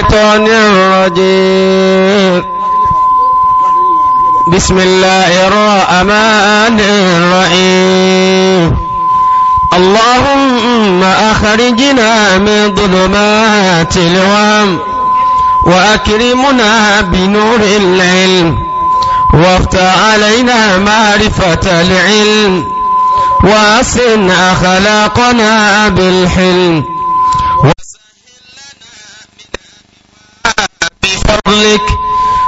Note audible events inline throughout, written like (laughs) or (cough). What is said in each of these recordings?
الشيطان الرجيم بسم الله الرحمن الرحيم اللهم أخرجنا من ظلمات الوهم وأكرمنا بنور العلم وافتح علينا معرفة العلم وأصن أخلاقنا بالحلم فضلك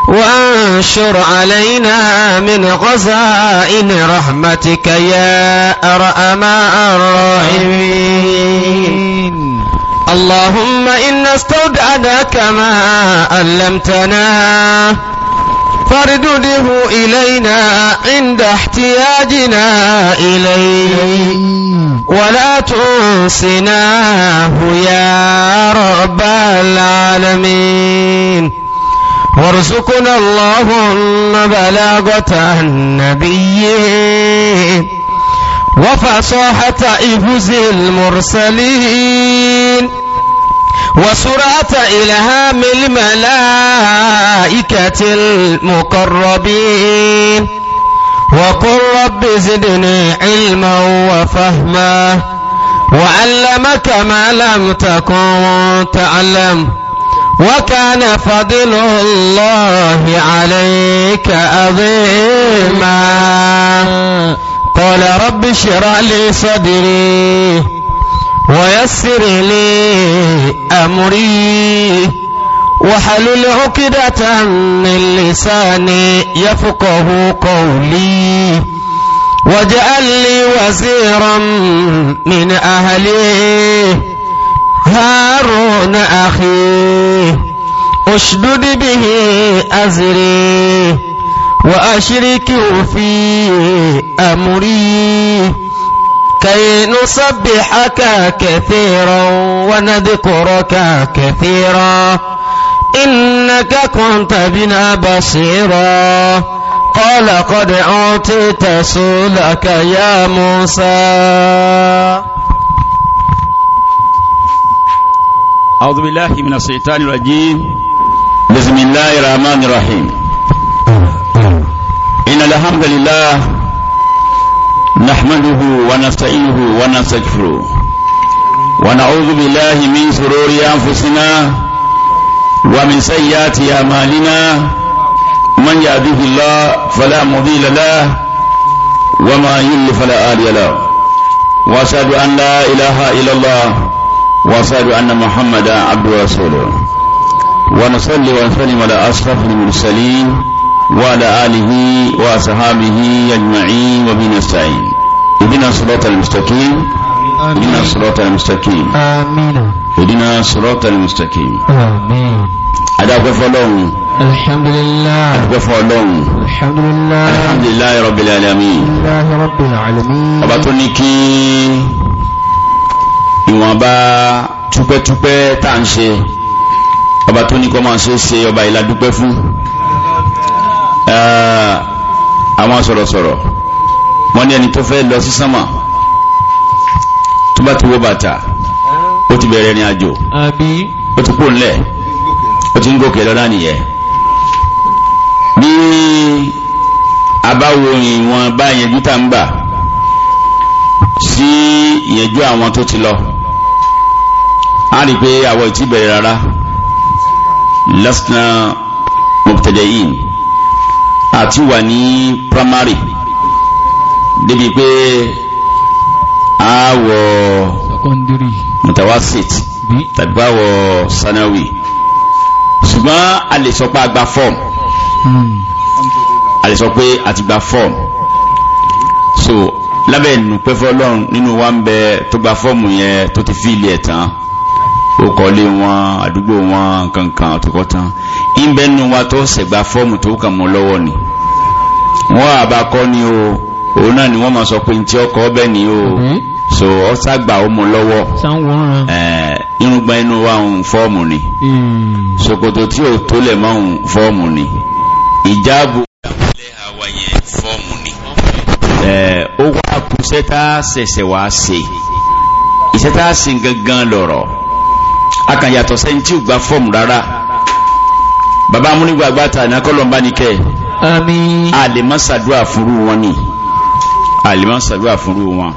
وانشر علينا من غزائن رحمتك يا أرأم الراحمين اللهم إن استودعناك ما علمتنا فاردده إلينا عند احتياجنا إليه ولا تنسناه يا رب العالمين وارزقنا اللهم بلاغة النبي وفصاحة إفز المرسلين وسرعة إلهام الملائكة المقربين وقل رب زدني علما وفهما وعلمك ما لم تكن تعلم وكان فضل الله عليك عظيما قال رب اشرح لي صدري ويسر لي أمري وحلل عقدة من لساني يفقه قولي واجعل لي وزيرا من أهلي هارون أخي أشدد به أزري وأشركه في أمري كي نصبحك كثيرا ونذكرك كثيرا إنك كنت بنا بصيرا قال قد أعطيت سؤلك يا موسى أعوذ بالله من الشيطان الرجيم بسم الله الرحمن الرحيم إن الحمد لله نحمده ونستعينه ونستغفره ونعوذ بالله من شرور أنفسنا ومن سيئات أعمالنا من يهده الله فلا مضل له وما يضل فلا هادي له وأشهد أن لا إله إلا الله وأشهد أن محمدا عبده ورسوله ونصلي ونسلم على أشرف المرسلين وعلى آله وأصحابه أجمعين وبنا نستعين اهدنا الصراط المستقيم اهدنا الصراط المستقيم آمين اهدنا الصراط المستقيم آمين أدعوك فلون الحمد لله أدعوك فلون الحمد لله الحمد لله رب العالمين الله رب العالمين أبطنكي ìwọ̀nba túpẹ́túpẹ́ tá à ń ṣe ọba tó ní kọ́ máa ṣe ṣe ọba ìlàdúpẹ́ fún àwọn sọ̀rọ̀sọ̀rọ̀ wọ́n ní ẹni tó fẹ́ lọ sí sánmà tó bá ti bàtà ó ti bẹ̀rẹ̀ ní àjò ó ti pò ńlẹ̀ ó ti ń gòkè lọ́dá nìyẹn bí abáwo ìwọ̀n bá yẹn ń gbà sí ìyẹ̀jú àwọn tó ti lọ a rí pé àwọn ìtí bẹ̀rẹ̀ rárá lasna mubtadi'in àti wà ní primary débi pé àwọ̀ secondary mutawasit tàbí àwọ̀ sanawi ṣùgbọ́n a lè sọ pé a gba fọ́ọ̀mù hmm. a lè sọ pé a ti gba fọ́ọ̀mù so lábẹ́ ìnùpẹ́fọ́ ọlọ́run nínú wa ń bẹ tó gba fọ́ọ̀mù yẹn tó ti fi ilé tán ó kọ́lé wọn àdúgbò wọn kankan àtúkọ́ tán ìbẹ́ nínú wa tó ṣẹ̀gbà fọ́ọ̀mù tó kà mọ́ lọ́wọ́ ni wọ́n àbákọ́ ni o òun náà ni wọ́n máa sọ pé ní tí ọkọ̀ ọbẹ̀ ni o so ọ̀sàgbà ó mú lọ́wọ́ irungba inú wa ń fọ́ọ̀mù ni hmm. ṣòkòtò tí ò tó lẹ̀ máa ń fọ́ọ̀mù ni ìjáàbù ó wá kú sẹ́tà ṣẹ̀ṣẹ̀ wá ṣe ìṣẹ́tà ṣe gangan lọ̀rọ̀ akànyàtọ̀ sẹ́yìn tí ò gba fọ́ọ̀mù rárá bàbá amúnigbàgbà ta ní akọ́lọ́mbá ní kẹ́ àmín àlèmọ́sàdúà fúrú wọn ni àlèmọ́sàdúà fúrú wọn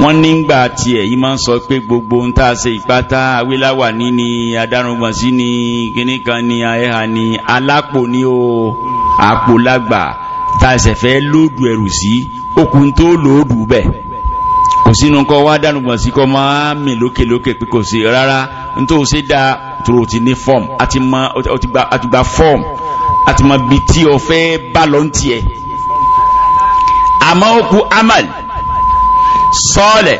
wọ́n nígbà tiẹ̀ yìí máa ń sọ pé gbogbo ń tá a ìpátá awéláwà ní ni adarungbọ̀n sí ni kíníkan ni ẹ̀hà ni alápò ní o àpò lágbà tá a ṣẹ̀fẹ́ lóòdù ẹ̀rù sí okùn tó lòódù bẹ̀ kò sínú kọ́ wá darungbọ̀n sí kọ́ máa mì lókèlókè pé kò sí rárá nítorí ṣe dá tòrò ti ní fọ́ọ̀mù àti mọ àti gba fọ́ọ̀mù àti ma bí tí o fẹ́ bá lọ ń tiẹ̀ àmọ́ ó ku amal sọ́ọ̀lẹ̀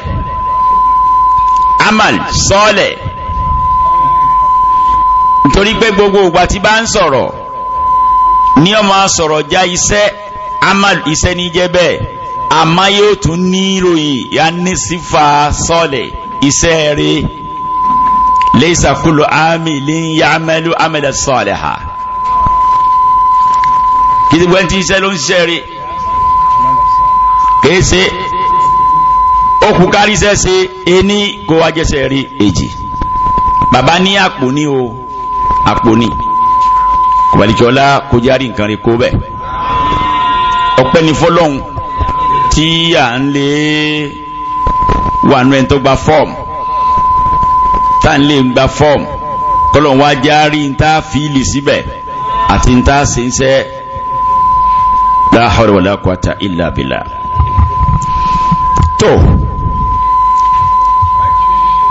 amal sọ́ọ̀lẹ̀ nítorí pé gbogbo ìgbà tí bá ń sọ̀rọ̀ ní ọmọ sọ̀rọ̀ já iṣẹ́ amal iṣẹ́ ní jẹ́ bẹ́ẹ̀ àmọ́ yóò tún ní ìròyìn yá ní sífà sọ́ọ̀lẹ̀ iṣẹ́ rẹ̀ laysa kullu amilin ya'malu amala saliha kìí wọ́n ti iṣẹ́ ló ń ṣiṣẹ́ rí kìí ṣe okùn kárí iṣẹ́ ṣe ení kó wá jẹ́ṣẹ́ rí èjì bàbá ní àpò ní o àpò ní kòbàlìjọ́lá kó nǹkan rí kó bẹ̀ ọpẹ́ ní fọlọ́hún tí à ń lé wà nù ẹ̀ tó gba fọ́ọ̀mù tá à ń lè gba fọ́ọ̀mù kọ́lọ̀n wá járí ń tá fíìlì síbẹ̀ àti ń tá sí ń sẹ́ la hawla wala illa billah tó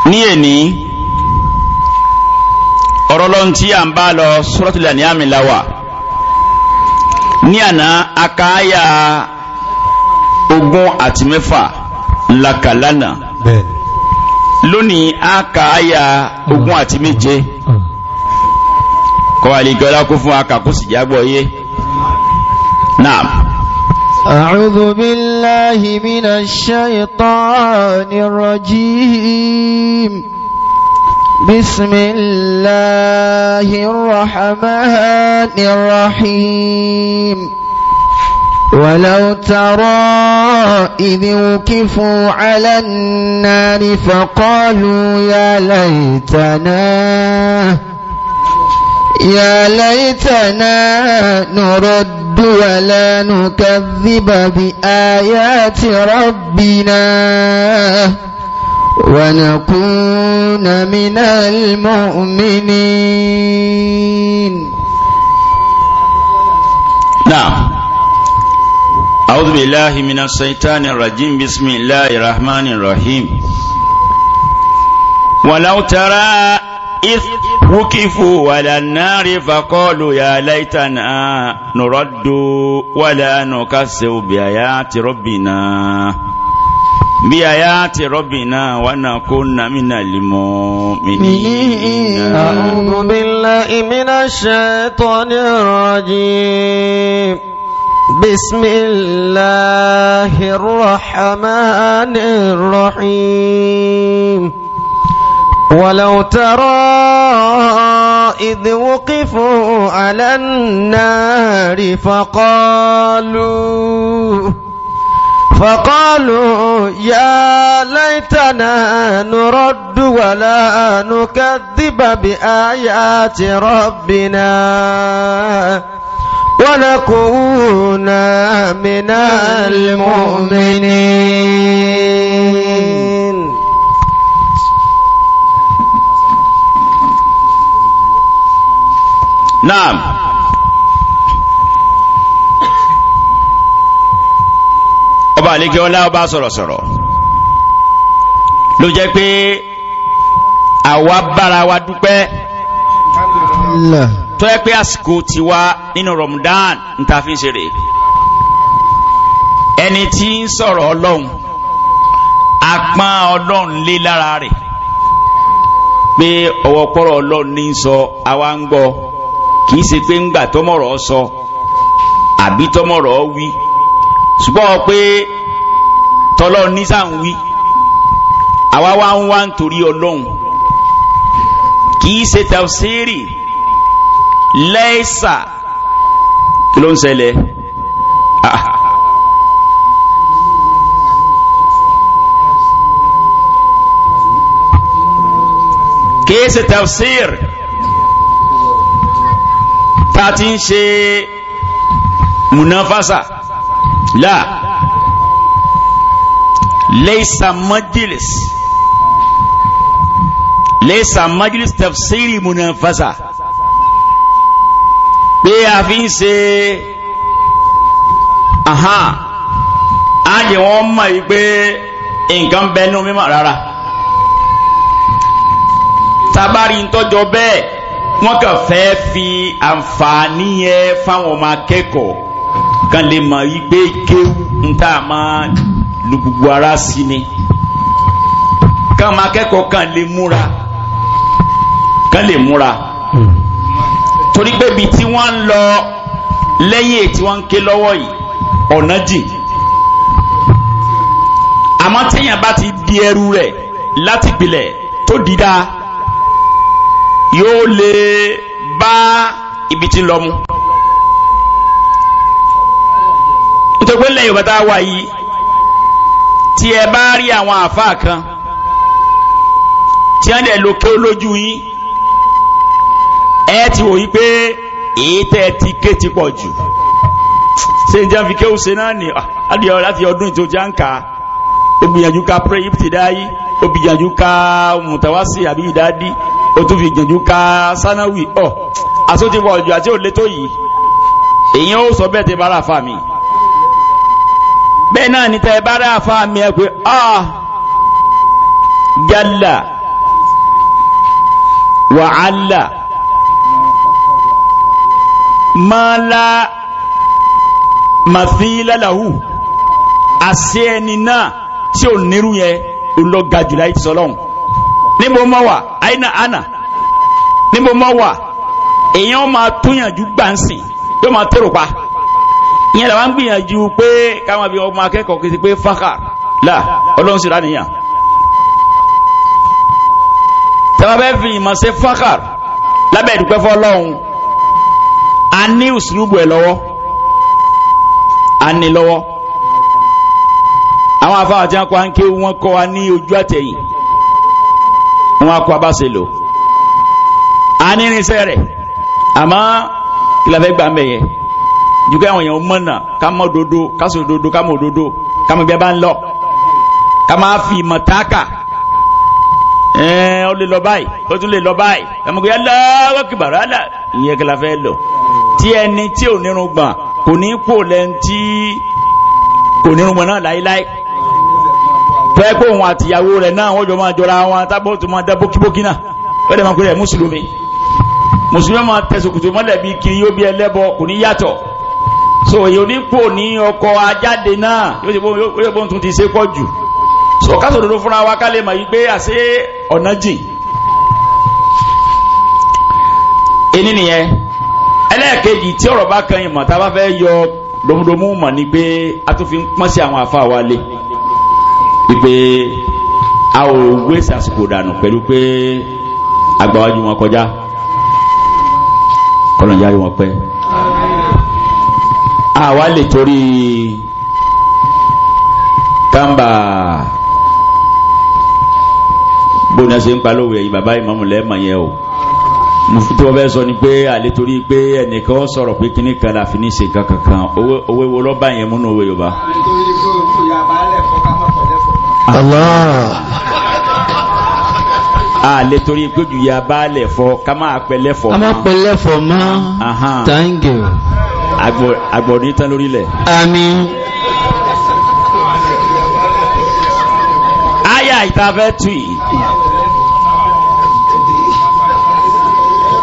ní èní ọ̀rọ̀ lọ́n tí à ń bá lọ suratul An'am la wà ní àná akáyà ogún àti mẹ́fà lakalana. bẹ́ẹ̀ lónìí a kà áyà ogún àti méje kọ́ àlejò ọlákó fún akàkó sì jágbọ́ yé náà. أعوذ بالله من الشيطان الرجيم بسم الله الرحمن الرحيم ولو ترى إذ وكفوا على النار فقالوا يا ليتنا يا ليتنا نرد ولا نكذب بآيات ربنا ونكون من المؤمنين نعم أعوذ بالله من الشيطان الرجيم بسم الله الرحمن الرحيم ولو ترى إذ وقفوا على النار فقالوا يا ليتنا نرد ولا نكسب بآيات ربنا بآيات ربنا ونكون من المؤمنين أعوذ بالله من الشيطان الرجيم بسم الله الرحمن الرحيم ولو ترى إذ وقفوا على النار فقالوا فقالوا يا ليتنا نرد ولا نكذب بآيات ربنا ونكونا من المؤمنين نعم ọba àlékè ọlá ọba sọ̀rọ̀sọ̀rọ̀ ló jẹ́ pé àwa bára wa dúpẹ́. tó yẹ pé àsìkò ti wá nínú Ramadan níta fi ń ṣe ẹni tí ń sọ̀rọ̀ ọlọ́run apán ọlọ́run lé lára rẹ̀ pé ọwọ́ pọ́rọ̀ ọlọ́run ní sọ àwa ń gbọ́ kì í ṣe pé ń gbà tọ́mọ̀rọ̀ sọ àbí tọ́mọ̀rọ̀ wí ṣùgbọ́n pé tọ́lọ́ ní sáà wí àwa wá ń wá nítorí ọlọ́run kì í ṣe tafsiri lẹ́ẹ̀sà kí ló ń ṣẹlẹ̀ ah. kìí ṣe tafsir ta ti ń ṣe munafasa la lẹ́ẹ̀sà majilis lẹ́ẹ̀sà majilis tafsiri munafasa. pé a fi ń ṣe àhá a jẹ wọn mọ̀ yí pé nǹkan bẹnu mímọ̀ rárá tabari ń tọ́jọ bẹ́ẹ̀ wọ́n kàn fẹ́ fi àǹfààní yẹn fáwọn ọmọ akẹ́kọ̀ọ́ kan lè mọ̀ yí pé kéwù ń tà máa ara sí ni ka akẹ́kọ̀ọ́ kan lè múra kan lè múra. torí pé ibi tí wọ́n ń lọ lẹ́yìn tí wọ́n ń ké lọ́wọ́ yìí ọ̀nà jìn àmọ́ téèyàn bá ti di ẹrú rẹ̀ láti gbilẹ̀ tó dìda yóò lè bá ibi tí lọ mu. nítorí pé lẹ́yìn òbátá wà yìí tí ẹ bá rí àwọn àáfàá kan tí wọ́n dẹ̀ lo kí ó lójú yín ẹ ti wò yí pé èyí tẹ́ ti ké ti pọ̀ jù ṣe ń jẹ́ fi kéwù ṣe náà ní adìyẹ ah, láti ọdún ìtò já ń kà á ó gbìyànjú ka pé ibtidayi ó gbìyànjú ka mùtàwásì àbí ìdádí ó tún fi gbìyànjú ka sanawi ọ àsótì pọ̀ jù àti òlé tó yìí èyí ó sọ bẹ́ẹ̀ tẹ bára fa mi bẹ́ẹ̀ náà ní tẹ bára fa mi ẹ pé ah jalla wàhálà ma la màfílà làwù àṣẹ ẹni náà tí ò nírú yẹn ológa jùlá ìtì sọlọ́hún níbo mọ wà àyínà àná níbo mọ wà èèyàn máa túyànjú gbàǹsìn yóò máa tèrò pa ìyẹn làwọn ń gbìyànjú pé káwọn àbí ọmọ akẹ́kọ̀ọ́ kìí pé fákà là ọlọ́run sì lánìyàn tẹ́lá bẹ́ẹ̀ fi ìmọ̀ ṣe fákà lábẹ́ ìdúpẹ́ fọ́ a ní ìsúlùbù ẹ̀ lọ́wọ́ a ní lọ́wọ́ àwọn afáwà tí wọ́n kọ́ ànké wọ́n kọ́ wa ní ojú àtẹ̀yìn wọ́n kọ́ abáṣe lò a ní irinṣẹ́ rẹ̀ àmọ́ kìlàfẹ́ gbà mẹ́yẹ jùkọ́ àwọn èèyàn mọ̀nà ká mọ̀ dodo ká sọ dodo ká mọ̀ dodo ká mọ̀ bí a bá ń lọ ká máa fi ìmọ̀ táàkà ẹ̀ẹ́n ó lè lọ báyìí ó tún lè lọ báyìí ẹ̀mọ̀gbé yálà wákìbàrà ìyẹn kìlàfẹ́ lọ tí ẹni tí ò nírùngbọ̀n kò ní kú lẹ́n tí kò nírùngbọ̀n náà láíláí fẹ́ pé òun àtìyàwó rẹ̀ náà wọ́n jọ máa jọra wọn tábọ́ọ̀tù máa dá bókíbókí náà wọ́n dẹ̀ máa pè mùsùlùmí mùsùlùmí máa tẹ̀sùkùtù mọ́lẹ̀ bíi kiri yóò bí ẹlẹ́bọ kò ní yàtọ̀ so èyí onípò ní ọkọ̀ ajáde náà yóò ṣe bóun tún ti ṣe pọ̀ jù so ká sòdodo fúnra wa ká lè mọ̀ yí pé àṣé ọ̀nà jìn ẹni nìyẹn ẹlẹ́ẹ̀kejì tí ọ̀rọ̀ bá kan ìmọ̀ tá a bá fẹ́ yọ domudomu mọ̀ ni pé a tún fi ń pọ́n sí àwọn afa wa lé wípé a ò wé sàsìkò dànù pẹ̀lú pé agbáwájú wọn kọjá kọlọ̀njá rí wọn pẹ́ àwa lè torí kàmbà bóni ṣe ń pa lówe yìí bàbá ìmọ̀mù lẹ́ẹ̀mọ̀ yẹn o tí wọ́n fẹ́ sọ ni pé àlè torí pé ẹnìkan sọ̀rọ̀ pé kíní kan la ní ṣe kankan kan owó wo lọ́ba yẹn múnú owó yorùbá. Ah. àlè pé ju ya baálẹ̀ fọ ká máa pẹ̀lẹ́ fọ mọ́. ká máa pẹ̀lẹ́ fọ mọ́. thank you. agbọ̀dún tán lórílẹ̀. àmín. Aya ìta fẹ́ tù yìí.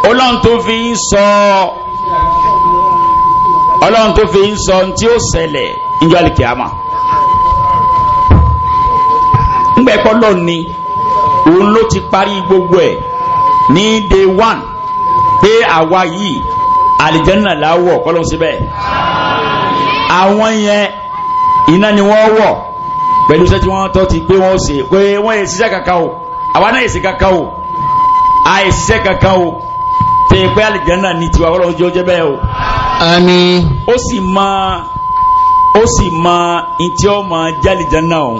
ọlọ́run tó fi ń sọ ọlọ́run tó fi ń sọ tí ó ṣẹlẹ̀ níjọ́ àlìkìyàmà ńgbẹ́ pọ́lọ́ ni òun ló ti parí gbogbo ẹ̀ ní day one pé àwa yìí àlìjẹ́nà láwọ̀ kọ́lọ́ síbẹ̀ àwọn yẹn iná ni wọ́n wọ̀ pẹ̀lú iṣẹ́ tí wọ́n tọ́ ti gbé wọn ṣe pé wọ́n yẹ ṣiṣẹ́ kankan o àwa náà yẹ ṣiṣẹ́ kankan o àìṣiṣẹ́ kankan o tẹ ẹ pé àlìjánà ní tiwa ọlọ́run jẹ́ ọjẹ́ bẹ́ẹ̀ o. àmín. ó sì máa ó sì máa ntí ọ máa jẹ́ àlìjánà o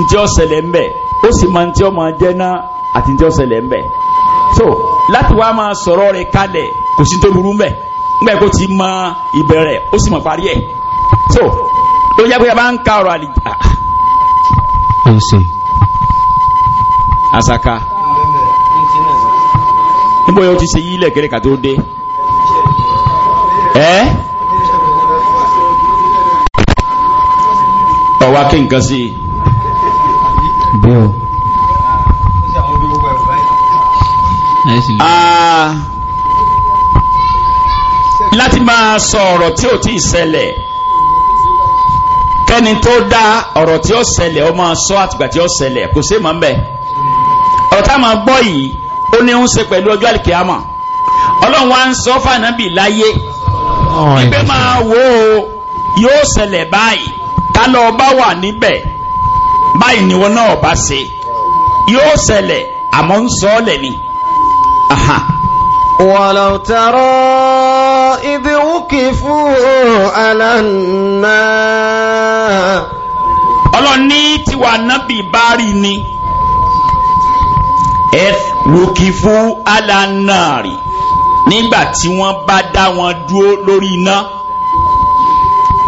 ntí ọ ṣẹlẹ̀ ń bẹ̀ ó sì máa ntí ọ máa jẹ́ náà àti ntí ọ ṣẹlẹ̀ ń bẹ̀. so láti wá máa sọ̀rọ̀ rẹ̀ kalẹ̀ kò sí tó burú mbẹ̀ ngbẹ̀ kó ti mọ ìbẹ̀rẹ̀ ó sì mọ̀ parí ẹ̀ so ló yẹ kó yẹ bá ń ka ọ̀rọ̀ àlìjá. Ah. àṣàkà níbo yóò ti ṣe yílẹ̀ kẹrẹ́kà tó dé ẹ́ ọ̀wá kí nǹkan sí o ah. láti máa sọ ọ̀rọ̀ tí ò tí ì ṣẹlẹ̀ kẹ́ni tó dá ọ̀rọ̀ tí ó ṣẹlẹ̀ ó máa sọ àtìgbà tí ó ṣẹlẹ̀ kò sí mọ́ ń bẹ̀ ọ̀rọ̀ tá gbọ́ yìí ó ní ń ṣe pẹ̀lú ọjọ́ àlìkíyàmọ̀ ọlọ́run wa ń sọ fànàbì láyé ibẹ̀ oh, máa wò ó yóò ṣẹlẹ̀ báyìí ká lọ bá wà níbẹ̀ báyìí ni wọn náà bá ṣe yóò ṣẹlẹ̀ àmọ́ ń sọ ọ́ ni. ولو ترى إذ وقفوا على ọlọ́ni tiwa nábì bá rí ni ẹ lukifu alanari nígbà tí wọ́n bá dá wọn dúró lórí iná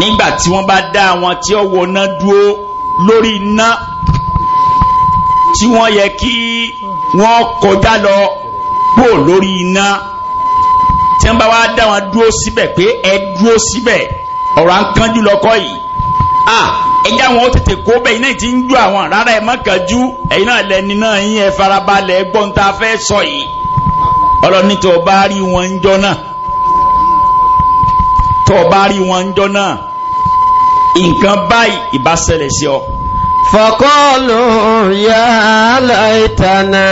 nígbà tí wọ́n bá dá wọn tí ó wọná dúró lórí iná tí wọ́n yẹ kí wọ́n kọjá lọ kúrò lórí iná tí wọ́n bá wá dá wọn dúró síbẹ̀ pé ẹ dúró síbẹ̀ ọ̀rọ̀ à ń kánjú lọ́kọ́ ah ẹjá wọn ó tètè kó bẹ́ẹ̀ iná ti ń ju àwọn rárá ẹ má kánjú ẹ̀yin náà lẹni náà yín ẹ farabalẹ̀ ẹ gbọ́n tá fẹ́ sọ yìí ọlọ́ni tó o bá rí wọn ń jọ náà tó o bá rí wọn ń jọ náà nǹkan báyìí ìbá ṣẹlẹ̀ sí ọ. fọkọ́lù yà láìtànà.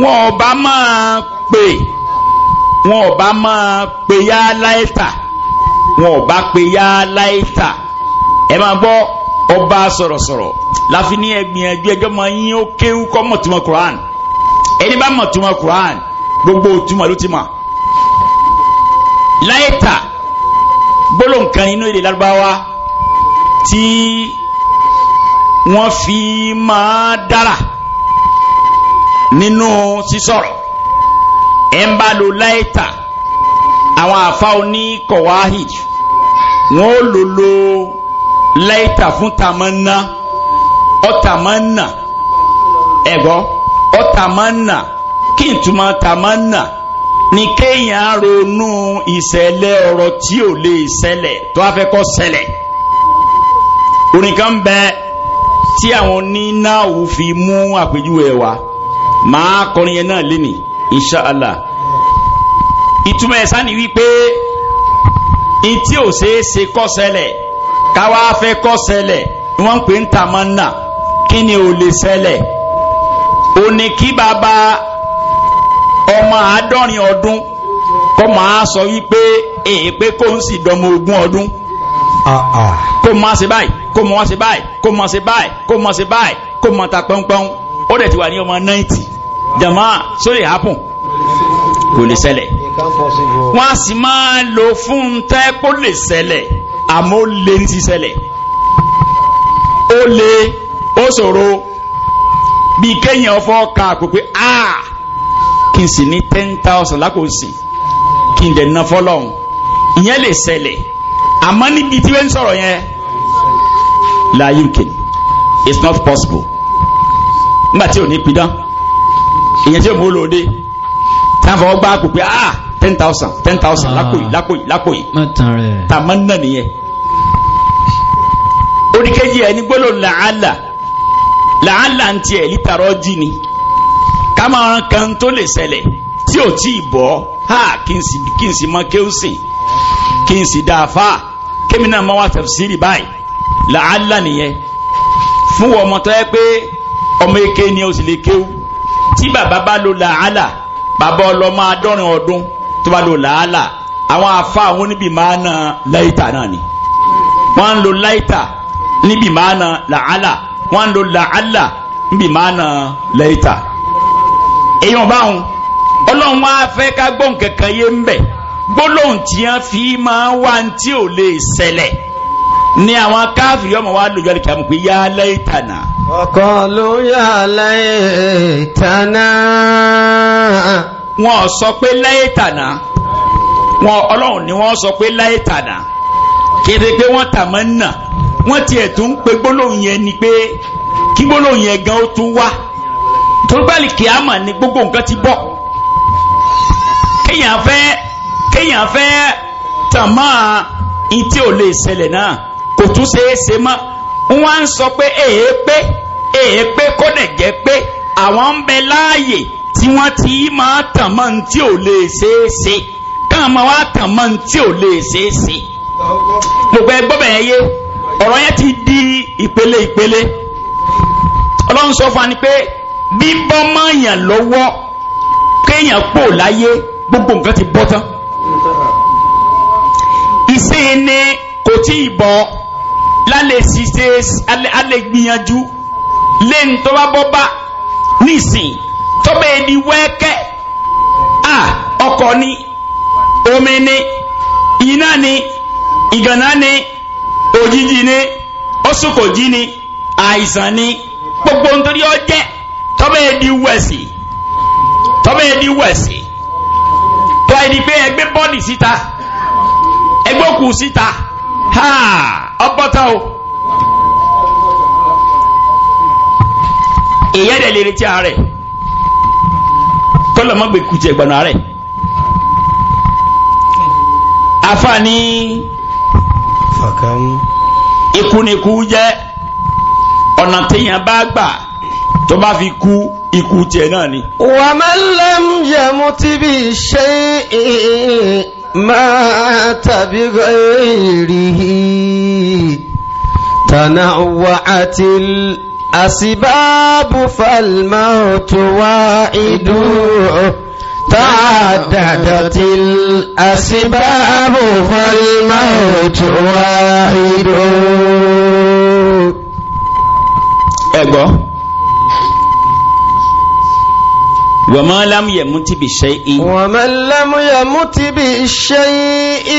wọn ò bá máa pè wọn ò bá máa pè yá láìtànà wọn ò bá pe yá láìta ẹ máa gbọ́ ọba sọ̀rọ̀sọ̀rọ̀ láfi ní ẹgbìn ẹgbẹ́ ẹjọ́ máa yín ó kéwú kọ́ mọ̀ túmọ̀ Quran ẹni bá mọ̀ túmọ̀ Quran gbogbo túmọ̀ ló ti mọ̀ láìta gbólóǹkan inú èdè lárúbáwá tí wọ́n fi máa dára nínú sísọ̀rọ̀ ẹ̀ ń bá lo láìta àwọn àfa oní kọ̀wáhì wọn ò lò lo lẹ́yìtà fún tamanna ọ̀tamanna ẹ̀gbọ́ ọ̀tamanna kí n túmọ̀ tamanna ni kéèyàn ronú ìṣẹ̀lẹ̀ ọ̀rọ̀ tí ò lè ṣẹlẹ̀ tó a fẹ́ kọ́ ṣẹlẹ̀ orin kan bẹ tí àwọn onínáwó fi mú àpèjúwe wa màá kọrin yẹn náà lénìí inṣàlá ìtumọ̀ ẹ̀ sáni wípé ntí ò ṣeé ṣe kọ́sẹ̀lẹ̀ káwá fẹ́ kọ́sẹ̀lẹ̀ wọ́n ń pè ń ta mọ́ nà kí ni ò lè ṣẹlẹ̀ ò ní kí bàbá ọmọ àádọ́rin ọdún kó máa sọ wípé èèpé kó ń sì dọmọ ogún ọdún ah, ah. kó máa ṣe báyìí kó máa ṣe báyìí kó máa ṣe báyìí kó máa ṣe báyìí kó máa ta pọ́npọ́n ó dẹ̀ ti wà ní ọmọ 90 jama sórí àápùn kò lè ṣẹlẹ̀ wọ́n a sì máa lò fún tẹ́ kó lè ṣẹlẹ̀ àmọ́ ó lè ní ti ṣẹlẹ̀ ó lè ó ṣòro bí kéèyàn fọ́ ka pèpè a ah, kì í sì ní ten thousand lákòóso kì í dẹ̀ ná fọlọ́hún ìyẹn lè ṣẹlẹ̀ àmọ́ níbi tí wọ́n ń sọ̀rọ̀ yẹn la yukin it's not possible nígbà tí ò ní pidán ìyẹn tí ò mú lòdì táwọn ọgbà kò pé ah ten thousand ten thousand lápòyì ah. lápòyì lápòyì tàmọ́ náà nìyẹn oríkejì ẹ ní gbọ́dọ̀ làálà làálà ń tiẹ̀ lítàrọ́ dì ní kámọ́ kan tó lè ṣẹlẹ̀ tí ò tí ì bọ́ ha kí n sì mọ kéwùsìn kí n sì dáa fáà kémi náà máa wá tẹ̀fsíìrì báyìí làálà nìyẹn fún ọmọ tó yẹ pé ọmọ eke ni o sì lè kéwù tí bàbá bá lo làálà bàbá ọlọ́mọ àádọ́rin ọdún tó bá lò làálà àwọn afa àwọn níbi máa na láìta náà ni wọ́n ń lo láìta níbi máa na làálà wọ́n ń lo làálà níbi máa na láìta. èèyàn báwọn ọlọ́run wá fẹ́ ká gbọ́n kankan yé ń bẹ̀ gbólóhùn tí wọ́n fi máa wá ní tí ò lè ṣẹlẹ̀ ni àwọn káfìrí ọmọ wa lójú àlìkí àmù pé yá lẹ́yìn tànà. ọkọ ló yá lẹ́yìn tànà. wọn sọ pé lẹ́yìn tànà wọn ọlọ́run ni wọ́n sọ pé lẹ́yìn tànà kéde pé wọ́n tà mọ́ nà wọ́n tiẹ̀ tún ń pe gbólóhùn yẹn ni pé kí gbólóhùn yẹn gan ó tún wá torí pé ni gbogbo nǹkan ti bọ̀ kéèyàn fẹ́ kéèyàn fẹ́ tàn máa ò lè ṣẹlẹ̀ náà kò tún ṣe é ṣe mọ́ wọ́n ń sọ pé èé pé èé pé kó dẹ̀ jẹ́ pé àwọn ń bẹ láàyè tí wọ́n ti máa tàn mọ́ ní tí ò lè ṣe é ṣe káà máa wá tàn mọ́ ní tí ò lè ṣe é ṣe. gbogbo ẹgbọ́ bẹ̀rẹ̀ yé ọ̀rọ̀ yẹn ti di ìpele ìpele ọlọ́run sọ fún wa ni pé bíbọ́ mọ́yàn lọ́wọ́ kéèyàn pò láyé gbogbo nǹkan ti bọ́ tán. ìsìn kò tí ì bọ́ ọ lálẹ́ ṣiṣẹ́ alẹ́ gbìyànjú lẹ́yìn tó bá bọ́ bá nísìn tó bẹ́ẹ̀ di wẹ́ẹ́kẹ́ à ọkọ̀ ni omi ni iná ni ìgànná ni òjijì ni ọ̀ṣùkòjì ni àìsàn ni gbogbo nítorí ọjẹ́ tó bẹ́ẹ̀ di wẹ̀sì tó bẹ́ẹ̀ di wẹ̀sì tó àìdí pé ẹgbẹ́ bọ́ọ̀lì síta ẹgbẹ́ òkú síta háà ọbọ̀tá o èyẹ́ rẹ̀ lè retí ààrẹ kọ́lọ̀ mọ́ gbẹ̀kú jẹ gbọ̀nà ààrẹ àfààní ikuniku jẹ́ ọ̀nà téèyàn bá gbà tó bá fi kú ikú tiẹ̀ náà ni. wàmẹ́lẹ́m yẹ mo ti bí ṣe máa tàbí rí i. تنوعت الأسباب فالموت واعد تعددت الأسباب فالموت واعد وما لم يمت بشيء ومن لم يمت بشيء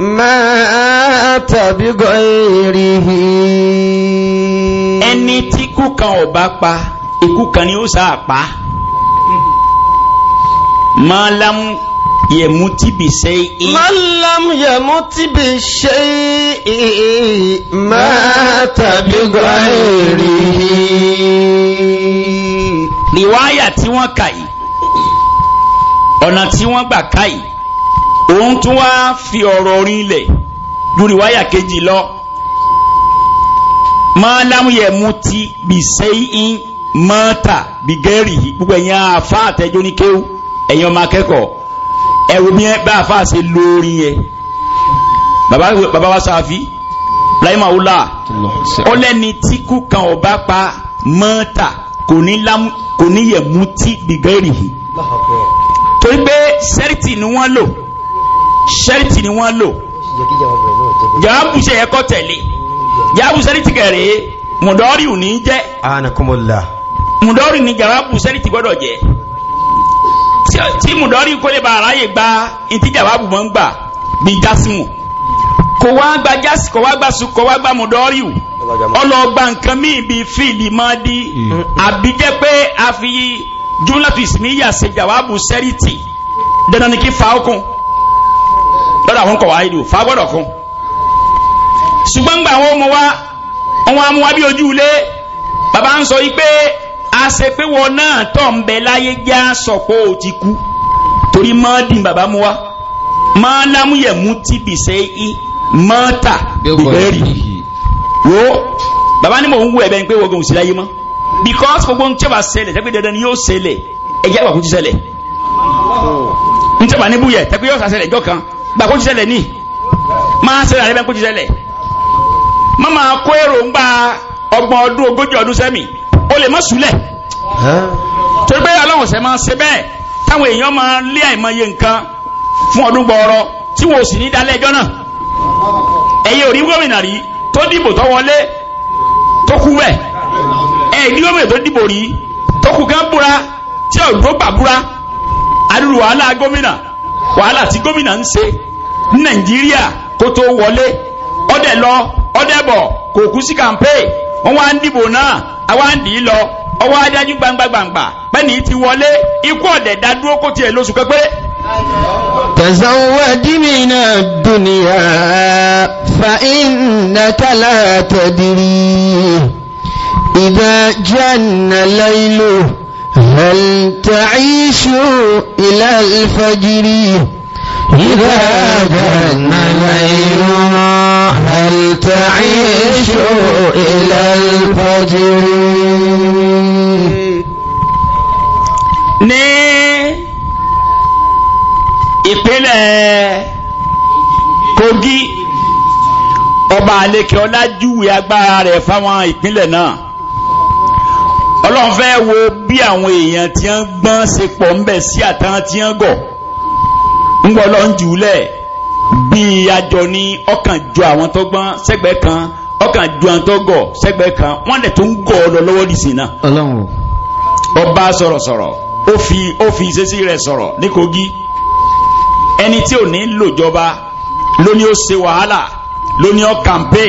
مات بغيره ẹni tí ikú kan ò bá pa ikú kan ni ó sáà pa ما لم يمت بشيء من لم يمت بشيء مات بغيره rìwáyà tí wọ́n kà yìí ọ̀nà tí wọ́n gbà ká yìí òun tún wá fi ọ̀rọ̀ orin lẹ̀ ju rìwáyà kejì lọ máa lámúyẹ̀ mú ti gbìsẹ́ in mọ́ta bìgẹ́rì gbogbo ẹ̀yin àfa àtẹ́jọ́ ní kéwù ẹ̀yin ọmọ akẹ́kọ̀ọ́ ẹ̀rù mi bá àfa àṣẹ lórí yẹn bàbá wa sàáfì láìmọ̀ ọ̀la ọlẹ́ni tí kú kan ọba pa mọ́ta kò ní yẹ mú tí bìgẹ́rì yìí torí pé sẹ́rìtì ni wọ́n lò sẹ́rìtì ni wọ́n lò jàmbù ṣe yẹ kọ́ tẹ̀lé jàmbù sẹ́rìtì kẹrẹ́ mùdọ́rì ò ní jẹ́ mùdọ́rì ni jàmbù sẹ́rìtì gbọ́dọ̀ jẹ́ tí mùdọ́rì kó lè ba aráyè gba ntí jàmbù mọ́ ń gbà bí jásímù kò wá gba jásí kò wá gba sùn kò wá gba mùdọ́rì ò ọlọ́ọ̀gbà nǹkan míì bí fíìlì máa dí hmm. àbí jẹ́ pé a fi júlọ́tù ìsìnìyà ṣe jàwábù sẹ́rìtì dandan ni kí fa okun lọ́dọ̀ àwọn kọ̀wá ìlú fa kún ṣùgbọ́n gbà àwọn ọmọ wa wọn amú wa bí ojú ilé bàbá ń sọ yí pé a ṣe pé wọn náà tọ̀ ń bẹ láyé já sọ̀pọ̀ ò kú torí máa dín bàbá mu wa máa lámúyẹ̀mú tìbìṣẹ́ i máa tà bẹ́ẹ̀rì wo baba ni mò ń wú ẹ̀bẹ̀ pé wogun sí láyé mọ́ because gbogbo ń tẹ́wà ṣẹlẹ̀ tẹ́gbẹ́ dandan ni yóò ṣẹlẹ̀ ẹ̀jẹ̀ àgbà kò ti ṣẹlẹ̀ ń tẹ́wà níbú yẹ tẹ́gbẹ́ yóò ṣàṣẹlẹ̀ ẹjọ́ kan gbà kò ti ṣẹlẹ̀ ní máa ṣẹlẹ̀ àrẹ́bẹ̀ kò ti ṣẹlẹ̀ má máa kó èròǹgbà ọgbọ̀n ọdún ogójì ọdún sẹ́mi o lè má súlẹ̀ torí pé aláwọ̀ sẹ́ máa ṣe bẹ́ẹ̀ táwọn èèyàn máa tó dìbò tó wọlé tó kú bẹ̀ ẹ̀ ní gómìnà tó dìbò rí tó kú gán búra tí ò dúró gbà búra adúlù wàhálà gómìnà wàhálà tí gómìnà ń se nàìjíríà kó wọlé ọdẹ lọ ọdẹ bọ̀ kò kú sí wọn wá ń dìbò náà àwa ń dì í lọ adájú gbangba gbangba ti wọlé ikú dádúró kó فإنك لا تدري إذا جن ليله هل تعيش إلى الفجر إذا جن ليله هل تعيش إلى الفجر ní ìpínlẹ̀ Kogi ọba àlekẹ́ ọlájúwe agbára rẹ̀ fáwọn ìpínlẹ̀ náà ọlọ́run fẹ́ wo bí àwọn èèyàn tí wọ́n gbọ́n ṣe pọ̀ ńbẹ̀ sí àtàn tí wọ́n gọ̀ ńgbọ́ lọ ń jùlẹ̀ bí àjọ ní ọkàn ju àwọn tó gbọ́n sẹ́gbẹ̀ẹ́ kan ọkàn ju àwọn tó gọ̀ sẹ́gbẹ̀ẹ́ kan wọ́n dẹ̀ tó ń gọ̀ ọ lọ́wọ́ dì sí náà. ọlọ́run ọba sọ̀rọ̀sọ̀rọ̀ ó fi ó fi ìṣesí rẹ̀ sọ̀rọ̀ ní Kogi ẹni tí ò ní lòjọba ló ó ṣe wàhálà lóní ọ kàmpé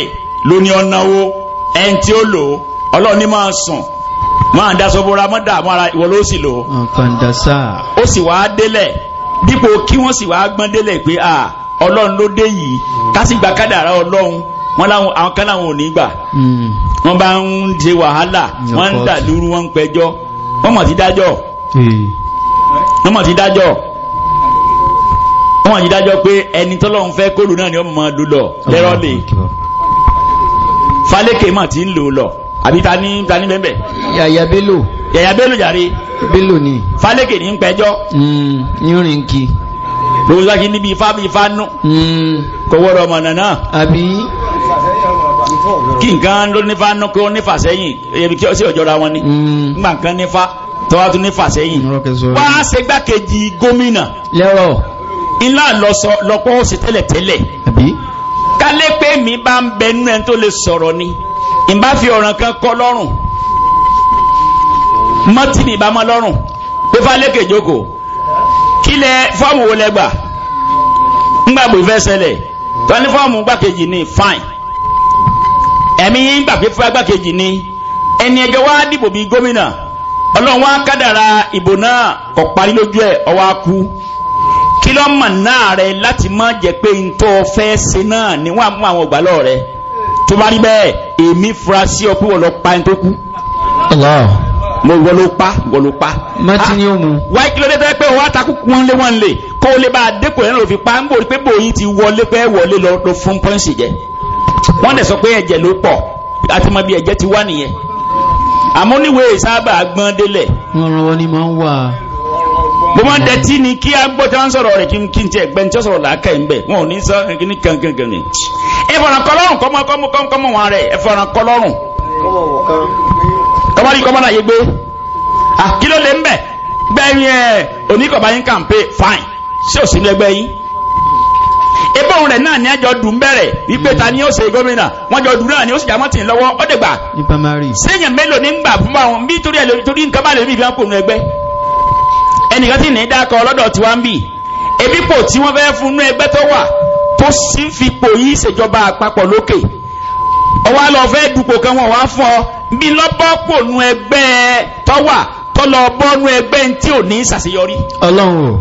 lóní ọ náwó ẹni tí ó lò ọlọ́ọ̀ni máa sùn máa da sọ́bọ́ra mọ́ dààmú ara ìwọ ló sì lò. ó sì wá délẹ̀ dípò kí wọ́n sì wá gbọ́n délẹ̀ pé à ọlọ́run ló dé yìí kásìgbà kádàrá ọlọ́run wọn làwọn àwọn kan làwọn ò ní gbà. Hmm. wọ́n bá ń ṣe wàhálà wọ́n ń dàlúrú wọ́n ń pẹjọ́ wọ́n mọ̀ ti dájọ́ hmm. wọ́n mọ̀ ti dájọ́ kọ́mọ̀ yìí dájọ́ pé ẹni tọ́lọ́run fẹ́ kóòlù náà ni ó mọ lulọ̀ lẹ́rọ́lẹ̀ oh, falẹ́kẹ̀ mà ti ń lò lọ àbí ta ní ta ní bẹ́ẹ̀ bẹ́ẹ̀. yàyà bello. yàyà bello jàre. bello ni. falẹ́kẹ̀ ní pẹjọ́. Mm, ní rìn kí. lóun sáà kí níbi ifá bí ifá nù. Mm. kò wọ́rọ̀ ọmọ nànà. àbí. kí nǹkan ló nífa nù kó nífa sẹ́yìn ebi kí ọ sí ọjọ́ra wọn ni. Mm. nígbà kan nífa tọ́wọ́ tún nífa sẹ́yìn. wá ṣègbàkejì gómìnà. lẹ́rọ̀. ńlá lọ́pọ̀ ó tẹ́lẹ̀ tẹ́lẹ̀ kálé pé mi bá ń bẹ nínú ẹni tó ni ìbá fi ọ̀ràn kan kọ́ lọ́rùn mọ́tì mi bá mọ́ lọ́rùn pé fálékè jókòó kílẹ̀ fọ́ọ̀mù wo fẹ́ tọ́ni fọ́ọ̀mù gbàkejì ni fine ẹ̀mí yín pé fún ni ẹni ẹjọ́ dìbò gómìnà kí ló mọ̀ náà rẹ láti má jẹ́ pé n tó fẹ́ ṣe náà ni wọ́n á mú àwọn ògbàlọ́ rẹ tó bá rí bẹ́ẹ̀ èmi fura sí ọ pé wọ́n lọ pa ẹni tó kú. mo wọ́n ló pa wọ́n ló pa. mọ́tí ni ah, ó mu. wáyé kí ló dé tẹ́ pé wọ́n á takú wọ́n lé wọ́n lè kó lè bá a dẹ́kun ẹ̀rọ òfin pa ń bò rí pé bòyí ti wọlé pé wọlé lọ lọ fún pọ́ǹsì jẹ. wọ́n dẹ̀ sọ pé ẹ̀jẹ̀ ló pọ̀ àti mọ bí ẹ̀jẹ̀ ti wá nìyẹn. àmọ́ níwèé sábà gbọ́n délẹ̀. wọ́n rán wọn ni máa ń wà á bó máa ń dẹtí ni kí a gbọ́ tí wọ́n ń sọ̀rọ̀ rẹ̀ kí n tiẹ̀ gbẹ́ni tí wọ́n sọ̀rọ̀ làákà yín bẹ̀ wọn ò ní sọ ní kankan ni. ẹ fọ̀nà kọlọ́rùn kọ́mọ kọ́mọ kọ́mọ wọn rẹ̀ ẹ fọ̀nà kọlọ́rùn. kọ́mọ ní kọ́mọ náà yé gbé kí ló lè ń bẹ̀ gbẹ̀yìn ẹ̀ oníkọ̀ọ́bá yín kàǹpé fine ṣé ò sí lẹ́gbẹ́ yín. ebó rẹ̀ náà ni àjọ dùn bẹ̀rẹ̀ wípé ta ni ó ṣe gómìnà wọ́n jọ dùn náà ni ó sì jà mọ́tì lọ́wọ́ ọ́dẹ̀gbà. ní pamari. séèyàn mélòó ní ń gbà fún báwọn bí torí ẹ̀ lórí nǹkan bá lè rí ìfihàn kò nù ẹgbẹ́ ẹnìkan tí ní dákọ̀ ọlọ́dọ̀ tí wá ń bì ebi tí wọ́n fẹ́ fún inú ẹgbẹ́ tó wà tó sì fi pò yìí ṣèjọba àpapọ̀ lókè ọwọ́ lọ fẹ́ dupò kan wọn wá fún ọ bí lọ́bọ́ pò nu ẹgbẹ́ tó wà tó lọ bọ́ nu ẹgbẹ́ tí ò ní ṣàṣeyọrí. ọlọ́run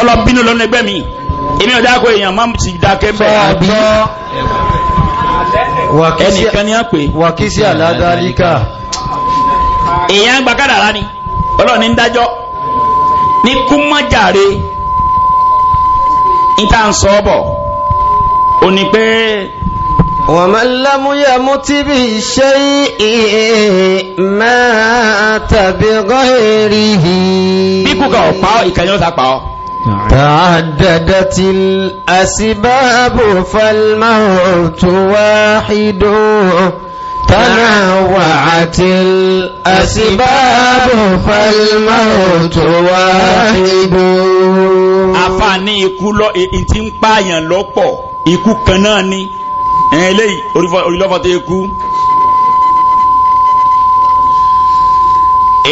ọlọ́bínú lọ́nu ẹgbẹ́ mi èmi ò dákọ̀ èèyàn máa ti dákẹ́ bẹ́ẹ̀ àbí ẹnìkan ni a pè. wàkísí àládálíkà. èèyàn gbàkádà rá ni ọlọ́run ní ń dájọ́ ní kúmọ́jàre níta ń sọ bọ̀ ó ní pé. ومن لم يمت بشيء مات بغيره bí kú kan ò pa ọ́ ìkànnì ló sá تعددت الأسباب فالموت واحد تنوعت الأسباب فالموت واحد àfààní ikú lọ èyí tí ń pààyàn lọ́pọ̀ ikú kan náà ni ẹ̀yìn eléyìí orílọ́fà tó ikú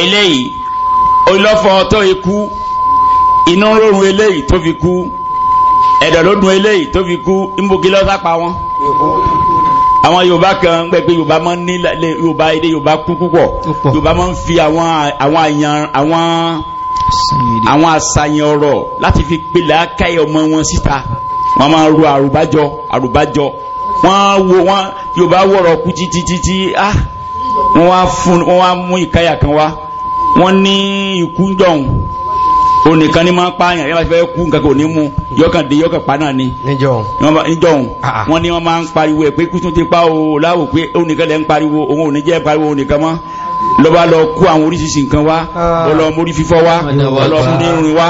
eléyìí orílọ́fà tó ikú iná rọrùn eléyìí tó fi kú ẹ̀dọ̀ ló dùn eléyìí tó fi kú ń bò kí lọ́sàpá wọn. ikú àwọn yorùbá kan pẹ́ pé yorùbá máa ń ní yorùbá èdè yorùbá kú púpọ̀ yorùbá máa ń fi àwọn àwọn àyàn àwọn àwọn àṣàyàn ọ̀rọ̀ láti fi pèlè akáyọ̀ ọmọ wọn síta wọ́n máa ń ro àrùbájọ àrùbájọ wọ́n wo wọ́n yorùbá wọ̀rọ̀ kú títí ah wọ́n wá fún wọ́n wá mú ìkáyà kan wá wọ́n ní ikú onìkan ni máa ń pààyàn yàrá fẹ́ kú nǹkan kò ní mú yọkàn dé yọkàn pa náà ni. níjọ̀hún. níjọ̀hún ah, ah. wọ́n ní wọ́n máa ń pariwo ẹ̀ pé kútún ti pa o láwò pé onìkan lẹ́ ń pariwo òun ò ní jẹ́ pariwo onìkan mọ́ lọ́ba lọ kó àwọn oríṣiríṣi nǹkan wá ọlọ́mú ah. orí fífọ́ wá ọlọ́mú nírun wá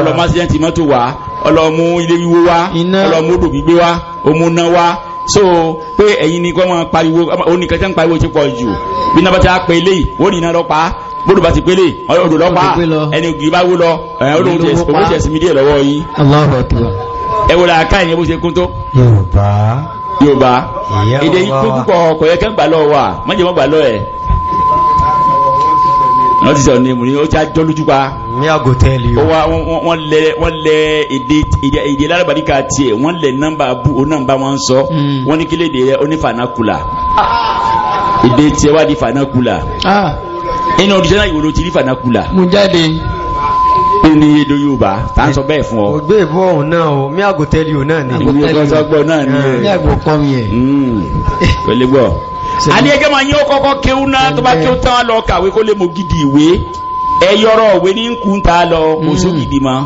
ọlọ́mú accident mọ́tò wá ọlọ́mú ilé wíwó wá ọlọ́mú odò gbígbé wá òmùná wá so pé ẹ̀yin ni kọ́ máa pariwo onìkan tẹ́ ń pariwo ti pọ̀ jù bí náà bá ti wọ́n ní iná lọ́pàá bóòdù bá ti pélé odò lọ́pàá ẹni ògì bá wó lọ ọdún tí ẹ̀sìn mi díẹ̀ lọ́wọ́ yìí ẹ wò láàká ìyẹn bó ṣe kún tó yorùbá èdè ikú púpọ̀ ọkọ̀ yẹ kẹ́ ń gbà lọ wà mọ́jẹ̀ mọ́ gbà lọ ẹ̀ wọ́n ti sọ̀rọ̀ ní ìmúni ó já jọ́ lójú pa ní àgòtẹ́lì wọ́n lẹ èdè lárabàríkà tiẹ̀ wọ́n lẹ nọ́mbà bú o nọ́mbà wọn sọ hmm. wọ́n ní kílẹ̀ èdè rẹ̀ onífànàkùlà èdè tiẹ̀ wá di fànàkùlà ah inú ọdún ìwò ló ti rí fanakula. mo jáde. ó ní edo yorùbá tá a sọ bẹ́ẹ̀ fún ọ. mo gbé ìbọn òun náà o mi àgò náà ni. àgò tẹ́lẹ̀ òun náà ni. mi àgò pọ́n mi ẹ̀. Mm. pẹ̀lú gbọ́. adéyẹgẹ́ máa yín ó kọ́kọ́ kéwú náà tó bá kéwú tán lọ kàwé kó lè mo gidi ìwé ẹ ta lọ kò mm. gidi mọ́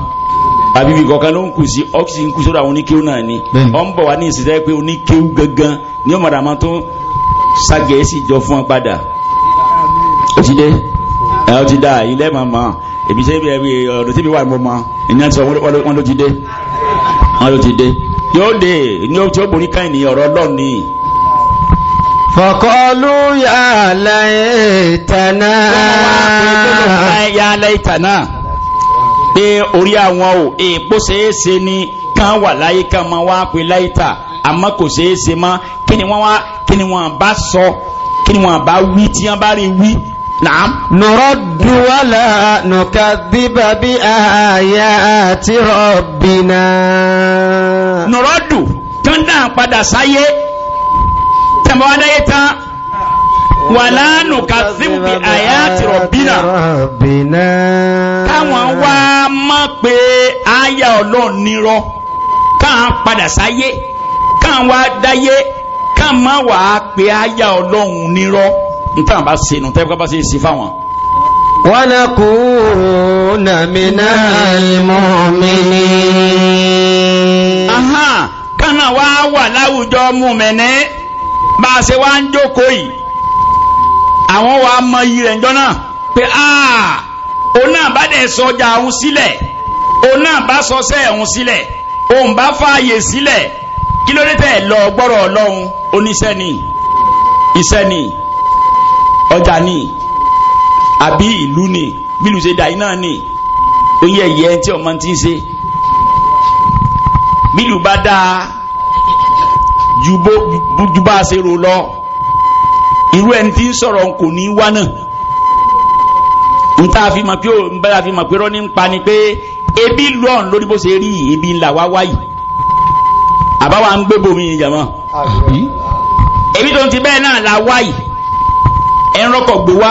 àbíbi kọ̀ọ̀kan ló ń kù sí ọ́kìsì ń kù sórí àwọn oníkéwú náà ni ọ ń bọ̀ wá ní ìsìtẹ́ pé oníkéwú gangan ní ọmọdàmọ́ tó ságẹ̀ẹ́sì jọ fún ọ padà ó ti dé ẹ ó ti dá ilé mọ̀ èmi ṣe ibi ọ̀dọ̀ tí mi wà mọ̀ mọ̀ ìní àti wọn ló ti dé wọn ló ti dé yóò dé ní o tí ó borí káyìn ní ọ̀rọ̀ ọlọ́run ni. fọkọlù yàrá ìtànà. yàrá ìtànà pé orí àwọn o èèpo ṣeéṣe ni kan wà láyé kan máa wá pé láìta àmọ́ kò ṣeéṣe mọ́ kí ni wọ́n bá sọ kí ni wọ́n bá wí tí wọ́n bá rí wí. نعم نرد ولا نكذب بآيات ربنا نرد تندà padà sáyé tẹ̀mọ́ adáyé tán wàlá nùkàzíbù bí àyàtì rọ̀bìnà káwọn wá mọ̀ pé àyà ọlọ́run nírọ́ káwọn padà sáyé káwọn wá dáyé káwọn má wàá pé àyà ọlọ́run nírọ́ nítorí àwọn bá ṣe nù tẹ́fẹ́ bá ṣe ṣe fáwọn. wa nakuna minal mu'minin. aha kánà wá wà láwùjọ mùmìnì bá a ṣe wá ń jókòó yìí àwọn wa mọ iyì rẹ̀ ńjọ́ náà pé òun náà bá dẹ̀ sọjà òun sílẹ̀ òun náà bá sọsẹ́ òun sílẹ̀ òun bá fààyè sílẹ̀ kí ló dé tẹ̀ lọ gbọ́rọ̀ ọlọ́run oníṣẹ́ ni iṣẹ́ ni ọjà ni àbí ìlú ni bílù ṣe dà iná ni ó yẹ ẹ̀yẹ tí ọmọ ti ń ṣe bílù bá dáa ju bá rò lọ irú ẹni tí ń sọ̀rọ̀ kò ní wá náà nta fi mọ̀ pé ó ń bára fi mọ̀ pé rọ́ní ń pa ni pé ebi lu ọ̀n lórí bó ṣe rí ebi ńlá wá wáyì àbáwá ń gbé bomi ìjàmọ́ ebi tó ń ti bẹ́ẹ̀ náà la wáyì. ẹnrọ́kọ̀ gbowa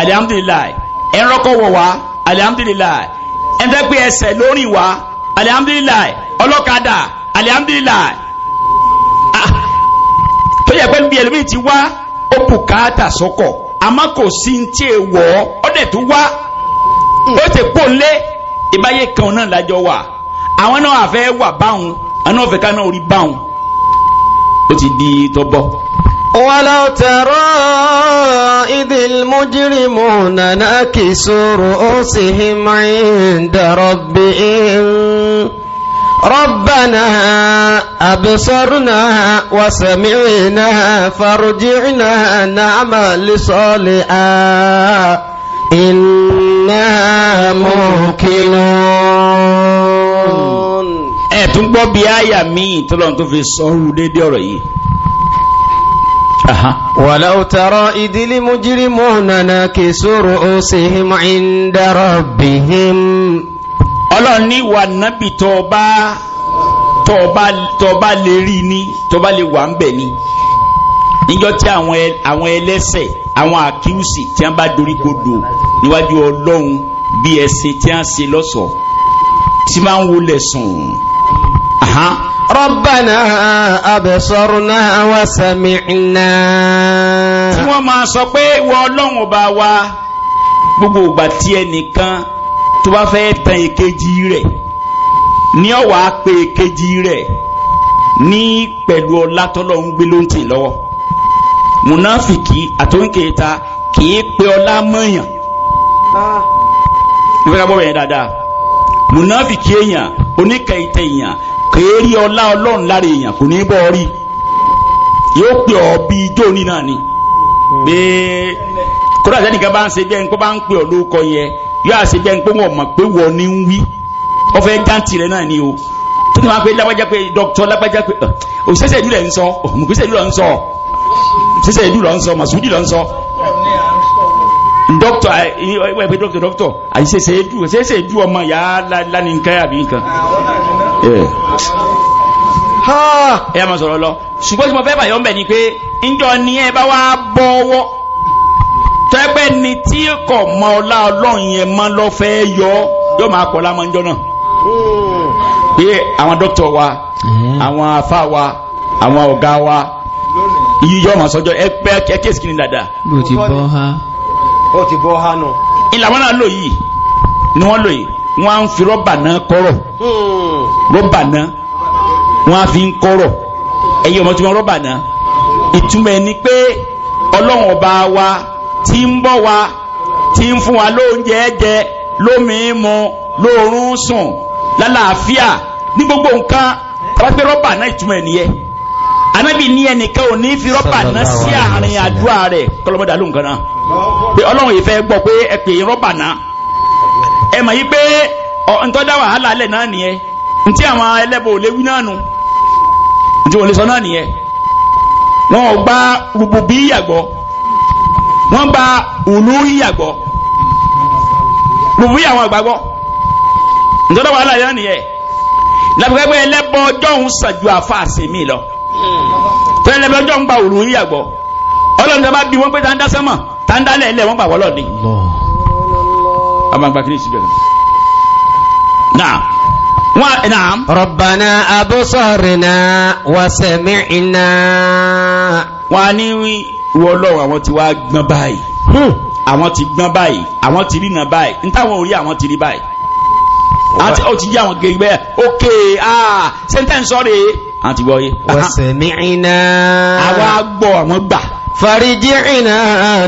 alihamdulilayi ẹnrọ́kọ̀ wọ̀ alihamdulilayi ẹnfẹ́pẹ́ ẹsẹ̀ lórí wá alihamdulilayi alihamdulilayi ah, tó ti wá ó bùkátà sọkọ àmọ́ kò sí ní tí ì tó wá ó ti pò lé ìbáyé kan náà lájọ wà àwọn náà àfẹ́ wà báwọn àwọn náà ká náà rí báwọn ولو ترى إذ المجرمون ناكسوا رؤوسهم عند ربهم ربنا أبصرنا وسمعنا فارجعنا نعمل صالحا إنا موقنون ẹ tún gbọ́ bí àyà míì tó lọ́n tó fi sọ́rù déédéé ọ̀rọ̀ yìí ولو ترى إذ المجرمون ناكسوا رؤوسهم عند ربهم Ọlọ́run ní wà nábì tọba tọba tọba lè rí ni tọba lè wà ń bẹ̀ ni níjọ́ tí àwọn ẹlẹ́ṣẹ̀ àwọn àkíyèsí tí wọ́n bá dorí kodò níwájú Ọlọ́run bí ẹṣin tí wọ́n ṣe lọ́ṣọ̀ọ́ tí máa wọlé sùn. Rabbana abẹ̀sọ́rúnà wa sami'na. Tí wọ́n máa sọ pé ìwọ ọlọ́run ọba wa gbogbo ìgbà tí ẹnìkan tó bá fẹ́ tan èkejì rẹ̀ ní ọ̀wà pé èkejì rẹ̀ ní pẹ̀lú ọlá tọ́lọ̀ ń gbé lóńtì lọ́wọ́. Mùnáfìkì àtúnkèéta kì í pe ọlá mọ̀yàn. Ìfẹ́ ká bọ́ bẹ̀yẹn dáadáa. Mùnáfìkì èèyàn oníkẹ̀yìntẹ̀ èèyàn èérí ọlá ọlọ́run lára èèyàn kò ní bọ́ rí yóò pè ọ́ bí ijó ní náà ni pé kódà sẹ́nìkan bá ń ṣe bẹ́ẹ̀ ń pé bá ń pè ọ́ lóko yẹn yóò àṣe bẹ́ẹ̀ ń pé wọ́n mọ̀ pé wọ́n ní ń wí wọ́n fẹ́ jáǹtì rẹ̀ náà ni o tó ní wọn pé lágbájá pé dókítà lágbájá pé òṣìṣẹ́ ìdúró ẹ̀ ń sọ òmùgbésẹ̀ ìdúró ń sọ òṣìṣẹ́ ìdúró ń sọ màsúdì ló ń sọ doctor ẹ pe doctor doctor àyíṣe ṣe é ọmọ yàrá lánìkan àbí nǹkan ẹ máa sọ̀rọ̀ lọ ṣùgbọ́n tí mo fẹ́ bàyọ̀ mbẹ̀ ni pé ńjọ ni ẹ bá wá bọ́wọ́ tẹ́gbẹ́ ni tí kò mọ ọlá ọlọ́run yẹn mọ́ lọ fẹ́ yọ yóò máa kọ́ lámọ́ ńjọ náà pé àwọn dókítà wa àwọn afá wa àwọn ọ̀gá wa yíyọ́ máa sọjọ́ ẹ pẹ́ ẹ kéèsì kìíní dáadáa. ó ti bọ́ ha. ó ti bọ́ ha nù. ìlànà náà ni wọ́n lò wọ́n a ń fi rọ́bà náà kọrọ hmm. rọ́bà náà fi ń ọmọ tí wọ́n rọ́bà náà ìtumọ̀ pé ọlọ́run ọba wa ti ń bọ́ wa ti ń fún wa lóúnjẹ jẹ lómi mu lóorun sùn lálàáfíà ní gbogbo nǹkan rọ́bì rọba náà ìtumọ̀ nìyẹn anabi ní ẹnìkan ò fi rọ́bà náà sí àárín àdúrà ló ń kan náà pé yìí fẹ́ gbọ́ pé ẹ ẹ mọ̀ yí pé ntọ́dá wàhálà lẹ̀ náà nìyẹn ntí àwọn ẹlẹ́bọ̀ òlé wí náà nù ntí wọ́n lè sọ náà nìyẹn wọ́n gba rububiyya gbọ́ wọ́n gba uluhiyya gbọ́ rububiyya wọn gbàgbọ́ ntọ́dá wàhálà lẹ̀ náà nìyẹn lábẹ́gbẹ́ ẹlẹ́bọ̀ ọjọ́ òun sàn ju àfa àsèmí lọ tọ́lá ẹlẹ́bọ̀ ọjọ́ òun gba uluhiyya gbọ́ ọlọ́run tó bá bí wọ́n pé tá ń dá sẹ́mọ̀ tá ń dálẹ̀ ẹlẹ́ wọ́n gbà wọ́lọ́ọ̀ni a máa gba kí ní ìsìnkú نعم ربنا أبصرنا وسمعنا wọ́n ní ìwọ Ọlọ́run àwọn ti wá gbọ́n báyìí hmm. àwọn ti gbọ́n báyìí àwọn ti rìnà báyìí nítawọ̀ orí àwọn ti rí báyìí àti ó ti jẹ́ àwọn gègbè ókè àà sẹ́ńtẹ́ǹsọ́rẹ̀ àti gbọ́ yé. wọ́n sẹ̀mí iná. àwa gbọ́ àwọn gbà. فارجعنا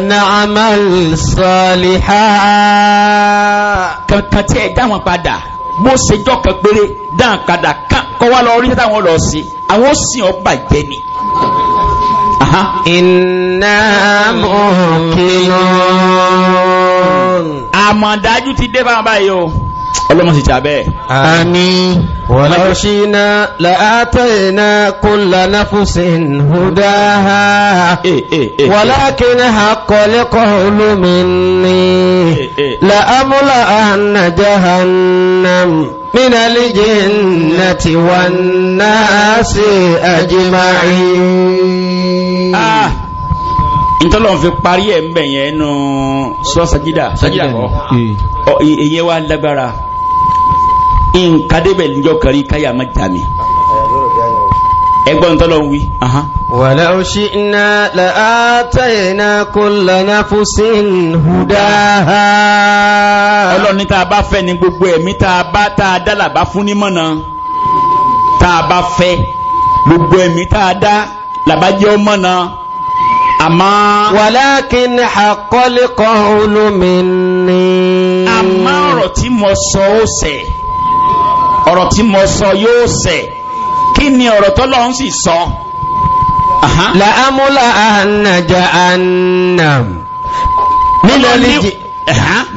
نعمل صالحا kankan tí ẹ dá wọn padà bó ṣe jọ kan péré dáhùn padà kọ́ wá lọ rí sẹ́tà wọn lọ sí àwọn sìn ọ́ bàjẹ́ ni. iná àmọ̀dájú ti dé báwọn báyìí o ọlọ́mọ sì tàbẹ́ àmín walau shina la'atayna kulla nafsin hudaha eh, eh, eh, walakin haqqal qawlu minni la'amla'anna jahannam minal jinnati wan nasi ajma'in ah ntọ́lọ́n fi parí ẹ̀ ń bẹ̀ yẹn nù sọ sajida sajida kọ́ ọ wa lágbára nkadebẹ̀ níjọ́ kari káyà má jàmí ẹgbọ́n ntọ́lọ́n wí. ولو شئنا لآتينا كل نفس هداها ọlọ́run ní tá a bá fẹ́ ní gbogbo ẹ̀mí tá a bá tá a dá làbá fún ní mọ̀nà tá a bá fẹ́ gbogbo ẹ̀mí tá a dá làbá jẹ́ ọmọ náà àmá walakin haqqal qawlu minni àmá ọ̀rọ̀ tí mo sọ ó ṣẹ ọ̀rọ̀ tí mo sọ yóò ṣẹ kí ni ọ̀rọ̀ tọ́lọ́hun sì sọ la amúlà ànàjà ànàm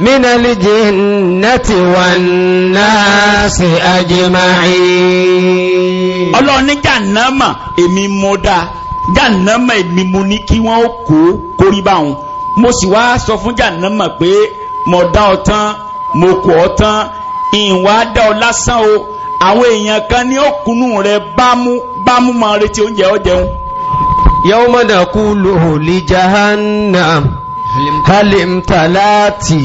mina lijinnati wan nasi ajma'in ọlọ́ọ̀ni jàǹnàmà èmi mú dáa jàǹnàmà èmi mo ní kí wọ́n ó kó kórí bá wọn mo sì wá sọ fún jàǹnàmà pé mo dá ọ tán mo kọ ọ tán ìwà dá ọ lásán o àwọn èèyàn kan ní òkúnnù rẹ bámú bámú máa retí oúnjẹ ọ jẹun. yawma naqulu li jahannam halim talati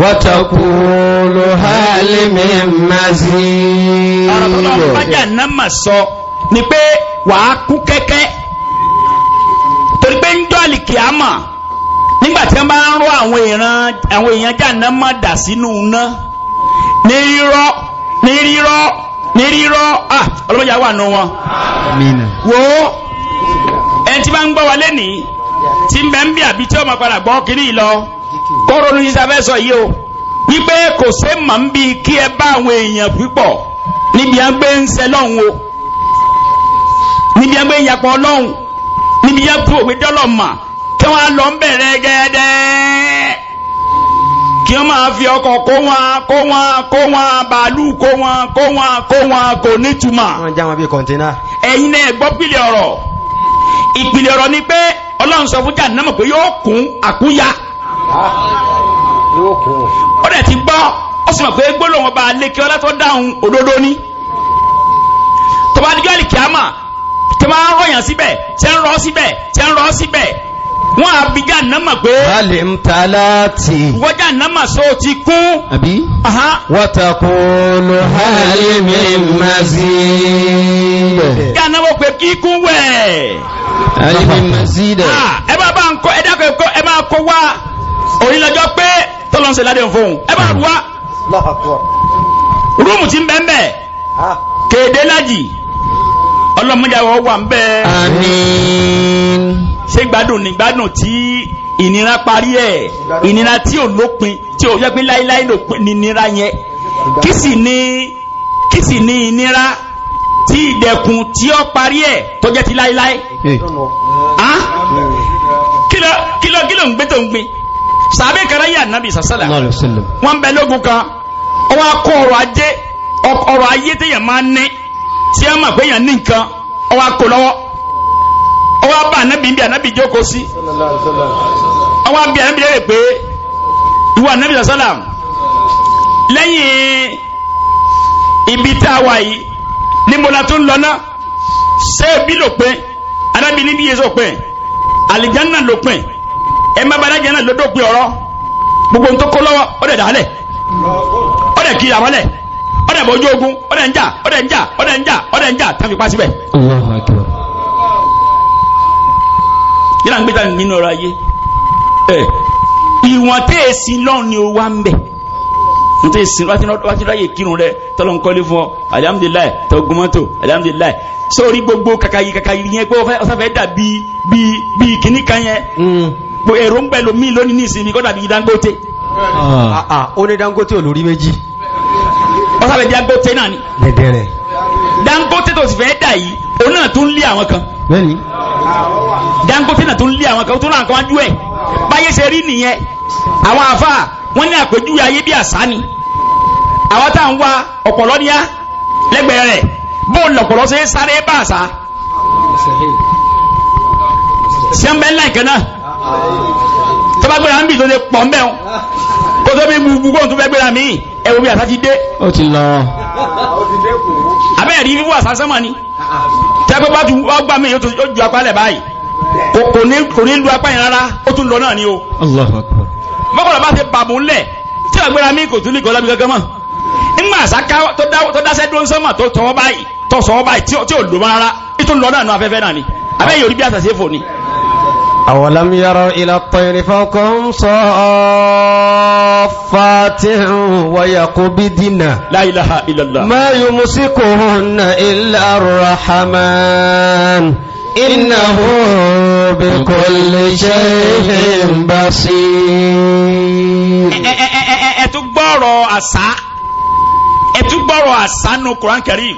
wàtàkùrù hálìmí mazid. ọ̀rọ̀ tó lọ́wọ́ bájà náà mà sọ ni pé wàá kú kẹ́kẹ́ torí pé ń jọ́ àlìkìámà nígbàtí wọ́n bá ń rọ àwọn èèyàn àwọn èèyàn jàǹdà má dà sínú iná ní rírọ́ ní rírọ́ ní rírọ́ ah ọlọ́mọdé àwọn àna wọn. wo ẹni tí bá ń gbọ́ wa lẹ́nìí tí ń bẹ́ ń bí àbí tí ọmọ padà gbọ́ kiri lọ kóró ní sísàfẹ́ sọ yìí o wípé kò sé mà ń bi kí ẹ bá àwọn èèyàn púpọ̀ níbi àgbẹ̀ ń sẹ́ lọ́hùn o níbi àgbẹ̀ ń yapọ̀ lọ́hùn. níbi yẹ bụ òwe dọ́lọ̀ mà kí wọn lọ ń bẹ̀rẹ̀ kí wọn máa fi ọkọ̀ kó wọn kó wọn kó wọn bàálù kó wọn kó wọn kó wọn kò nítumọ̀. wọ́n já wọn bí náà pìlẹ̀ ọ̀rọ̀ ni pé sọ fún pé yóò kún àkúnya. ó dẹ̀ ti ọba dáhùn òdodo ni. tí wọ́n á rọ̀yàn síbẹ̀ tí ń rọ́ síbẹ̀ tí ń rọ́ síbẹ̀ wọ́n á bí jáà náà mọ̀ pé. wàlẹ̀ ń ta láti. wọ́n jáà náà mọ̀ so ti kún. àbí. wọ́tàkùnù hàlẹ́ mi máa sí. jáà náà wọ́n pé kíkún wẹ̀. hàlẹ́ mi máa sí ah, dẹ̀. ẹ bá bá ń kọ ẹ dákọ̀ ẹ máa kó wá onílọ́jọ́ pé tọ́lọ́nsẹ̀ ládé fóun ẹ bá rú wa. rúùmù ti ń bẹ́ẹ̀ bẹ́ẹ̀ ah. kéde lájì ọlọ́mọdéyàwó wà ń bẹ́ẹ̀. àmín. ṣé gbádùn ní gbádùn tí ìnira parí ẹ̀ ìnira tí ò lópin tí ò yẹ pé láíláí lópin ni ìnira yẹn kí sì ní kí sì ní ìnira tí ìdẹ̀kùn tí ó parí ẹ̀ tó jẹ́ ti láíláí. kílọ̀ kílọ̀ kílọ̀ ń gbé tó ń gbin sàbẹ̀ kan láyé ànábì sàṣàlà wọ́n bẹ lógun kan ọwọ́ akọ ọrọ̀ ajé ọrọ̀ ayé téèyàn máa ń ní tí a mọ̀ pé yàn ní nǹkan ọwọ́ akó lọ́wọ́ ọwọ́ bá anábì ń bí anábì jókòó sí ọwọ́ bí anábì lérè pé ìwọ anábì sọ́sọ́là lẹ́yìn ibi tá a wà yìí níbo la tún lọ náà ṣé bí ló pé anábì níbi yẹn sọ pé àlìjánà ló pé ẹ má bàa alájánà ló dópin ọ̀rọ̀ gbogbo ń lọ́wọ́ ó dàálẹ̀ ó dẹ̀ kiri ọ̀dẹ̀ mọ̀ ojú ogun ọ̀dẹ̀ ń jà ọ̀dẹ̀ ń jà ọ̀dẹ̀ ń jà ọ̀dẹ̀ ń jà tàbí pa síbẹ̀. yíra ń gbé ta nínú ọ̀rọ̀ ayé ìwọ̀n tẹ́ ẹ sí lọ́run ni ó wá ń bẹ̀ n tẹ́ sin wá ti ráyè kírun rẹ tọ́lọ́ ń kọ́lé fún ọ alihamudulilayi tọ́ gumato alihamudulilayi sórí gbogbo kàkàyí kàkàyí yẹn pé ọsàn fẹ́ dà bíi bíi bíi kìíní kan yẹn hmm. èròǹgbà ẹlòmíì lónìí ní ìsinmi kọ́ dàbí Dangote. Ah. Ah, ah, ó ní Dangote olórí méjì wọ́n sábẹ̀ di Dangote náà ni. lẹ́dẹ̀rẹ̀. Dangote tó sì fẹ́ dà yìí òun náà tún lé àwọn kan. bẹ́ẹ̀ni. Dangote náà tún lé àwọn kan ó tún náà kan wájú ẹ̀ báyé ṣe rí nìyẹn àwọn àfa wọ́n ní àpèjúwe ayé bí àṣà ni àwọn tá à ń wa ọ̀pọ̀lọ́ níyà lẹ́gbẹ̀ẹ́ rẹ̀ bóun lọ̀pọ̀lọ́ ṣe sáré bá àṣà sẹ́ńbẹ́ńlá ìkan náà tọ́ba gbéra ń bì tó ṣe pọ̀ ń bẹ̀ wọn kó tó bí gbogbo tó fẹ́ gbéra míì ẹwọ bí àsá ti dé ó ti lọ abẹ́ẹ̀ rí wíwọ́ àsá sánmà ni tẹ́gbẹ́ bá ju ọgbà mi yóò ju apálẹ̀ báyìí kò ní lu apá yẹn rárá ó tún lọ náà ni o mọ́kànlá bá ti bàbù ńlẹ̀ tí àgbéra mi kò tún lè gọ́lá gángan mọ́ nígbà àsáká tó dáṣẹ́ dúró sánmà tó tọwọ́ báyìí tó sọwọ́ báyìí tí ò lò mọ́ rárá ètò lọ náà nù afẹ́fẹ́ náà ni abẹ́yẹ orí bí àsàsẹ́fò ni أولم يروا إلى الطير فوقهم صافات ويقبضن لا إله إلا الله ما يمسكهن إلا الرحمن إنه بكل شيء بصير ẹ̀túgbọ́rọ̀ àṣà ẹ̀túgbọ́rọ̀ àṣà nù Quran Karim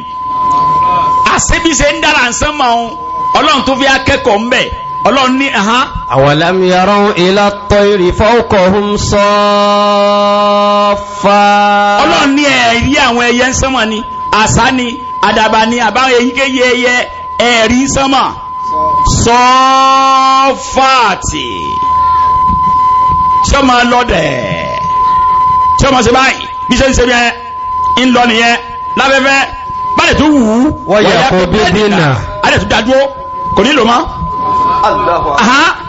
àṣẹ́bí ṣe ń dára ń sánmọ́ ọlọ́run tó fi akẹ́kọ̀ọ́ ń bẹ̀ ọlọ́run ní ẹ̀há awalam yaraw ila tayri fawqahum saffat ọlọ́run ní ẹ̀rí àwọn ẹyẹ ń sánmà ni àṣá ni àdàbà ni àbáwọn èyíkéyìí ẹyẹ ẹ̀rí sánmà sọ́fàtì tí ó máa lọ́dẹ̀ tí ó báyìí bí ṣe ń ṣe yẹn ń lọ nìyẹn lábẹ́fẹ́ bá lè wù ú wọ́n yẹ kó bí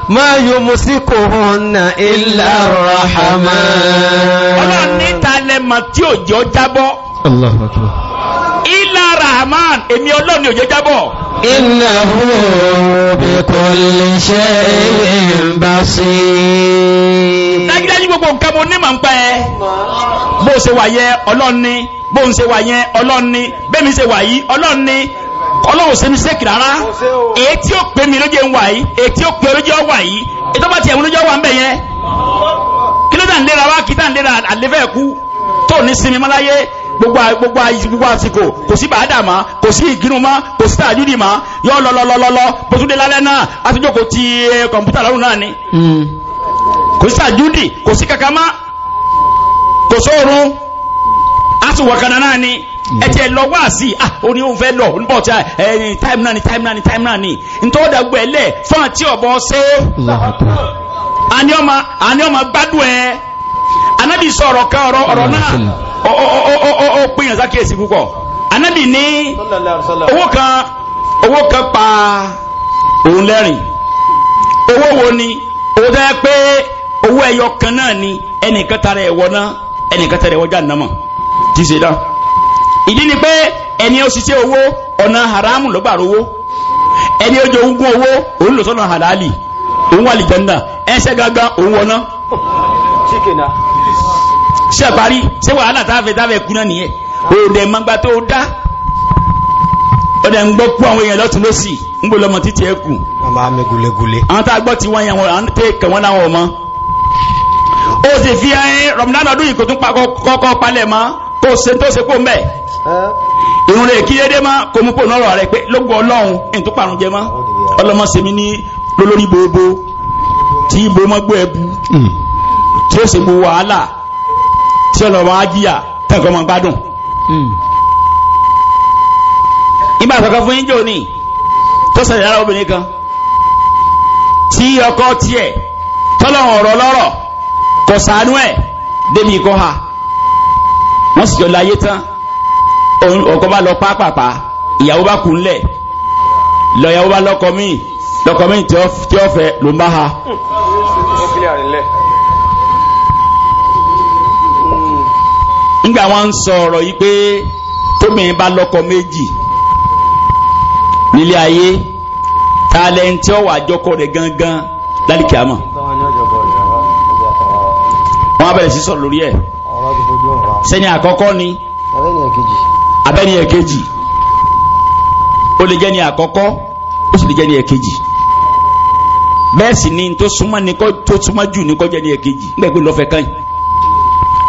ma yóò mú sí kò hún na ilá rahama ọlọ́run níta lẹ́mọ̀ tí ò jọ jábọ́ ilá rahman èmi ọlọ́run ni ò jọ jábọ́ iná bí kò lè ṣe ìbá sí dájúdájú gbogbo nǹkan mo ní màá ń pẹ́ bó ṣe wà yẹ ọlọ́run ni bó ń ṣe wà yẹ ọlọ́run ni bẹ́ẹ̀ mi ṣe wà yí ọlọ́run ni ọlọ́run ṣe ní sẹ́kì rárá èyí tí ó pè mí lójú ẹ̀wà yìí èyí tí ó pè lójú ọwà yìí èyí tó bá ti ẹ̀wọ̀n lójú ọwà ń bẹ̀ yẹn kí ló dà ń lera wá kí dà ń lera àlefẹ́ kú tó ní sinmi mọ́láyé gbogbo gbogbo gbogbo àsìkò kò sí bàádà mọ́ kò sí ìgínú kò sí tàjúdì yọ lọlọlọlọ bótúndé lálẹ́ náà àtúnjòkó ti kọ̀ǹpútà lọ́rùn náà ni hmm. kò sí tàjúdì kò sí kàkàmá kò sóorun àtúwọ̀kànnà náà ni. ẹ tiẹ̀ lọ wá sí i ah oní òun lọ oníbọ̀ tí a ẹ time nani time náà time náà ni ntọ́wọ́dà gbẹ̀lẹ̀ fún àti ọ̀bọ ṣe gbádùn ẹ anabi sọ ọ̀rọ̀ kan ọ̀rọ̀ ọ̀rọ̀ náà ó ó ó ó pinyàn sákèésí púpọ̀ anabi ní owó kan owó kan pa òun lẹ́rìn owó wo ni owó pé owó ẹyọ kan náà ni ẹnìkan náà jáde náà mọ̀ ìdí ni pé ẹni ó owó ọ̀nà haramu ló gbà rówó ẹni ó ogún owó òun lò sọ́nà halali òun wà lìjẹ́ndà ẹsẹ̀ gangan òun wọná ṣe parí ṣé wàhálà táfẹ́ táfẹ́ kú nìyẹn òòdè mọ́gbà tó dá ọ̀dẹ̀ ń gbọ́ kú àwọn èèyàn ń gbọ́ lọ́mọ títí ẹ kù a gbọ́ ti wọ́n yẹn wọ́n ó sì fi ẹ́ ọdún yìí kó o ṣe tó ṣe kó mẹ́ ìrùn rẹ̀ kí dédé máa kó mú pò lọ́rọ̀ rẹ̀ pé lógo ọlọ́run ẹni tó parun jẹ mọ́ ọlọ́mọ sèmi ní lólórí gbogbo tí ibo mọ́ gbọ́ ẹbu hmm. tí ó sì bu wàhálà tí ọlọ́mọ ajíyà tẹ̀kọ́ mọ́ gbádùn. Hmm. ìgbà àkọ́kọ́ fún yín jò ní tó ṣẹlẹ̀ lára obìnrin kan tí ọkọ tiẹ̀ tọ́lọ̀ ọ̀rọ̀ lọ́rọ̀ kò sànú ẹ̀ débi kọ́ ha wọ́n sì jọ láyé tán ọkọ bá lọ pápápá ìyàwó bá kú ńlẹ̀ lọ́yàwó bá lọ́kọ míì lọ́kọ míì tí ó fẹ́ ló ń bá ha. nígbà wọn ń sọ ọ̀rọ̀ yìí pé tóbìnrin bá lọ́kọ méjì nílé ayé tálẹ́ntì ọ̀wà àjọkọ rẹ̀ gangan lálìkí àmọ́ wọ́n á bẹ̀rẹ̀ lórí ẹ̀ sẹ́ni àkọ́kọ́ ni abẹ́ni ẹ̀kejì ó lè jẹ́ ni àkọ́kọ́ ó sì lè jẹ́ ni ẹ̀kejì bẹ́ẹ̀ sì ni tó súnmọ́ ni tó súnmọ́ jù ni kó jẹ́ ni ẹ̀kejì nígbà pé lọ́fẹ̀ẹ́ kan yìí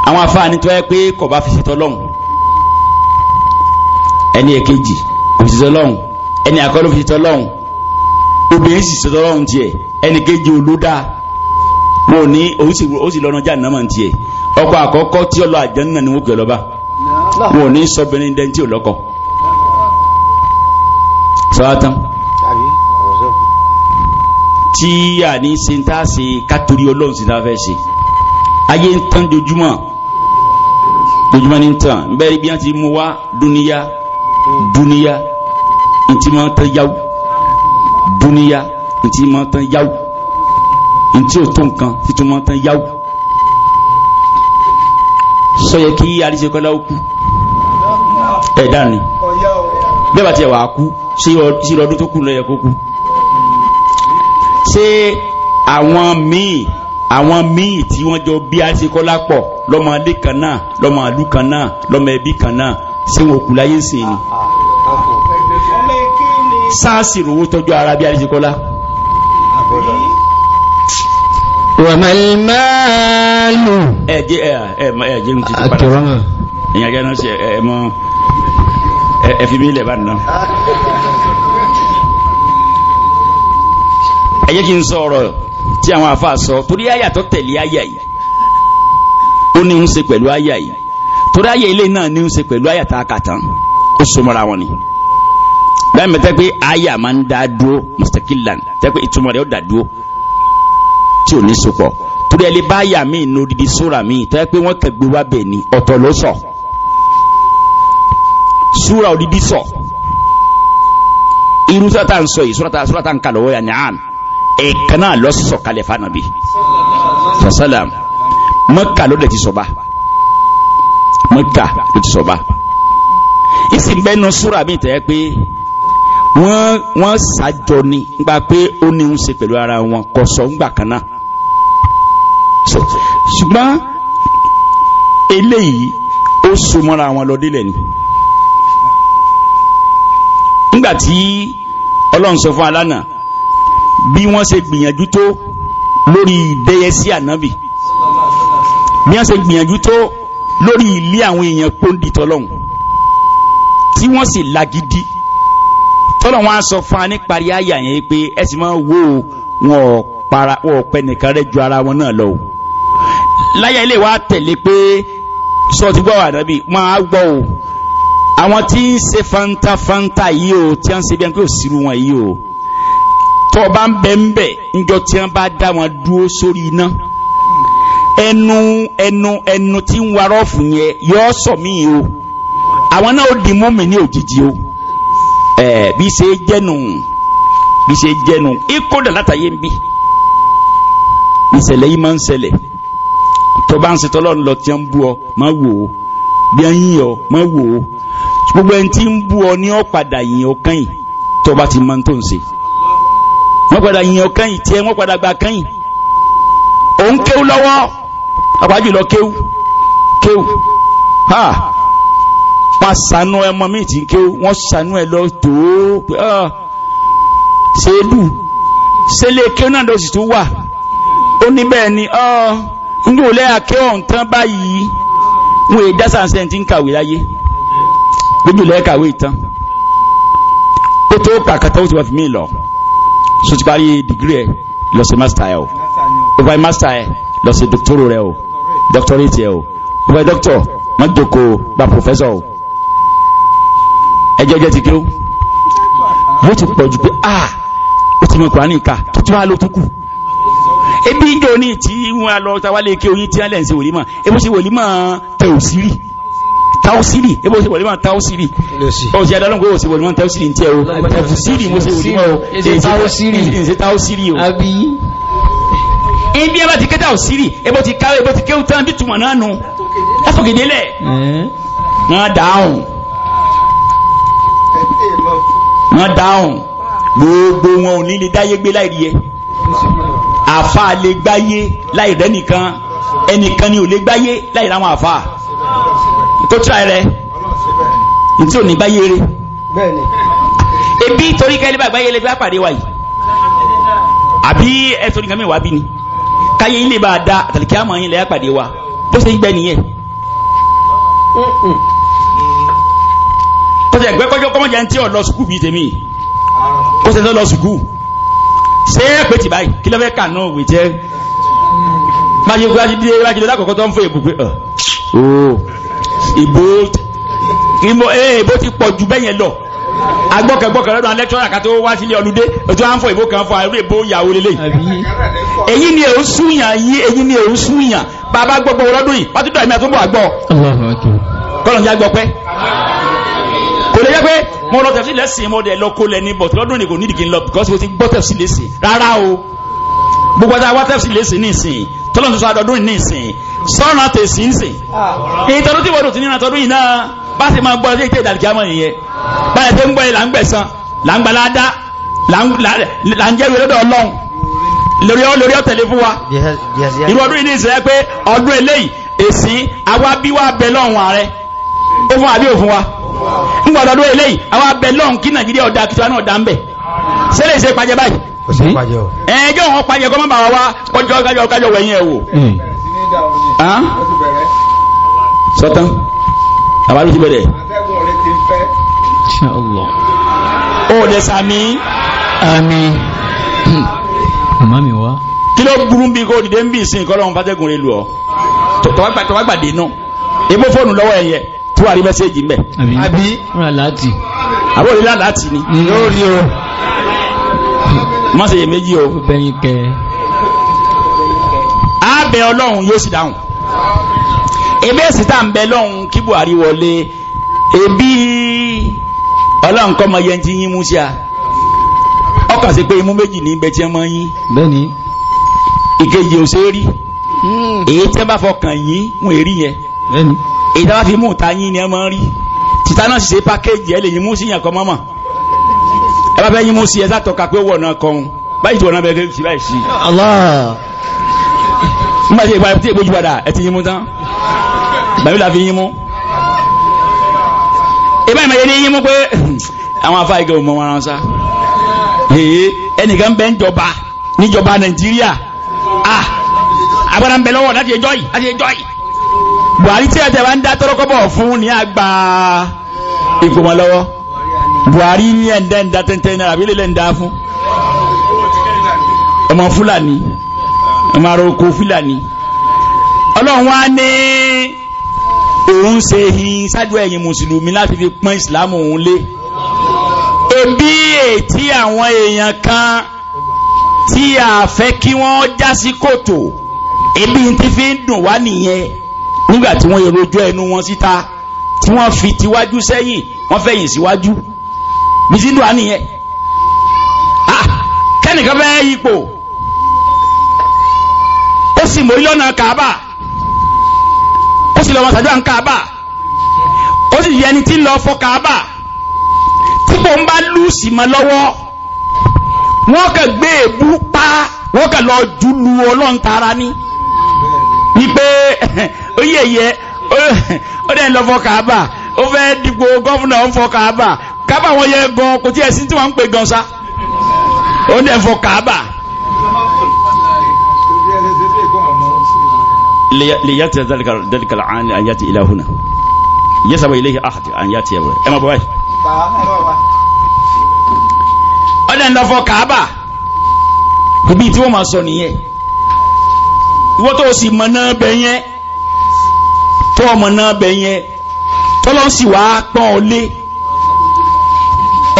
àwọn afáàní tó yẹ pé kò bá fi ṣètò ọlọ́run ẹni ẹ̀kejì kò fi ṣètò ọlọ́run ẹni àkọ́kọ́ ló fi ṣètò ọlọ́run obìnrin sì ṣètò ọlọ́run tiẹ̀ ẹni kejì olódà wọn ní òun sì lọ́nà jáde náà mọ̀ tiẹ̀ ọkọ àkọ́kọ́ tí ó lọ àjẹ́nà ni wọ́n pè lọ́ba wọn ò ní sọ́bìnrin dẹ́n tí ò lọ́kọ sọ́wátán tí a ní ṣe ń tá a ṣe kátorí ọlọ́run sí ta fẹ́ ṣe ayé ń tán dojúmọ́ dojúmọ́ ní ń tán bẹ́ẹ̀ bí wọ́n ti mú wá dúníyà hmm. dúníyà ntí máa tán yáwó dúníyà ntí máa tán yáwó ntí ò tó nǹkan títún máa tán yáwó sọyẹ kí àríṣekọ́lá ó kú ẹ̀dá ni bẹ́ẹ̀ bá tiẹ̀ wà á kú sí ọdún tó kù ló yẹ kó kú ṣé àwọn míì àwọn míì tí wọ́n jọ bí àríṣekọ́lá pọ̀ lọ́mọ ilé kan náà lọ́mọ ìlú kan náà lọ́mọ ẹbí kan náà ṣé wọn kù láyé sí ni sáà sì rówó tọ́jú ara bí àríṣekọ́lá wàmà ìmáàlù ẹ̀jẹ́ ẹ̀jẹ́ ń ti padà ìyàn jẹ́ náà sí ẹ̀mọ́ ẹ̀fìmí ilẹ̀ bá nìyàn ẹ̀jẹ́ kí n sọ ọ̀rọ̀ tí àwọn àfà sọ torí àyà tó tẹ̀lé àyà yìí ó ní ń ṣe pẹ̀lú àyà yìí torí àyà ilé náà ní ń ṣe pẹ̀lú àyà tá a kà tán ó so wọn ni bẹ́ẹ̀ mẹ́tẹ́ pé àyà máa ń dá dúró mustakilan tẹ́ pé ìtumọ̀ rẹ̀ ó dá dúró tí ò ní sopọ̀ torí ẹni bá yà mí inú odidi sóra mi tó yẹ pé wọ́n kẹgbẹ́ wá bẹ̀ ni ọ̀tọ̀ ló sọ súra odidi sọ irú sọ́ra tá à ń sọ yìí sọ́ra tá à ń kà lọ́wọ́ yà ní àn ẹ̀ẹ̀kan náà lọ sọ kalẹ̀ fanabi sàsálàm mọ́kà ló dẹ̀ ti sọ̀ba mọ́kà ló ti sọ̀ba ìsìn bẹ́ẹ̀ nu súra mi tẹ̀ yẹ pé wọ́n wọ́n sàjọ ni gba pé ó ní ń ṣe pẹ̀lú ara wọn kọ̀sọ̀ ńgbà kan náà ṣùgbọ́n eléyìí ó so mọ́ra àwọn lọ délẹ̀ ni nígbàtí ọlọ́run sọ fún alánà bí wọ́n ṣe gbìyànjú tó lórí ìdẹ́yẹ sí ànábì bí wọ́n ṣe gbìyànjú tó lórí ilé àwọn èèyàn pọ́ndìtọ́ lọ́hùn tí wọ́n sì lagidi tọ́lọ̀ wọn a sọ fún wa ní parí àyà yẹn pé ẹ sì máa wo wọn ò nìkan rẹ̀ ju ara wọn náà lọ o láyà ilé wa tẹ̀lé pé sọ ti gbọ́ ànábì wọn á gbọ́ o àwọn tí ń ṣe fanta fanta yìí o tí wọ́n ṣe bí wọn kí o sírú wọn yìí o tó o bá ń bẹ ń bẹ níjọ tí wọ́n bá dá wọn dúró sórí iná ẹnu ẹnu ẹnu tí ń warọ́ fún yẹn yọ sọ mí o àwọn náà ó di mú mi ní òjijì o ẹ bí ṣe jẹnu bí ṣe jẹnu ikú dà látàyè ń bí ìṣẹ̀lẹ̀ yìí máa ń ṣẹlẹ̀ tó bá ń ṣe tọ́lọ́run lọ tí ń bú ọ má wò ó bí ẹ yín ọ má wò ó gbogbo ẹni tí ń bú ọ ní ọ padà yìn ọ kẹ́yìn tó bá ti máa ń tó ń ṣe wọ́n padà yìn ọ kẹ́yìn tiẹ̀ wọ́n padà gbà kẹ́yìn òun kéwú lọ́wọ́ àpájù lọ kéwú kéwú ha wọ́n sànú ẹmọ mi ti ń kéwú wọ́n sànú ẹ lọ tòó ah, ṣe é lù ṣe lè kéwú náà lọ sì tún wà ó ní bẹ́ẹ̀ ni ọ́. Oh. Ah, ní olè akẹ́ ọ̀hún tán báyìí wọn èdè sàǹsẹ̀ ti ń kàwé láyé lójú olè kàwé tán ó tó kàkàtà ó ti wà fún mi lọ so ti parí dìgírì ẹ lọ sí mástà ẹ o ó parí mástà ẹ lọ sí dọkítọ́rọ̀ rẹ o dọkítọ́rẹ́tì ẹ o ó parí dọkítọ̀ má jókòó gba pòfẹ́sọ̀ o ẹjẹ́ jẹ́ ti kí ó yóò ti pọ̀ ju pé ah ó ti mọ̀ kúránì ká tó tún wá ló tún kù ebi ìjọ ní tí wọ́n lọ tawálé ké oyin tí wọ́n lẹ́ ń ṣe wòlímọ̀ ebó ṣe wòlímọ̀ tẹ̀wòsírì tawusiri ebo ṣe wòlímọ̀ tawusiri ọ̀sì adalọ́n kò ṣe wòlímọ̀ tawusiri ní tiẹ̀ o tawusiri mo ṣe wòlímọ̀ o èsì tawusiri o ibi ẹba ti kẹta òsírì ẹbọ ti káwé ẹbọ ti kéwù tán bí túmọ̀ náà nù ẹfọ̀gẹ̀dẹ̀ lẹ̀ wọ́n dáhùn gbogbo wọn ò ní lè dáyé gbé láì rí ẹ àfa lè gbáyé láì rẹ́ nìkan ẹnìkan ni ò lè gbáyé láì ráwọn àfa tó tíra rẹ ntí ò ní gbáyé rẹ ebi torí kẹ́lẹ́ bá gbáyé lẹ́gbẹ́ àpàdé wa yìí àbí ẹ torí nǹkan mi wà bí ni káyé yín bá da àtàlìkí àmọ́ yín lẹ́yà pàdé wa bó ṣe ń gbẹ nìyẹn kọ́sẹ̀ ẹgbẹ́ kọjọ́ kọ́mọ̀jẹ́ ń tí ọ̀ lọ sùkúù bíi tèmi kọ́sẹ̀ ń lọ sùkúù ṣé ẹ pé tì báyìí kí ló fẹ́ kà náà wè jẹ́ máṣe kó láti dé láti dé lákòókò tó ń fún ìbùgbé ọ̀ ìbò ìmọ̀ ẹ̀ ìbò ti pọ̀ ju bẹ́yẹn lọ agbọ́kẹ̀gbọ́kẹ̀ lọ́dún alẹ́kítọ́rà ká tó wá sílé ọlúdé tó á ń fọ ìbò kan fọ àìrí ìbò ìyàwó lélẹ̀ èyí ni èrú súyàn yí èyí ni èrú súyàn bàbá gbogbo lọ́dún yìí pátúdọ̀ ìmẹ́ tó bọ̀ àgbọ̀ kọ́lọ̀ ní agbọ̀pẹ́ kò lè jẹ́ pé mo lọ tẹ̀sí lẹ́sìn mo dẹ̀ lọ kó lẹ́ni bọ̀ lọ́dún ni kò ní ìdìgì ń lọ because mo ti gbọ́ tẹ̀sí lẹ́sìn rárá o gbogbo àti àwọn tẹ̀sí lẹ́sìn nísìn tọ́lọ́ tuntun àdọ́dún nísìn sọ́ọ̀nà tẹ̀sí nísìn ìtọ́dún tí wọ́n ti ní ìrántọ́dún yìí náà bá ti máa gbọ́ ọdún ìtẹ́ ìdàlùkì àmọ́ nìyẹn báyìí tẹ́ ń gbọ́ yìí là ń gbẹ̀san là ń gbalada là ń jẹ́rìí lọ́dọ̀ ọlọ́run lórí ọ lórí ọ̀tẹ̀lẹ̀ fún wa irú ọdún yìí ní ìsìlẹ̀ pé ọdún eléyìí èsì àwa bí wa bẹ lọ́run ààrẹ ó fún àbí òfun wa. ngbọ̀dọ̀dọ̀ eléyìí àwọn abẹ lọ́n kí nàìjíríà ọ̀dà kìtìwá náà dá ń bẹ̀ sẹ́lẹ̀ ṣe pàjẹ́ báyìí. kò sí pàjẹ́ o. ẹ̀ẹ́jọ́ wọn pàjẹ́ kọ́ mọ́ bàbá kọjọ́ kájọ́ kájọ́ wẹ̀yìn ẹ̀ wò. Hmm. sọtán àwa ti bẹ̀rẹ̀. o tó wà rí mẹ́sẹ́jì mẹ́ àbí láti ni yóò rí o má méjì o ààbẹ̀ ọlọ́run yóò sì dáhùn ebi èsì à ń bẹ lọ́hùn kí Buhari wọlé ebi ọlọ́run kọ́ mọ yẹn ti yín mú sí a ọkàn sí pé imú méjì ní ibẹ̀ tí ẹ mọ yín bẹ́ẹ̀ni ìkejì ò ṣe é rí hmm. èyí tí ẹ bá fọkàn yín ń èrí yẹn bẹ́ẹ̀ni èyí tá bá fi mú ta yín ni ẹ máa ń rí tìta náà sì ṣe pákéjì ẹ lè yín mú sí yàn kan mọ́mọ́ ẹ bá fẹ́ yín mú sí ẹ sátọ́ka pé wọ̀ náà kan báyìí tí wọ̀ náà bẹ́ẹ̀ kéré sí báyìí sí. n bá ṣe ìgbà tí ègbójú padà ẹ ti yín mú tán bàbí la fi yín mú. ìbá ìmọ̀ yẹn ní yín mú pé àwọn afá igi òmò wọn ránṣá ẹnìkan bẹ́ẹ̀ ń jọba níjọba Nàìjíríà ah agbára ń bẹ lọ́wọ́ láti ẹjọ́ yìí láti ẹjọ́ yìí buhari tí ẹ̀tẹ̀ bá ń dá tọ́rọ́kọ́bọ̀ fún ní àgbà ìgbìmọ̀ lọ́wọ́ buhari ní ẹ̀ǹdẹ́ ń da tẹ́ntẹ́ náírà bí lélẹ̀ ń da fún ọmọ fúlàní ọmọ aróko fúlàní ọlọ́run wá ní òun ṣe hin ṣáájú ẹ̀yin mùsùlùmí láti fi pọ́n ìsìlámù òun lé ebi ètí àwọn èèyàn kan tí a fẹ́ kí wọ́n já kòtò ebi ti fi ń dùn wá nìyẹn nígbà tí wọ́n rojú ẹnu wọn síta tí wọ́n fi tiwájú sẹ́yìn wọ́n fẹ̀yìn síwájú bísí dùn ah, kẹ́nìkan fẹ́ ipò ó sì mọ̀ ilọ́nà kàábà ó sì lọ́wọ́ sàdúrà ń kàábà ó sì yẹni tí lọ fọ́ kàábà tí kò ń bá lùsì mọ́ lọ́wọ́ wọ́n kàn gbé èbú pa wọ́n kàn lọ jùlù ọlọ́ntara ní wípé ó yẹ̀yẹ́ ó dẹ̀ ń lọ fọ kàábà ó fẹ́ dìpò gọ́fúnà ó ń fọ kàábà kàábà wọn yẹ gan kò tí ẹ̀ sí tí wọ́n ń pè gan sa ó dẹ̀ fọ kàábà. liyati dalika al'an an yati ila huna yasaba ilayhi ahad an yati yawa ẹ ma bọ báyìí ọdẹ ńlọ fọ kàábà ibi tí wọ́n máa sọ nìyẹn ìwọ tó o sì mọ náà bẹ yẹn tó ọmọ náà bẹ yẹn tọ́lọ́ sì wá pọ́n ọ lé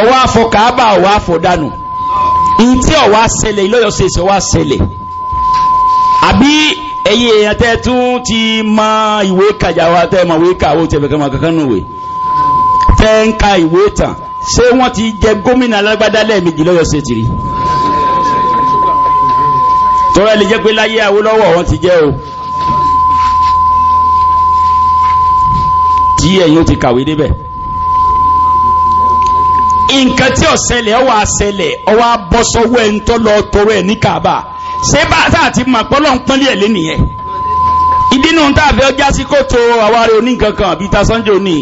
ọwọ́ afọ kàábà ọwọ́ afọ dànù ní tí ọwọ́ àṣẹlẹ̀ ìlọ́yọ̀ ṣe ṣe ọwọ́ àṣẹlẹ̀ àbí ẹ̀yẹ èèyàn tẹ́ tún ti mọ ìwé kàjà wa tẹ́ mọ ìwé kàwé tẹ́ fẹ́ kàmọ́ kankan nù wẹ̀ tẹ́ ń ka ìwé tàn ṣé wọ́n ti jẹ gómìnà alágbádá lẹ́ẹ̀mejì lọ́yọ̀ tìrì tọ́lá lè jẹ́ pé láyé Awólọ́wọ̀ wọ́n ti jẹ́ o. tí ẹ̀yin ó ti kàwé débẹ̀ nǹkan tí ó ṣẹlẹ̀ ó wá ṣẹlẹ̀ ó wá bọ́ sọ́wọ́ ẹ̀ ń tọ́ lọ tọrọ ẹ̀ ní kàbà ṣé bá a sáà ti mọ̀ pọ́lọ́ ń pọ́nlé ẹ̀ lẹ́nìyẹn ìdínú tá a fẹ́ já sí kótó àwárí oníkankan àbí ta sanjo ní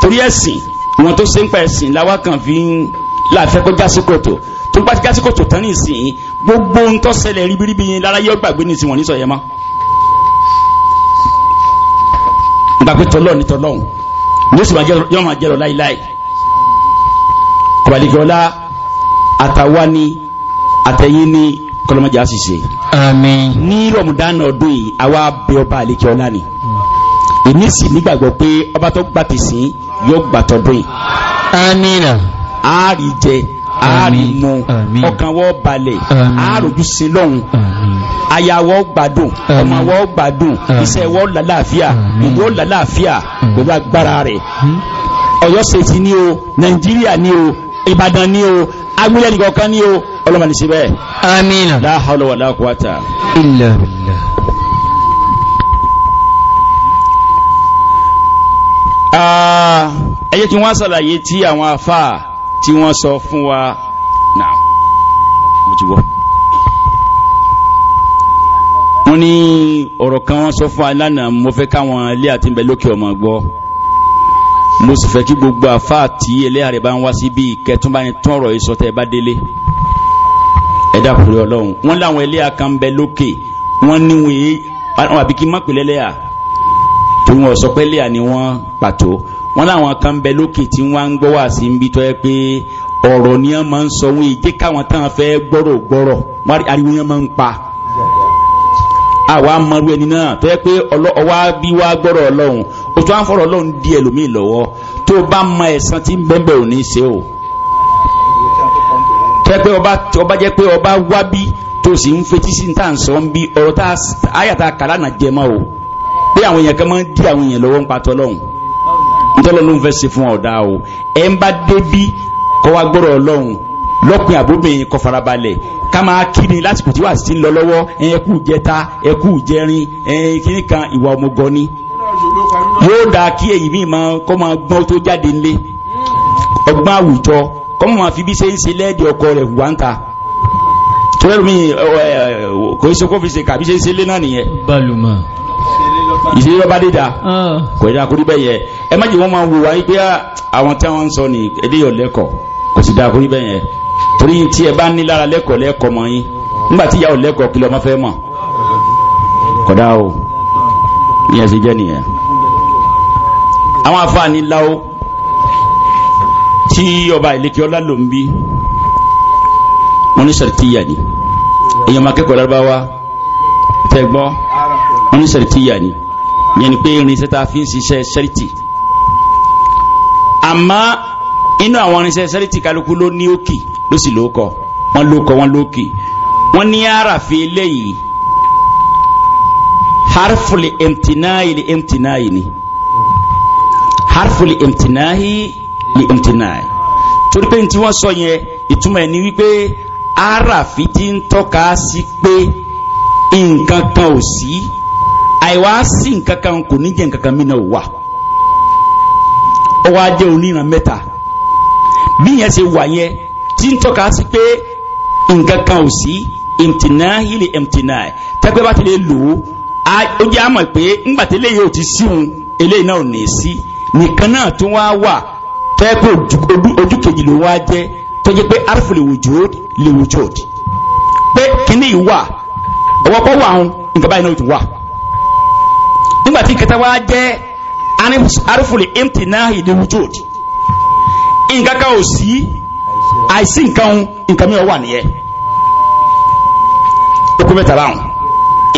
torí ẹ̀sìn wọn tó ṣe ń pa ẹ̀sìn làwa kan fi ń láfẹ́ kó já sí kótó tó bá ti já sí kótó tán ní ìsìn gbogbo ń tó ṣẹlẹ̀ ríbiríbi yẹn lára yẹ́ gbàgbé ní ìsìn wọn ní sọ̀yẹ́ mọ́. gbàgbé tọlọ́ọ̀ ní tọlọ́ọ̀ ní oṣù yọ máa jẹ́ lọ láíláí kọ̀bàdìgọ́lá àtàwa ni àtẹ̀yìn ni kọlọ́mọdé àṣìṣe. àmín. ní rọ̀mùdánù ọdún yìí àwa bẹ ọba àlekẹ́ ọlá ni èmi sì nígbàgbọ́ pé ọba tó gbà tẹ̀sí yóò gbà tọdún yìí. àmín. a rí jẹ àárínú ọkàn wọ́ balẹ̀ àáròjúṣe lọ́hùn ayawọ́ gbádùn ọmọwọ́ gbádùn iṣẹ́ wọ́ lálàáfíà ìlú lálàáfíà pẹ̀lú agbára rẹ̀ Ọ̀yọ́ sèti ní o Nàìjíríà ni o Ìbàdàn ni o agbélé nìkan kan ní o ọlọ́mọ ní síbẹ̀. amina la hawla wala quwata. illa billah. Ah, ẹ̀yẹ́ tí wọ́n ṣàlàyé tí àwọn afáà tí wọ́n sọ fún wa náà mo ti wọ́ wọ́n ní ọ̀rọ̀ kan wọ́n sọ fún wa lánàá mo fẹ́ káwọn ilé àti ìbẹ̀ lókè ọmọ gbọ́ mo sì fẹ́ kí gbogbo àfáà tí ẹlẹ́yà rẹ̀ bá ń wá sí bí ìkẹtúnbá ni tún ọ̀rọ̀ yìí tẹ́ bá délé ẹ̀dá kúrẹ́ ọlọ́run wọ́n láwọn ẹlẹ́yà kan bẹ lókè wọ́n níwèé àwọn àbíkí mọ́pẹ́lẹ́lẹ́yà tó wọ́n sọ pé ẹlẹ́yà ni wọ́n pàtó wọn làwọn kan bẹ lókè tí wọn ń gbọ́ wá sí ibi tó yẹ pé ọ̀rọ̀ ni wọn máa ń sọ wọn káwọn táwọn fẹ́ gbọ́rọ̀ gbọ́rọ̀ ariwo yẹn máa ń pa àwa amaru ẹni náà tó yẹ pé bí gbọ́rọ̀ o à ń fọ̀rọ̀ di ẹlòmíì lọ́wọ́ tó bá mọ ẹ̀sán tí ò ní ṣe o tó yẹ pé ọba jẹ́ pé ọba wá bí tó sì ń fetí sí ní tàǹsọ̀ tọ́lọ́ ló ń fẹ́ ṣe fún ọ̀dà o ẹ̀ ń bá débí kọ́ wa gbọ́dọ̀ ọlọ́run lọ́kùnrin àbóbìnrin kọ́ farabalẹ̀ ká máa kíni lásìkò tí wà sí ń lọ lọ́wọ́ ẹ̀kú jẹta ẹ̀kú jẹrin ẹ̀kíní kan ìwà ọmọgọ́ ni yóò dáa kí èyí mi máa kọ́ máa gbọ́n tó jáde ńlé ọgbọ́n àwùjọ kọ́ máa fi bí ṣe ń ṣe lẹ́ẹ̀dì ọkọ rẹ̀ wà ń ta tọ́lẹ́rù mi kò ṣe kó fi ṣe kàbí ṣe ń ṣe lé náà nìyẹn. balùwẹ̀ ìṣèlú lọ́ba dídà ah. kò yẹ kó rí bẹ́ẹ̀ yẹ ẹ má jẹ́ wọ́n máa wùwá pé ah, àwọn tí wọ́n ń sọ ní eléyọ̀ lẹ́kọ̀ọ́ kò sì dáa kórí bẹ́yẹn torí tí ẹ bá ní lára lẹ́kọ̀ọ́ lẹ́kọ̀ọ́ mọ́ yín nígbà tí ìyàwó lẹ́kọ̀ọ́ kí lọ́mọ fẹ́ mọ̀ kódà o ìyẹn sì jẹ́ nìyẹn. àwọn afáàní láwo tí ọba ìlékè ọlá ló ń bí wọn ní sẹ̀rìtìyà ni èèyàn máa kẹ́kọ̀ọ́ lárúbáwá tẹ́ wọn ní sẹ̀rìtìyà ni yẹn ni pé irinṣẹ́ tá fi ń ṣiṣẹ́ sẹ́rìtì àmọ́ inú àwọn irinṣẹ́ sẹ́rìtì kálukú ló ní òkì ló sì lóókọ wọ́n lóókọ wọ́n lóókì wọ́n ní àràfin eléyìí harfuli imtinayi li imtinayi ni harfuli imtinayi li imtinayi torí pé tí wọ́n sọ yẹn ìtumọ̀ ẹ̀ ni wípé àràfin ti ń tọ́ka sí pé nǹkan kan ò sí àìwá sí nǹkan kan kò ní jẹ́ nǹkan kan mí wà. ó wá oníran mẹ́ta bí yẹn ṣe wà yẹn tí ń tọ́ka sí pé nǹkan kan ò ti lè lò ó ó jẹ́ àmọ̀ pé ńgbà ti eléyìí náà ò ní sí nìkan náà tó wá wà ojú kejì ló wá jẹ́ pé pé kíní yìí wà ọwọ́ kọ́ wà ń nǹkan báyìí náà arúfùlẹ̀ imtinahi di wujud nǹkan kan ò sí àìsí nǹkan nǹkan mi ò wà nìyẹn ó kó mẹ́ta láwọn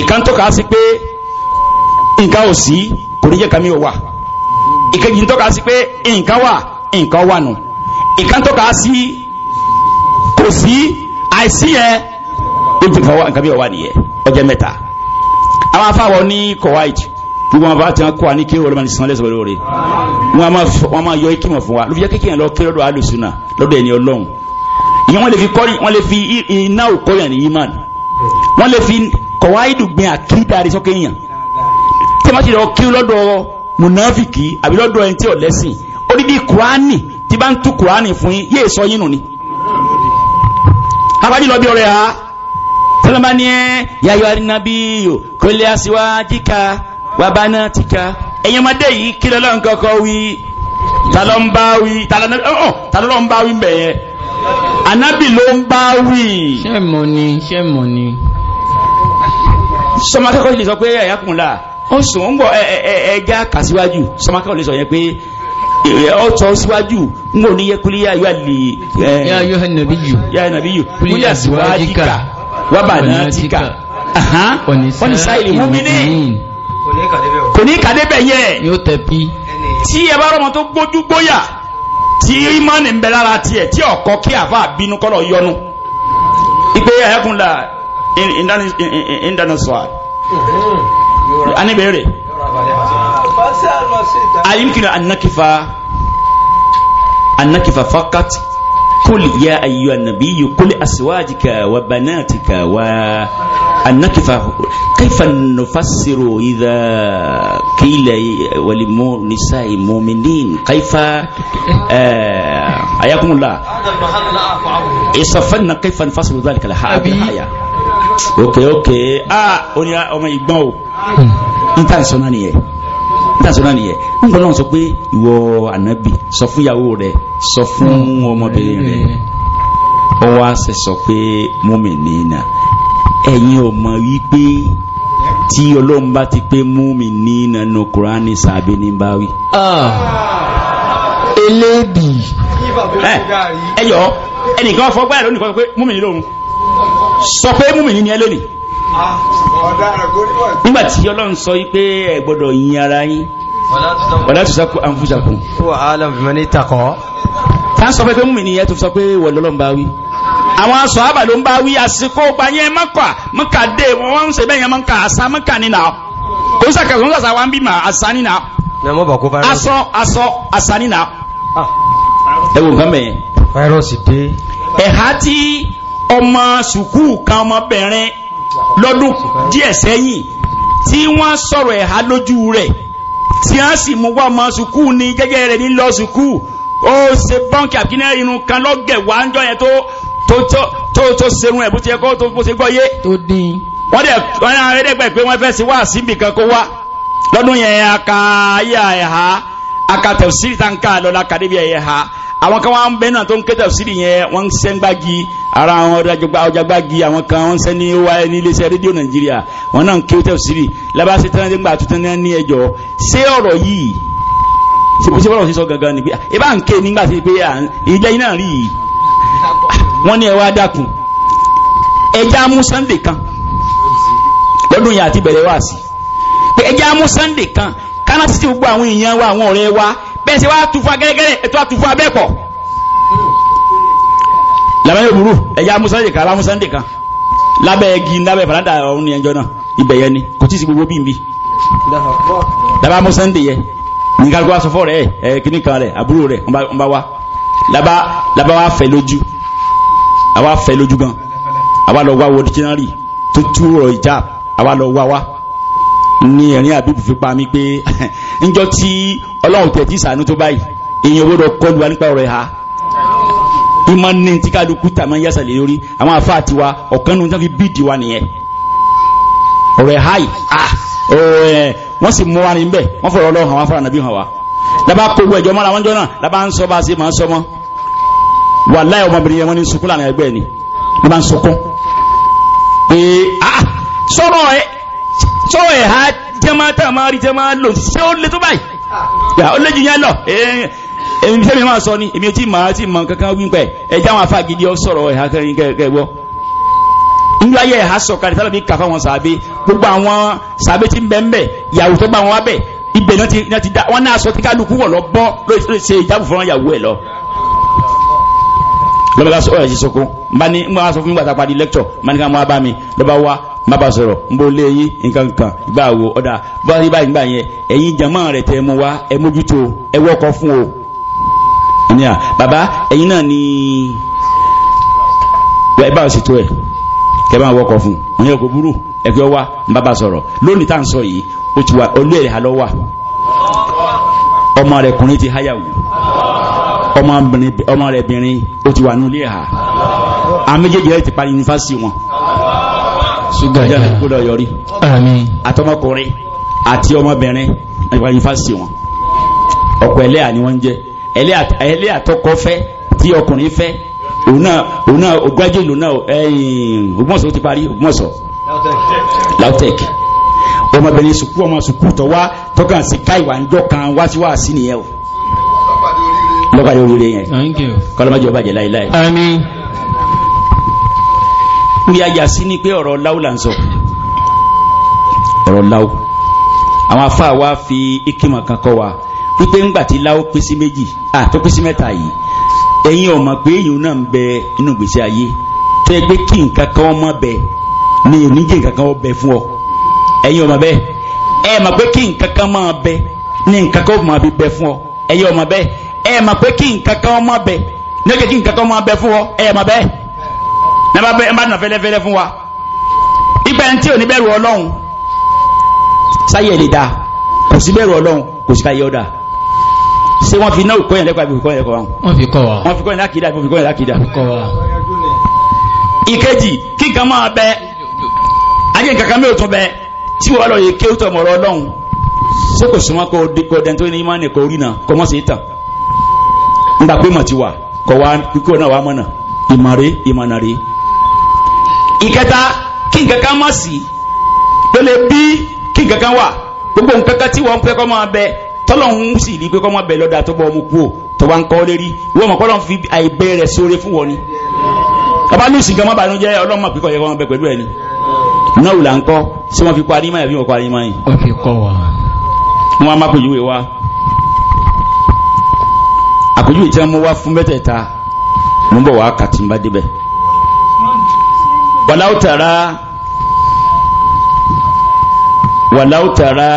ìkan tó kàá sí pé nǹkan ò sí kò ní jẹ́ nǹkan mi ò wà ìkejì tó kàá sí pé nǹkan wà nǹkan wà nù ìkan tó kàá sí kò sí àìsí yẹn ó mi ò wà nìyẹn ó jẹ́ àwọn afáwọ ní kuwait gbogbo àwọn bá ti kó àní kí olóòmà ní sanlẹ̀ sọ̀rọ̀ lóore wọ́n máa yọ ikimọ̀ fún wa ló fi jẹ́ kékeré lọ kí lọ́dọ̀ alùsùnà lọ́dọ̀ ẹni ọlọ́run ìyẹn wọ́n lè fi kọ́rí wọ́n lè fi iná òkọ́yàn ní imán wọ́n lè fi kọ̀wáìdù gbin àkídàrí sọ́kẹ́ yàn tí wọ́n ti lọ kí lọ́dọ̀ mùnáfìkì àbí lọ́dọ̀ ẹni tí ò lẹ́sìn odidi kùránì tí bá ń tú kùránì fún yín yéè sọ yín nù ni abájú lọ bí ọ̀rẹ́ ha sọlọ́mà ni ẹ yàyọ̀ àrínábí kò lè aṣíwájú ká wà bá náà ti ká ẹ̀yin ọmọdé yìí kí lọ́lọ́run kọ́kọ́ wí talọ́ ń bá wí talọ́ ń oh, oh, bá wí mbẹ̀ yẹn anábì ló ń bá wí. ṣé mo ni ṣé mo ni. sọmọ akẹ́kọ̀ọ́ yìí lè sọ pé ẹ̀yà kùn la ó sùn ó ń bọ̀ ẹja kà síwájú sọmọ akẹ́kọ̀ọ́ lè sọ yẹn pé ó sọ síwájú n kò ní yẹ kúlíyà yóò lè. yà yóò hàn nàbí yù. yà hàn nàbí yù kúlíyà síwájú kà wàbà náà ti kà. wọ́n sáyẹ̀lì mú mi ní kò ní kàdébẹ̀ yẹ yóò tẹ̀ bí tí ẹ bá rọmọ tó gbójú gbóyà tí ìmọ̀nì ń bẹ lára tiẹ̀ tí ọ̀kọ́ kí àfa bínú kọ́lọ̀ yọnu ìpè ẹ̀kún la indaniswa anibere ayimkina annakifa annakifa fakat kul ya ayyuhan nabiyyu kul aswajika wa banatika wa النكفة كيف نفسر إذا قيل ولنساء مؤمنين كيف حياكم الله إصفنا كيف نفسر ذلك الحياة أوكي أوكي آه أوني أوما يبنو أنت سنة نية أنت سنة نية nǹkan náà sọ pé ìwọ ànábì sọ fún ìyàwó rẹ sọ fún ọmọbìnrin rẹ ó wá ṣe sọ pé mọ́mìnì náà ẹ̀yin ò mọ̀ wípé tí ọlọ́run bá ti pé múmi ní nínú kùránì sàbí ní báwí. Ah. eléèdì. ẹ yọ ẹnìkan fọgbà ẹ̀rọ nìkan pé múmi ní lòun sọ pé múmi ní ni ẹ lónìí. nígbà tí ọlọ́run sọ pé ẹ gbọ́dọ̀ yin ara yín wàlá tó sàkó àǹfùsàkó. wà á lọ bí mo ní takọ. tá a sọ pé múmi ní ẹ tó sọ pé wọ́n àwọn aṣọ àbà ló ń bá wí àsìkò gbanyẹ mọ́kà mọ́kà dé wọ́n wọ́n ń ṣe bẹ́ẹ̀ yẹn mọ́kà àṣà mọ́kà nínà kò sàkà kò sàkà wà ń bímọ àṣà nínà aṣọ aṣọ àṣà nínà ah. ẹ wò nǹkan bẹ̀yẹn. fáírọ́ọ̀sì dé. ẹ̀há tí ọmọ sùkúù kan ọmọbìnrin lọ́dún díẹ̀ sẹ́yìn tí wọ́n sọ̀rọ̀ ẹ̀há lójú rẹ̀ tí a sì mú wá ọmọ sùkúù ní gẹ́gẹ́ rẹ̀ ní lọ sùkúù ó ṣe bọ́ǹkì àbíkínẹ́ irun kan lọ́gẹ̀ wá ń jọ yẹn tó tó tó serun ẹ̀ bó ti yẹ kó tó bó ti gbọ́ yé. tó dín. wọ́n dẹ̀ wọ́n náà ẹ̀ẹ́dẹ́gbẹ̀ pé wọ́n fẹ́ sí wá síbi kan kó wá lọ́dún yẹn aka ayé ẹ̀ha aka tẹ̀síìrì tá n ká lọ́la kàdébí ẹ̀ha àwọn kan wà ń bẹ náà tó ń ké tẹ̀síìrì yẹn wọ́n ń sẹ́ngbági ara àwọn ọjàgbági àwọn kan wọ́n ń sẹ́ ní wa ní iléeṣẹ́ rédíò nàìjíríà wọ́n náà ń ké tẹ̀síìrì labasi tẹ́lẹ̀ nígbà wọ́n ní ẹ wá dákun ẹja mú sunday kan lọ́dún yẹn àti bẹ̀rẹ̀ wá sí pé ẹja mú sunday kan kánà títí gbogbo àwọn èèyàn wa àwọn ọ̀rẹ́ wa bẹ́ẹ̀ ṣe wá tu fún agẹ́rẹ́gẹ́rẹ́ ẹ̀tọ́ àtu fún abẹ́pọ̀ làbẹ́yẹ burú ẹja mú sunday kan lámú sunday kan lábẹ́ igi lábẹ́ fàlàdà ọ̀hún ni ẹjọ́ náà ibẹ̀ yẹn ni kò tí ì sí gbogbo bí nbí làbá mú sunday yẹ nǹkan kó wá sọ fọ́ rẹ̀ ẹ̀ kíní kan rẹ̀ àbúrò rẹ̀ ń bá wá làbá wá fẹ́ lójú àwa fẹ́ lójú gan àwa lọ wá wo dictionary tó túrọ̀ ìjà àwa lọ wá wá ní ẹ̀rín àbíbù fi pa mí pé níjọ́ (laughs) tí ọlọ́run tẹ̀ tí sànú tó báyìí èèyàn gbọ́dọ̀ kọlu wa nípa ọ̀rọ̀ ẹ̀ha ìmọ̀ ní tí kálukú tà máa ń yásà lé lórí àwọn afá tiwa ọ̀kan nínú tí wọ́n bi bíìdì wa nìyẹn ọ̀rọ̀ ẹ̀ha yìí ah ọ̀rọ̀ ẹ̀ wọ́n sì mú wa ní bẹ́ẹ̀ wọ́n fọ̀rọ̀ ọlọ́run àwọn afárànàbí hàn wa lábàá kó gbọ́ ẹ̀jọ́ mọ́ra wọn jọ náà lábàá ń sọ bá a ṣe máa wà láyé ọmọbìnrin yẹn wọ́n ní sunkún láàrin ẹgbẹ́ ni wọ́n bá ń sunkún pé ah sọ̀rọ̀ ẹ̀ sọ̀rọ̀ ẹ̀ ha jẹ́má tá a máa rí jẹ́má lò ṣé ó lè tó báyìí yà ó lè jù yẹn lọ èmi eh, fẹ́mi eh, máa sọ ni èmi ò tí ì máa tí ì mọ kankan wípé ẹ já wọn afa gidi ọ sọ̀rọ̀ ẹ̀ ha kẹrin kẹgbọ́ nígbà yẹ ẹ̀ ha sọ̀kalẹ̀ sábà bí kàfa wọn sàbẹ gbogbo àwọn sàbẹ ti ń bẹ ń bẹ tó gbà wọn wá bẹ ibẹ̀ náà ti da wọn náà sọ kíkálukú wọ̀ lọ bọ́ lóṣèṣe ìjábù fún wọn yàwó ẹ̀ lọ́ba ká sọ̀rọ̀ ẹ̀jẹ̀ sọ́kó bá ní ngbà sọ fún mi gbàtà padì lẹ́kítọ̀ bá ní ká mú abá mi lọ́ba wá má ba sọ̀rọ̀ n lé yín nǹkan kan gbà wo ọ̀dà bá yín ẹ mójútó ẹ fún o. náà ni ẹ bá ṣètò bá fún burú ọmọ rẹ̀ bìnrin ó ti wà ní ilé ẹ̀hà àwọn méjèèjì rẹ̀ ti parí yunifásitì wọn ṣùgbọ́n gbọ́dọ̀ yọrí àtọmọkùnrin àti ọmọbìnrin nípa yunifásitì wọn ọ̀pọ̀ ẹlẹ́à ni wọ́n ń jẹ́ ẹlẹ́à tọkọ fẹ́ tí ọkùnrin fẹ́ òun náà òun náà ògbájú ìlú náà ẹ̀yìn Ògbómọ̀ṣọ́ ti parí Ògbómọ̀ṣọ́ LAUTECH ọmọbìnrin sùkú ọmọ sùkú tọ́ wá tọ́kàn sí káìwá ń jọ kan wá sí wá sí nìyẹn o lọ́pàá yóò rí yẹn kọ́lọ́mọ́jọ́ bàjẹ́ láìláì àmín ní ajá sí ni pé ọ̀rọ̀ láwù là ń sọ ọ̀rọ̀ láwù àwọn afá wa fi ikima kan kọ́ wa wípé ńgbà tí láwù pín sí méjì à tó pín sí mẹ́ta yìí ẹ̀yin ọ̀mọ̀ pé èyàn náà ń bẹ inú ìgbésí ayé tó yẹ pé kí nǹkan kan mọ̀ bẹ ni oníjì nǹkan kan bẹ fún ọ ẹ̀yin ọ̀mọ̀ bẹ́ẹ̀ ẹ̀ mọ̀ pé kí nǹkan kan mọ̀ bẹ ni nǹkan kan mọ̀ bẹ fún ọ ẹ̀yin ọ̀mọ̀ bẹ́ẹ̀ ẹ ma pé kí nǹkan kan ọmọ bẹ nígbà kí nǹkan kan ọmọ bẹ fún ọ ẹ mà bẹ ẹ má bẹ ẹ má nà fẹlẹfẹlẹ fún wa ìgbà ẹni tí ò ní bẹ̀rù Ọlọ́run sáyé ẹ lè dáa kò sí bẹ̀rù Ọlọ́run kò sí ká yẹ ọ dáa ṣé wọ́n fi náà kọ́ yẹn lẹ́kọ̀ọ́ àbí kọ́ yẹn lẹ́kọ̀ọ́ àwọn. wọ́n fi kọ́ wa. wọ́n fi kọ́ yẹn lákìdá àbí kọ́ yẹn lákìdá. ìkejì kí nǹkan máa bẹ ajé nǹkan kan mẹ́wòó tún bẹ tí wọ́n lọ yẹ kéwù tọmọ̀rọ̀ Ọlọ́run ṣé kò sọ wọn kó dẹ́ntó ní ìmọ̀ ní kò rí náà kò mọ̀ sí tàn ńgbà pé mọ̀ ti wà kọ̀ wá kíkọ́ náà wà mọ̀nà ìmọ̀re ìmọ̀nà rè. ìkẹta kí nǹkan kan mọ̀ sí ló lè bí kí nǹkan kan wà gbogbo nǹkan kan tí wọ́n ń pẹ́ kọ́ máa bẹ tọ́lọ́hún sì rí pé kọ́ máa bẹ lọ́dà tó bọ́ ọmọ kú o tó bá ń kọ́ lérí wọ́n mọ̀ kọ́ lọ́n fi àìbẹ́ rẹ̀ sóore fún wọn ni. bàbá lùsì nǹkan má bànújẹ́ ọlọ́mọ pípọ̀ yẹ àpèjúwe tí wọ́n mú wá fún mẹ́tẹ̀ẹ̀ta mú bọ̀ wá kàtìmbá débẹ̀ wàláwùtàrá wàláwùtàrá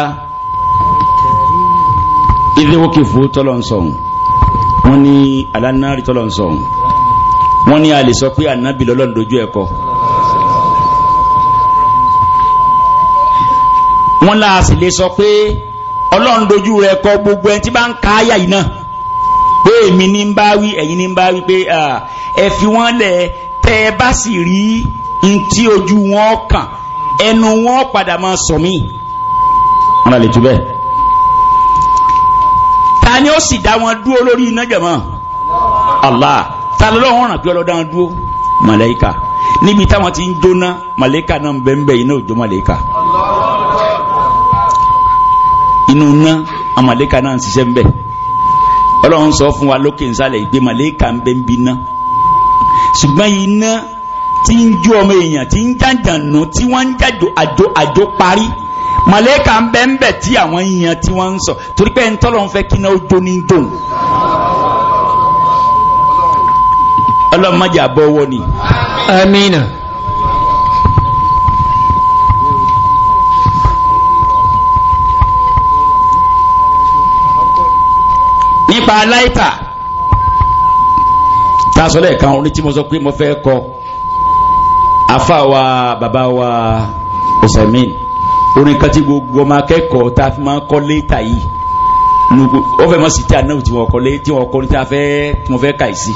ìdíwókè fún tọ́lọ́nsọ̀hún wọ́n ní alánárì tọ́lọ́nsọ̀hún wọ́n ní a lè sọ pé ànábì lọ́lọ́run dojú ẹ̀kọ́ wọ́n láà sì lè sọ pé ọlọ́run dojú rẹ̀ kọ gbogbo ẹni tí bá ń ka áyà yìí náà pé èmi ní ń bá wí ẹ̀yin ní ń bá wí pé ẹ fi wọ́n lẹ̀ tẹ́ ẹ bá sì rí n tí ojú wọn kàn ẹnu wọn padà máa sọ mí. wọn lè tu bẹ́ẹ̀. ta ni ó sì dá wọn dúró lórí iná jẹ̀mọ́ Allah ta ló lọ́wọ́ ràn pé ọlọ́dà dúró màláíkà níbi táwọn ti ń jóná màláíkà náà ń iná òjò màláíkà inú ná àmàlẹ́kà náà ń ṣiṣẹ́ ń bẹ́ẹ̀ ọlọ́run sọ fún wa lókè nsàlẹ̀ ìgbé màlẹ́kà ń bẹ́ ń bi ná ṣùgbọ́n iná tí ń jó ọmọ èèyàn tí ń jàǹdànù tí wọ́n ń jàjò àjò àjò parí màlẹ́kà ń bẹ́ ń bẹ̀ tí àwọn èèyàn tí wọ́n ń sọ torí pé ntọ́lọ́ fẹ́ kí náà ó jó ní dòun ọlọ́mọdé àbọ̀wọ́ ni. amina. pa láìtà tá a sọ lẹ́ẹ̀kan orin tí mo sọ pé mo fẹ́ kọ afa wa baba wa Usaimin orin kan tí gbogbo ọmọ akẹ́kọ̀ọ́ tá a fi máa ń kọ́ létà yìí nugu ó fẹ́ sí tí a náà tí wọ́n kọ́ lé tí wọ́n kọ́ ní tí a fẹ́ tí wọ́n fẹ́ kà í sí.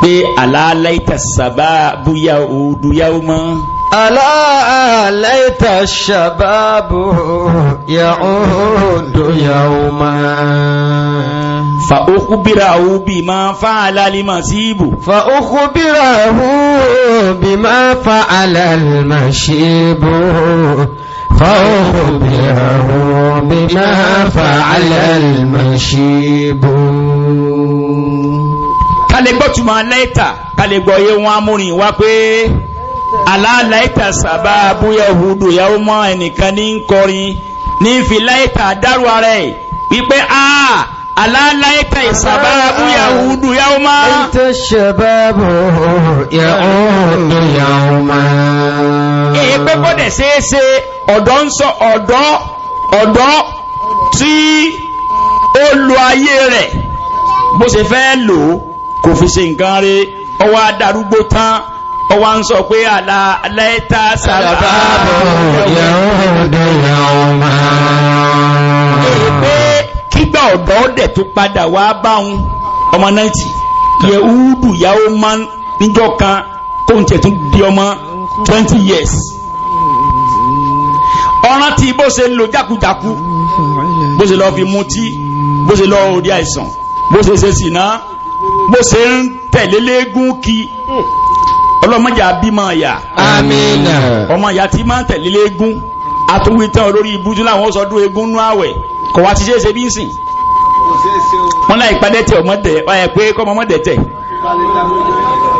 pé àlàálá ìtàsábà bóyá òòdù yá ألا ليت الشباب يعود يوما فأخبره بما فعل المسيب فأخبره بما فعل المشيب فأخبره بما فعل المشيب kálẹ̀ gbọ́tùmọ̀ lẹ́tà kálẹ̀ gbọ́yé wọn amúrin wá pé aláàláìta sábà bóyá òhudò yàwó mọ́ ẹnìkan ní kọrin ní filáìta dárò ara wípé a aláàláìta ìsábà bóyá òhudò yàwó mọ́. ẹ̀ńtẹ́ sábà bò yàwó òhudò yàwó mọ́. èyí pé kọ́dẹ̀ ṣeéṣe ọ̀dọ́ ń sọ ọ̀dọ́ ọ̀dọ́ tí ó lo ayé rẹ̀ bó ṣe fẹ́ lò kò fi ṣe nǹkan rí ọwọ́ adarúgbó tán ó wá ń sọ pé àlà aláìta sàbábọ̀ pé kígbà ọ̀dọ́ dẹ̀ tó padà wá báhun ọmọ 90 yẹ̀údù yàwó máa níjọ́ kan tó ń tẹ̀tún di ọmọ 20 years ọ̀ràn tí bó ṣe lò jákujáku bó ṣe lọ fi mutí bó ṣe lọ orí àìsàn bó ṣe ṣe sìná bó ṣe ń tẹ̀lé léegun kí ọlọ́mọdé abímọ ya ọmọ ìyá tí máa ń tẹ̀lé léegun atúwítán olórí ibùdó làwọn sọ dúró egun nú àwẹ̀ kò wá ti ṣe é ṣe bí ń sìn wọn náà ìpàdé tẹ ọmọdé ẹ pé kọ́ ọmọdé tẹ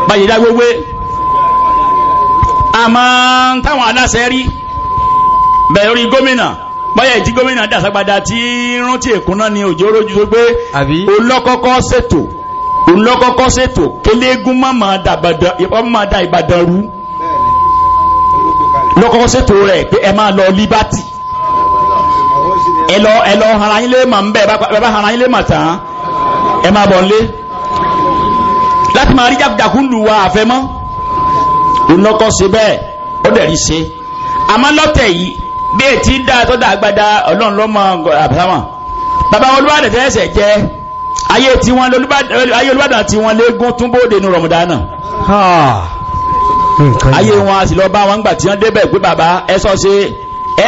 báyìí dá gbogbo àmọ́ táwọn aláṣẹ rí bẹ̀rẹ̀ orí gómìnà bọ́yẹ̀ ìdí gómìnà dàságbádá tí rántí èkó náà ni òjò rójú tó gbé olókọ́kọ́ ṣètò olókọ́kọ́ ṣètò kélégún mọ́mọ́ da ìbàdàn rú lọ́kọ́kọ́ ṣètò rẹ̀ pé ẹ máa lọ liberty ẹ lọ ẹ lọ hara yín lé mà ń bẹ̀ bàbá hara yín lé mà tán ẹ máa bọ̀ ń lé láti máa rí jákèjákú lù wá àfẹ́mọ́ olókọ́ ṣe bẹ́ẹ̀ ó dẹ̀ rí ṣe àmọ́ lọ́tẹ̀ yìí bí ètí dáa tó dáa gbada ọlọ́run lọ́mọ àbámọ̀ bàbá olúwa dẹ̀ fẹ́ ẹsẹ̀ jẹ́ ayé tí wọ́n ayé olúbàdàn tí wọ́n léegun tún bóde ní rọmọdánà ayé wọn a sì lọ bá wọn gbà tí wọ́n débẹ̀ pé bàbá ẹ sọ ṣe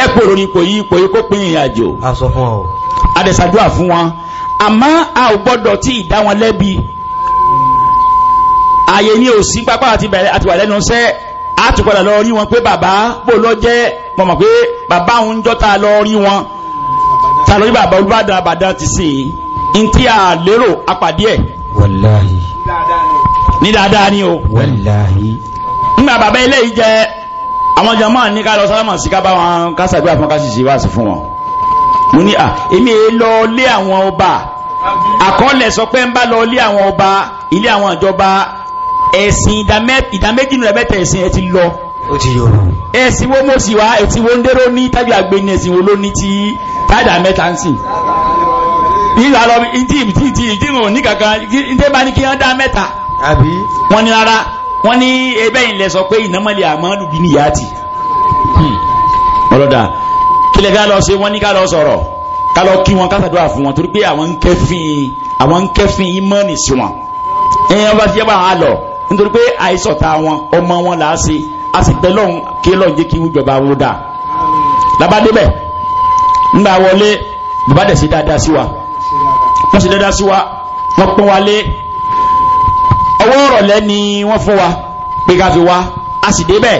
ẹ pòrò ní ipò yìí ipò yìí kó pín ìrìn àjò adẹ̀sàdúrà fún wọn àmọ́ a ò gbọ́dọ̀ tí ì dá wọn lẹ́bi ààyè ní òsì pápá àti bẹ̀rẹ̀ àti wà lẹ́nu iṣẹ́ àtùpadà lọ rí wọn pé bàbá bò lọ jẹ́ mọ̀ mọ̀ pé bàbá òun jọ́ lọ rí wọn ta lọ rí bàbá Olúbàdàn Ìbàdàn ti sìn n tí a lérò apàdé ẹ̀ wàláhì ní dáadáa ni o wàláhì nígbà bàbá ilé yìí jẹ àwọn jàmáà ní ká lọ sálámà sí ká bá wọn ká ṣàdúrà fún ká sì ṣe wáàsí fún wọn mo ní à èmi èé lọ lé àwọn ọba àkọọ́lẹ̀ sọ pé ń bá lọ lé àwọn ọba ilé àwọn ìjọba ẹ̀sìn ìdámẹ́jì nù ẹ̀bẹ̀tẹ̀ ẹ̀sìn ẹ ti lọ ó ti yòrò ẹ̀sìn wo mo sì wá ẹ̀sìn wo ń dérò ní tàbí àgbẹ̀ ní ẹ̀sìn wo ló ní ti tádà mẹ́ta ń sìn ìgbà lọ ìtì ìtì ìtì ìtì ìrùn ní kankan ìtẹ́ bá ní kí wọ́n dá mẹ́ta wọ́n ní rárá wọ́n ní ẹbẹ́ ìlẹ̀ sọ pé ìnámọ̀lẹ̀ àmọ́lù bí níyà tì hmm. ọlọ́dà kí lẹ ká lọ ṣe wọ́n ní ká lọ sọ̀rọ̀ ká lọ kí wọn ká ṣàdúrà fún wọn torí pé àwọn ń kẹ́fìn àwọn ń kẹ́fìn ìmọ̀ọ́nì sí wọn ẹ̀yìn ọba ti yẹ bá lọ nítorí pé àìsọ̀tà wọn ọmọ wọn là á ṣe a sì pẹ́ lọ́hùn kí lọ́hùn jẹ́ kí ìjọba wọn dà labadebẹ̀ ńgbà wọlé bàbá dẹ̀ sí dáadáa sí wa wọ́n sì dẹ́dá sí wa wọ́n pọ́n wa lé ọwọ́ ìrọ̀lẹ́ ni wọ́n fún wa pé ká fi wá a sì débẹ̀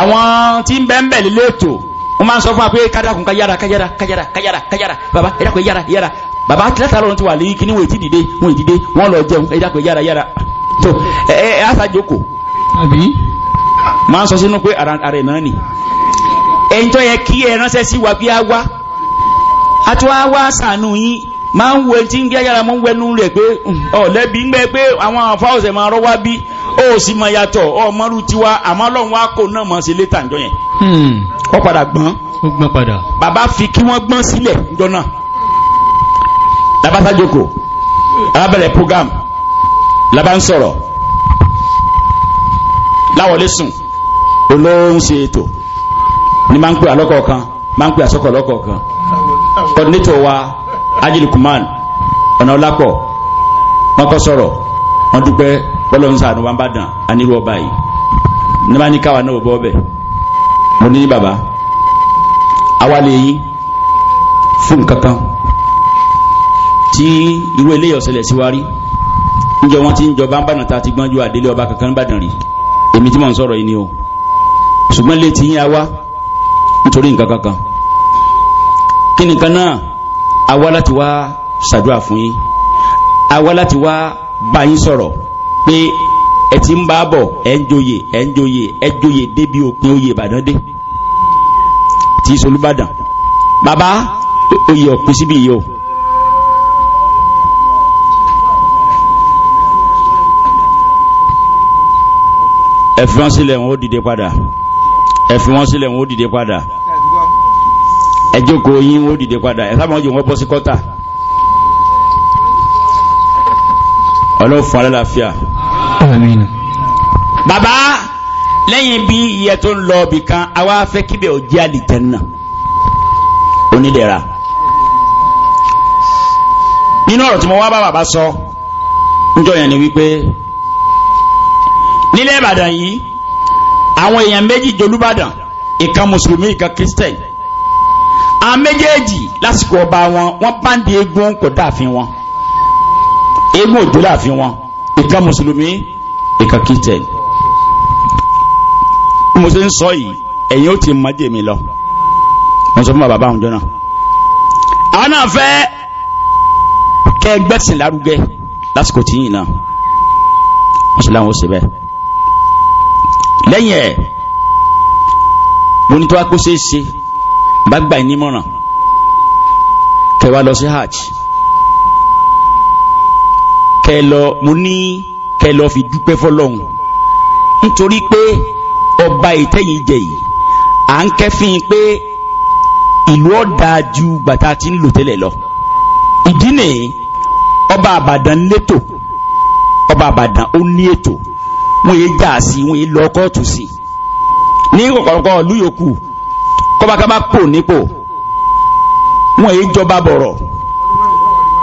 àwọn tí ń bẹ́ ń bẹ̀ lílé ètò wọ́n máa ń sọ fún wa pé kádàkùn ká yára ká yára ká yára ká yára ká yára bàbá ẹ dákun yára yára bàbá tilẹ̀ta lọ́run ti wà lẹ́yìn kí ni wọ́n ti dìde wọ́n ti wọ́n lọ jẹun ẹ dákun yára yára tó ẹ ẹ àṣà jókòó. máa ń sọ sínú pé ara ẹ̀ náà nì. yẹ kí ẹ ránṣẹ́ sí wa bí a wá a wá sànù yín máa ń wo ẹni tí ń gẹ́ yára mọ́ ń wẹnu rẹ̀ pé hmm, ọ̀lẹ́bí ń gbẹ́ pé àwọn àfáwọ̀sẹ̀ máa rọ́wá bí ó sì máa yàtọ̀ ọmọrú tiwa àmọ́ ọlọ́run wa kò náà mọ̀ sí létà ńjọ yẹn. Hmm. ó padà gbọ́n. ó gbọ́n padà. bàbá fi kí wọ́n gbọ́n sílẹ̀ ńjọ náà. labasa joko alábẹ̀rẹ̀ program laba ń sọ̀rọ̀ láwọlé sùn olóhùn ṣe ètò ni máa ń pè àlọ́kọ̀ọ̀kan máa ń pè àsọkọ̀ọ̀lọ́kọ̀ọ̀kan wa ajilukuman ọ̀nà ọlápọ̀ wọn kọ́ sọ̀rọ̀ wọn dúpẹ́ bọ́lọ́nsá àná wọn bá dàn anírú ọba yìí ní bá ní káwa náà bọ́ bẹ̀ mo ní bàbá awalẹ̀ yín fún nǹkan kan tí irú eléyìí ọ̀sẹ̀lẹ̀ sí wa rí níjọ wọn ti ń jọba ń bànà tá ti gbọ́njú àdélé ọba kankan ń bàdàn rí èmi tí mò ń sọ̀rọ̀ yìí ni o ṣùgbọ́n létí yín a wá nítorí nǹkan kankan kí nìkan náà àwa láti wá ṣàdúrà fún yín àwa láti wá bá yín sọ̀rọ̀ pé ẹ ti ń bá bọ̀ ẹ ń joyè ẹ ń joyè ẹ joyè débi òpin oyè Ìbàdàn dé tí solúbàdàn bàbá oyè ọ̀pin síbi yìí o. ẹ fi wọ́n sílẹ̀ wọn ó dìde padà ẹ fi wọ́n sílẹ̀ wọn ó dìde padà ẹjọ́kọ̀ yín ó dìde padà ẹ̀ sábà wọ́n jù wọ́n bọ́ sí kọ́tà ọlọ́fà alálàáfíà àmín bàbá lẹ́yìn bí iye tó ń lọ ibì kan àwa fẹ́ kíbẹ̀ ò jẹ́ àlìjẹ́nà onídẹ̀ra nínú ọ̀rọ̀ tí mo wá bá bàbá sọ níjọ́ yẹn ni wípé nílẹ̀ Ìbàdàn yìí àwọn èèyàn méjì jolúbàdàn ìkan mùsùlùmí ìkan kírísítẹ̀nì a méjèèjì lásìkò ọba wọn wọ́n pàǹdì eégún kò dáàfin wọn eégún òjò láàfin wọn ìka mùsùlùmí ìka kìtẹ̀lì mo ṣe ń sọ yìí ẹ̀yin ó ti mọ jèmi lọ mo sọ fún bàbá àwọn jọ́nà àwọn náà fẹ́ kẹ́ gbẹ́sìn lárugẹ lásìkò tí yìí náà wọ́n ṣe láwọn ó ṣe lẹ́yìn ẹ̀ mo ní tó wá kó ṣeé ṣe bá gbà yín nímọ̀ràn kẹ́ wá lọ sí hajj kẹ́ lọ mo ní kẹ́ lọ fi dúpẹ́ fọ́lọ́run nítorí pé ọba ìtẹ́yìn jẹ yìí à ń kẹ́fín pé ìlú ọ̀dà ju gbàtà tí ń lò tẹ́lẹ̀ lọ ìdí nìyí ọba àbàdàn létò ọba àbàdàn ó ní ètò wọ́n yé jà sí wọ́n yé lọ kóòtù sí ní kọ̀kọ̀rọ̀kọ̀ lúyòkù kọ́ba ká bá pò nípò wọ́n èyí jọba bọ̀rọ̀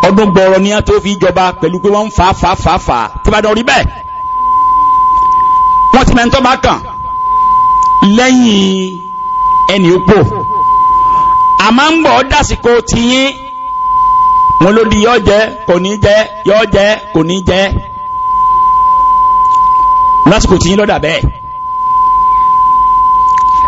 ọdún gbọ́rọ̀ ni a tó fi jọba pẹ̀lú pé wọ́n ń fà á fà á fà á fà á tí bá dán rí bẹ́ẹ̀ wọ́n ti mẹ́ntọ́ bá kàn lẹ́yìn ẹnì pò àmọ́ ń bọ̀ dásìkò tiyín wọn ló di yọ kò ní jẹ yọ kò ní jẹ lásìkò tiyín lọ́dà bẹ́ẹ̀.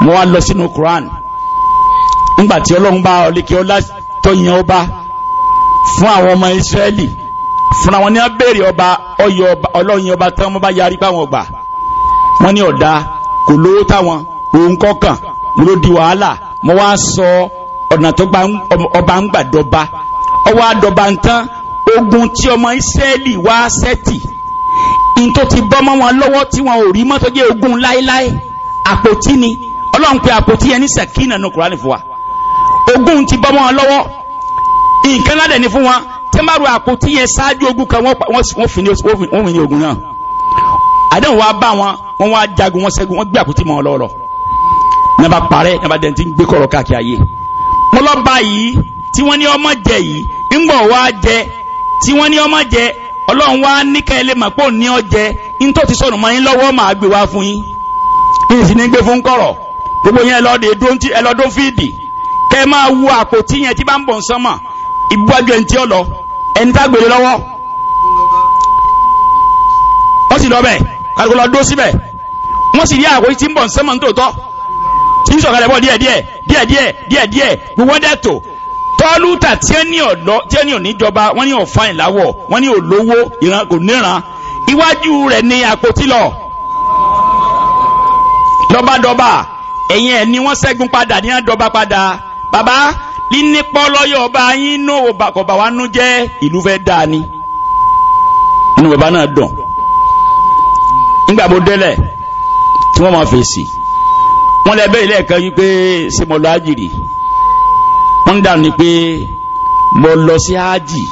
mo wá lọ sínú Quran nígbàtí ọlọ́run bá ọlẹ́kẹ́ ọlá tó yan ọba fún àwọn ọmọ Israẹli fún àwọn ní wọ́n béèrè ọba ọyọ ọlọ́yin ọba tí wọ́n bá yarí báwọn gbà wọ́n ní ọ̀dà kò lówó táwọn òun kọ̀ọ̀kan ló di wàhálà mo wá sọ ọ̀nà tó ọba ń gbà dọba ọwọ́ àdọba ń ogun tí ọmọ Israẹli wá sẹ́tì ní tó ti bọ́ mọ́ wọn lọ́wọ́ tí wọn ò rí mọ́tọ́jẹ́ ogun láéláé àpótí ni. ọlọ́run pé àpótí ẹni sàkínà nù kúránì fún wa ogun ti bọ́ wọn lọ́wọ́ nǹkan ládẹ̀ ni fún wa tẹ́ máa ro àpótí yẹn ṣáájú ogun kan wọ́n fi ní ogun náà àdéhùn wa bá wọn wọn wá jagun wọn ṣẹ́gun wọn gbé àpótí mọ́ wọn lọ́wọ́ lọ ní a bá parẹ́ ní a bá dẹ̀ ti gbé kọ̀rọ̀ káàkiri ayé mo lọ bá yìí tí wọ́n ní ọmọ jẹ yìí ńgbọ̀ wá jẹ tí wọ́n ní ọmọ jẹ ọlọ́run wá ní kẹ́lẹ́ mọ̀ pé ní ọ jẹ ti sọ̀rọ̀ mọ́ yín lọ́wọ́ màá gbé wá fún yín yìí sì ní gbé fún kọ̀rọ̀ gbogbo yẹn lọ de dóńtì ẹ lọ dóń fídì kẹ ẹ máa wu àpótí yẹn tí bá ń bọ̀ ń sánmà ìbúwájú ẹni tí ó lọ ẹni tá gbèrè lọ́wọ́ wọ́n sì lọ bẹ̀ kàdùkú lọ dó síbẹ̀ wọ́n sì rí àpótí tí ń bọ̀ ń sánmà ń tòótọ́ tí ń sọ̀kalẹ̀ bọ̀ díẹ̀díẹ̀ díẹ̀díẹ̀ díẹ̀díẹ̀ gbogbo ẹ̀ tó tọ́lútà tí ẹ tí ẹ ní òníjọba wọ́n ní ọ̀fáìn láwọ̀ wọ́n ní olówó kò níran iwájú rẹ̀ ní àpótí lọ lọ́bàdọ́bà ẹ̀yìn ẹ̀ ni wọ́n ṣẹ́gun padà ní àdọ́ba padà bàbá línípọ́ lọ́yọ̀ ọba yín nù ọba wa nú jẹ́ ìlú fẹ́ dáa ni inú bàbá náà dùn nígbà mo délẹ̀ tí wọ́n máa fèsì wọ́n lẹ bẹ́ẹ̀ lẹ́ẹ̀kan yí pé ṣe mo lọ ájìrì wọ́n ń dànù ni pé mo lọ sí ájì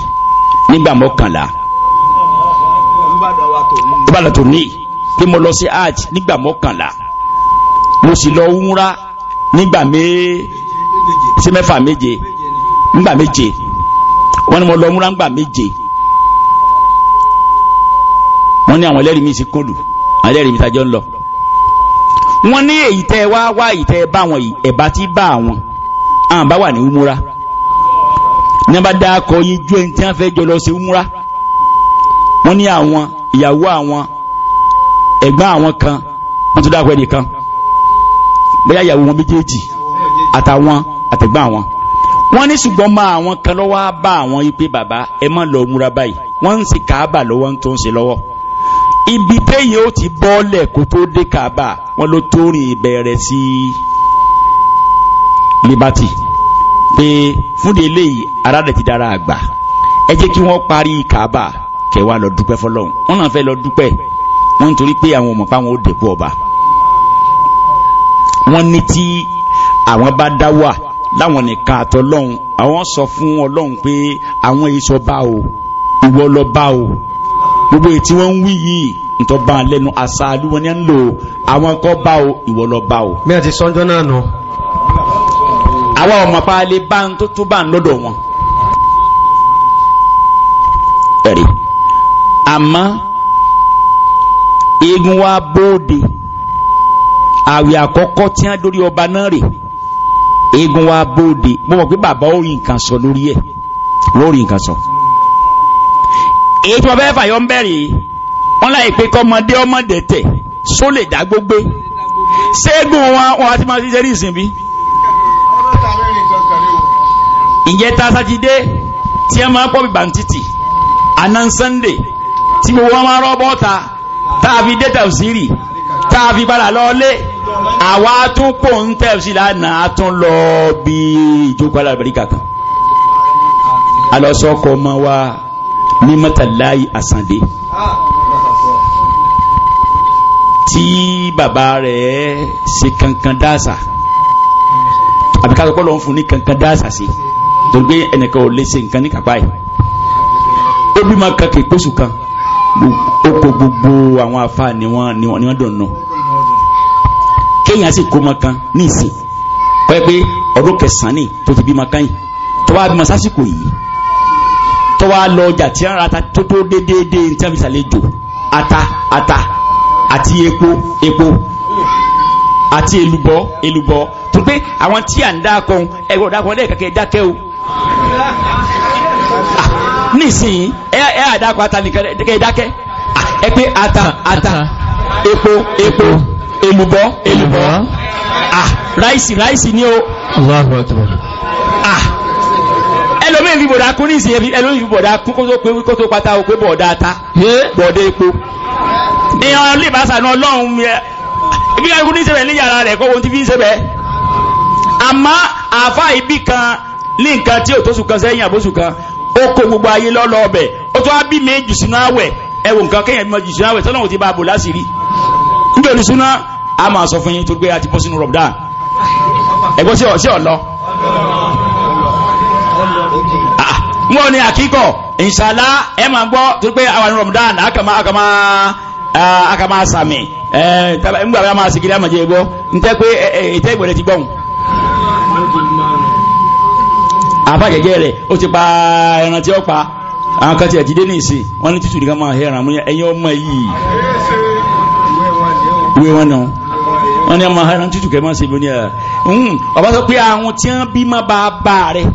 nígbà mọ́kànlá ìbàdàn tó ní pé mo lọ sí ájì nígbà mọ́kànlá mo sì lọ wúra nígbà méje sí mẹ́fà méje nígbà méje wọ́n ní mo lọ wúra nígbà méje wọ́n ní àwọn ẹlẹ́rìí mi sì kọlù àwọn ẹlẹ́rìí mi tajọ́ ń lọ wọ́n ní èyí tẹ́ wá wá èyí tẹ́ bá wọn yìí ẹ̀bá tí bá wọn àwọn bá wà ní umura ní a bá dá akọ yín ju ẹni tí wọ́n fẹ́ jọ lọ sí umura wọ́n ní àwọn ìyàwó àwọn ẹ̀gbọ́n àwọn kan wọ́n tún dákọ̀ ẹnìkan bóyá ìyàwó wọn méjèèjì àtàwọn àtẹ̀gbọ́n àwọn wọ́n ní ṣùgbọ́n máa àwọn kan lọ́wọ́ á bá àwọn yìí pé bàbá ẹ má lọ múra báyìí wọ́n ń sì káábà lọ́wọ́ tó ń ṣe lọ́wọ́ ibi téèyàn ó ti bọ́ọ̀lẹ̀ kó tó dé káábà wọ́n ló tó rìn ìbẹ̀rẹ̀ sí liberty pé fúnde eléyìí ara rẹ̀ ti dára àgbà ẹ jẹ́ kí wọ́n parí káábà kẹwàá lọ dúpẹ́ fọlọ́hún wọ́n náà fẹ́ lọ dúpẹ́ wọ́n nítorí pé àwọn ọmọ pa wọn ó dẹ̀kú ọba wọ́n ní tí àwọn bá dá wà láwọn nìkan àtọ́lọ́hún àwọn sọ fún ọlọ́hun pé àwọn èyí sọ bá o ìwọ lọ bá o gbogbo èyí tí wọ́n ń wí yìí ntọ́ bá a lẹ́nu àṣàlù wọn ni ń lò àwọn kọ́ bá o ìwọ lọ bá o. bí a ti sọ́njọ́ náà nù. àwa ọmọ paálé bá ń tó tó bá ń lọ́dọ̀ wọn. àmọ́ eégún wa bóde àwẹ̀ àkọ́kọ́ tí wọ́n dórí ọba náà rè eégún wa bóde mo mọ̀ pé bàbá ó rí nǹkan sọ lórí ẹ̀ wọ́n rí nǹkan sọ. èyí tí wọ́n fẹ́ fàyọ́ ń bẹ̀rẹ̀ wọ́n láì pé kọ́mọdé ọmọdé tẹ̀ só lè dá gbógbé ségun wọn wọn àti máa ṣiṣẹ́ ní ìsìn ìjẹta sátidé tí ẹ máa pọ̀ bí bàǹtìtì àná sànńdè tí gbogbo wọn máa rọ́ bọ́ta tá a fi dé tàbí tá a fi padà lọ lé àwa tún kò ń tẹ̀sí lánàá tún lọ bí ìjókòó alábàríkà kan alọ́sọ́kọ̀ ọmọ wa ní mọ́tàláì àsàndé tí bàbá rẹ̀ ṣe kankan dáàsà àbíkásọ́kọ́ lọ ń fún ní kankan dáàsà sí torí pé ẹnìkan ò lè ṣe nǹkan ní kàpá yìí ó bí máa kankan ìpósù kan ó kó gbogbo àwọn afá ni wọ́n dùn náà kéèyàn sì kó ọmọ kan ní ìsìn kọ́ ẹ pé ọdún kẹsàn-án ni tó ti bímọ kan yìí tó wá bímọ sásìkò yìí tó wá lọ ọjà tí wọ́n ra ata tó tó déédéé ní tí wọ́n fi ṣàlejò ata ata àti epo epo àti èlùbọ́ èlùbọ́ tó pé àwọn tí à ń dá kan ẹgbẹ́ ọ̀dà kan lẹ́ẹ̀kẹ́kẹ́ dákẹ́ o nísìnyí ẹ ẹ àdàkọ ata nìkan ẹ dákẹ́ ẹ pé ata ata epo epo èlùbọ́ èlùbọ́ ah raisi, raisi ni o Allahu Akbar ah ẹlòmí ìfi bọ̀dá kún ní ìsìn ẹlòmí ìfi bọ̀dá kún kó tó pé kó tó pátá o pé bọ̀dá ta bọ̀dá epo èèyàn lè bá sànà ọlọ́run ibi kan kún ní ìsẹ̀bẹ̀ ní yàrá rẹ̀ kó ohun tí fi ń sẹ̀bẹ̀ àmọ́ àfa ibì kan ní nǹkan tí ò tó sùn kan sẹ́yìn àbóṣù kan ó kó gbogbo ayé lọ́lọ́ ọbẹ̀ ó tó wá bí méjì sínú àwẹ̀ ẹ̀wò nǹkan kéèyàn bí méjì sínú àwẹ̀ tọ́lọ́run ti bá a bò nítorí súná a máa sọ fún yín tó gbé àti bọ́ sínú rọ̀bùdá ẹ̀gbọ́n sí ọ̀lọ́ ah, wọ́n ní àkíkọ̀ ìṣàlá ẹ máa gbọ́ tó gbé àwọn rọ̀bùdá àkàmá àkàmá àkàmá sàmì nígbà bá máa sìkìlẹ̀ àmàjẹ́ gbọ́ ntẹ́ pé ètẹ́ ti rẹ̀ ó ti pa ẹran tí ó pa àwọn kan ti ẹ̀ ti dé ní ìsìn nìkan máa mú ọmọ yìí ìwé wọn náà wọ́n ní ọmọ ẹran tútù kẹ́ máa ṣe ìbọn ní ẹ̀ ọba sọ pé àwọn tí wọ́n bí má bá bá rẹ̀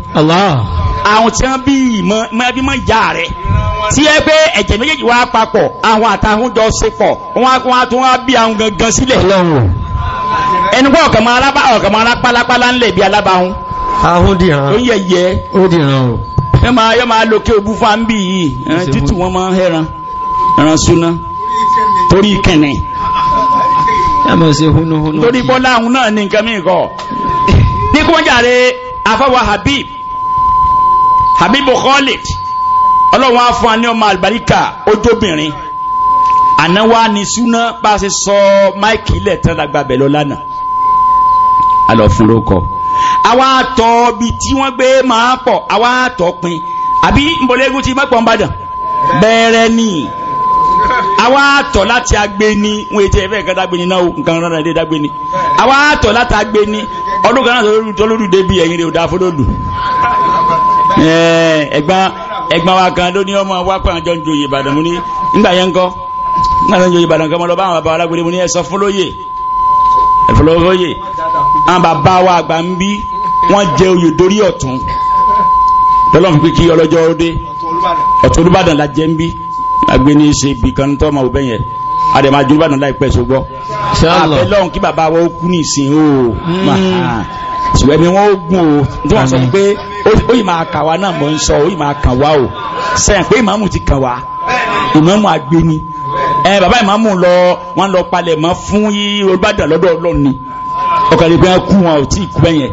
àwọn tí wọ́n bí má bí má yá rẹ̀ tí ẹ pé ẹ̀jẹ̀ méjèèjì wá papọ̀ àwọn àtàwọn jọ ṣe pọ̀ wọ́n á tún wá bí àwọn gangan sílẹ̀ ẹni pé ọ̀kàn máa alábá ọ̀kàn máa alápálápálá ńlẹ̀ bí alábáhùn. ahun dìran ó yẹ yẹ ó dìran o. ẹ máa yọ máa lo kí obu fáńbì yìí títù wọn máa hẹran ẹran súná torí ìkẹnẹ yàmọ̀ sí húnúhúnú torí bọ́lá àwọn náà ní nǹkan mìí kọ́ ní kó jàre afáwà habib habib khalid ọlọ́run á fún wa ní ọmọ àlùbáríkà ojóbìnrin àná wa ní súná bá a ṣe sọ máìkì ilẹ̀ tán lágbà bẹ̀ lọ lánàá a lọ fún lóko àwa àtọ̀ bi tí wọ́n gbé máa pọ̀ àwa àtọ̀ pin àbí nbọ̀lẹ́gùn ti mọ́pọ̀ ń bàdàn bẹ́ẹ̀rẹ̀ nìyí àwa àtọ̀ láti agbeni wọn ètò ẹ̀fẹ́ nǹkan dágbeni náà nǹkan rárá ilé dágbeni àwa àtọ̀ láti agbeni ọdún kan náà tọ́lódù débi ẹ̀yìn rẹ̀ ò dáa fọlọ́dù ẹ̀gbọ́n ẹ̀gbọ́n wa kan ló ní ọmọ wa pé àjọ ń joyè Ìbàdàn mú ní nígbà yẹn ń kọ́ nígbà tó ń joyè Ìbàdàn kan mọ́ lọ bá àwọn bàbá alágbèrè mú ní ẹ̀sọ́ fọlọ́yè ẹ̀fọlọ́yè àwọn bàbá wa àgbà ń bí wọ́n jẹ oyè dórí ọ̀tún lọ́lọ́run pé kí ọlọ́jọ́ ọdẹ ọ̀tún Olúbàdàn la jẹ́ ń bí agbé ní ṣe ibi kan tó ọmọ òbẹ́ yẹn àdèmà jùlọ́bàdàn láìpẹ́ ṣogbọ́ àbẹ́ lọ́hùn kí bàbá wọn ó kú ní ìsìn o ṣùgbọ́n ẹni wọ́n ó gùn o tí wọ́n sọ pé ó yìí máa kà wá náà mọ̀ ń sọ ó yìí máa kà wá o sẹ́yìn pé ìmáàmù ti kà wá ìmáàmù agbéni ẹ bàbá ìmáàmù lọ wọn lọ palẹ̀ mọ́ fún yí olùbàdàn lọ́dọ̀ ọlọ́ni ọkàn lè kú wọn ò tí ì kú bẹ́yẹn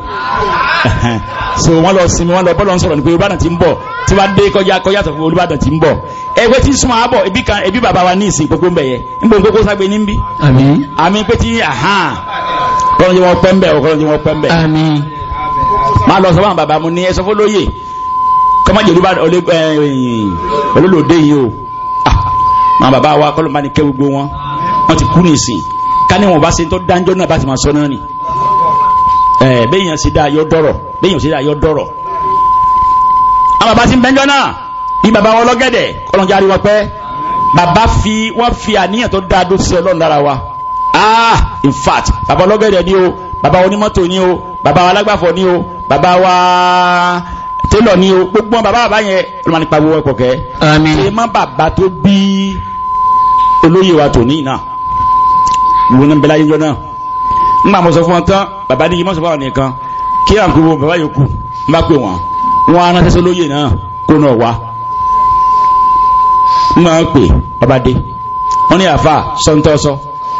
so wọn lọ sinmi wọn lọ bọ́lọ̀ ń sọ̀rọ̀ ní pé olùbàdàn ti ń bọ̀ tí wọ́n dé kọjá kọjá sọ olùbàdàn ti ń bọ̀ ẹgbẹ́ tí súnmọ́ àbọ̀ ibi bàbá wa ní ìsìn gbogbo ń bẹ̀yẹ ń bọ̀ gbogbo ságbé ní bí àmì pé tí àhán kọ́nà jẹ́ wọn pẹ́ ń bẹ̀ ọ̀kọ́nà jẹ́ wọn pẹ́ ń bẹ̀ máa lọ sọ fún bàbá mu ní ẹsọ fọlóyè kọ́mọ́jì olólòdé yìí o máa ah, bàbá wa kọ́lọ́ máa ní kẹ́ gbogbo wọn wọ́n ti kú ní ìsìn ká wọn bá ṣe tó dáńjọ́ náà bá ti máa sọ náà nì bí baba wọn lọ́gẹ̀dẹ̀ kọlọ́njẹ́ ariwo pẹ́ baba fi wọ́n fi àníyàn tó dáa dó sí ọlọ́run lára wa ah in fact baba lọ́gẹ̀dẹ̀ ni o baba onímọ́tò ni o baba alágbàfọ̀ ni o baba wa télọ̀ ni o gbogbo wọn baba bàbá yẹn ló máa nípa gbogbo ẹ̀kọ́ kẹ́ àmín ṣe má bàbá tó bí olóyè wa tò níyìn náà ìwé náà bẹ́lá yíyọ náà ń gbà mọ̀ sọ fún wọn tán bàbá ní ìmọ̀ sọ fún àwọn nìkan kí àǹkúrò bàbá yòókù ń bá pè wọ́n wọn á ránṣẹ́ sólóyè náà kó náà wá ń máa ń pè ọba dé wọ́n so àfà sọ́ńtọ́sọ́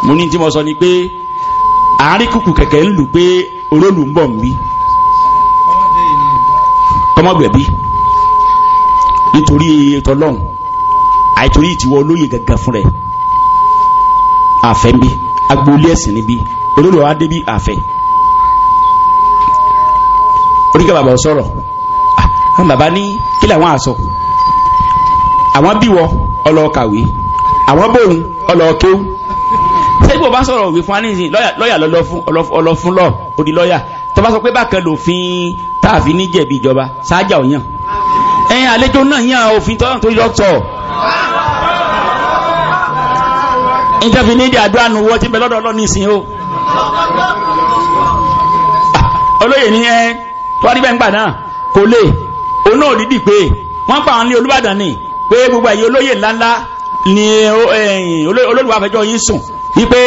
mo ní tí mo sọ ni pé àárín kùkù kẹ̀kẹ́ ń lù pé olólù ń bọ̀ ń bí kọ́mọ́gbẹ̀bí nítorí ètò ọlọ́run àìtorí ìtìwọ́ olóyè gàgà fún rẹ̀ àfẹ́ ń bí agboolé ẹ̀sìn níbi olólù wa débí àfẹ́ oríkà bàbá sọ̀rọ̀ ah, àwọn bàbá ní kí làwọn àsọ àwọn bíwọ ọlọ́ọ̀kàwé àwọn bóun ọlọ́ọ̀kéw sẹ́gbò bá sọ̀rọ̀ òwe fún anìsìn lọ́yà lọ́lọ́fún lọ odi lọ́yà tó bá sọ pé bákan lòfin táàfin níjẹ̀bi ìjọba sáájà òyàn ẹ̀yìn àlejò náà yàn òfin tọ́yàn tó yọ tọ̀ ìjọba ní ìdí àdúrà nu wọ́n ti bẹ lọ́dọ̀ ọlọ́ni ìsìn o olóyè ní ẹ tó wá náà kò lè òun dídì pé wọ́n pa àwọn ní Olúbàdàn ni pé gbogbo àyè olóyè ńláńlá ni eh, olóòlùwà fẹjọ́ yín sùn wípé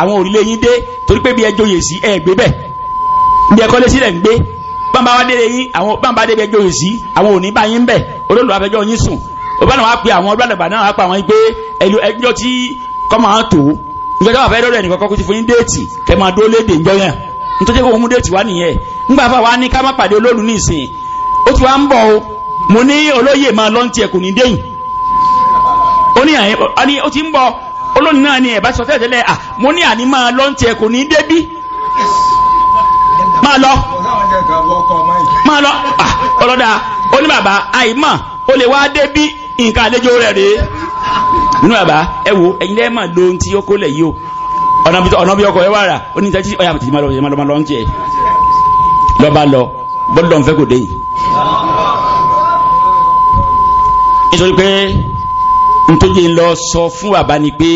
àwọn òrìlé yín dé torí pé bí ẹjọ́ yè sí ẹ gbé bẹ̀ bí ẹkọ́ lé sílẹ̀ ń gbé bámbá wá délé yín àwọn bámbá dé bí ẹjọ́ yè sí àwọn òní bá yín bẹ̀ olóòlùwà fẹjọ́ yín sùn òbá náà wá pé àwọn ọlọ́dàgbà náà wá pa àwọn pé ẹjọ́ tí kọ́mọ̀ á tó nígbà tó wà fẹ́ lọ́dọ̀ ẹnìkan kọ́kọ́ ti fún yín déètì kẹ máa dúró léde ìjọ yẹn nítorí kó mú déètì wá nìyẹn nígbà fà wá ní ká má pàdé olóòlù ní ìsìn ó ti wá ń bọ̀ o mo ní olóyè máa lọ tiẹ̀ ẹkùn ní déyìn ó ní àní ó ti ń bọ olóyìn náà ni ẹ̀bá mo ní àní máa lọ tiẹ̀ ẹkùn ní máa lọ máa lọ ọlọ́dà ó àìmọ̀ àlejò rẹ̀ rèé nínú bàbá ẹ wo lẹ̀ yìí o ọ̀nà bí ọkọ̀ ẹ wà rà ó ní lọ bọ́dọ̀ kò dé nítorí pé nítorí lọ sọ fún bàbá ni pé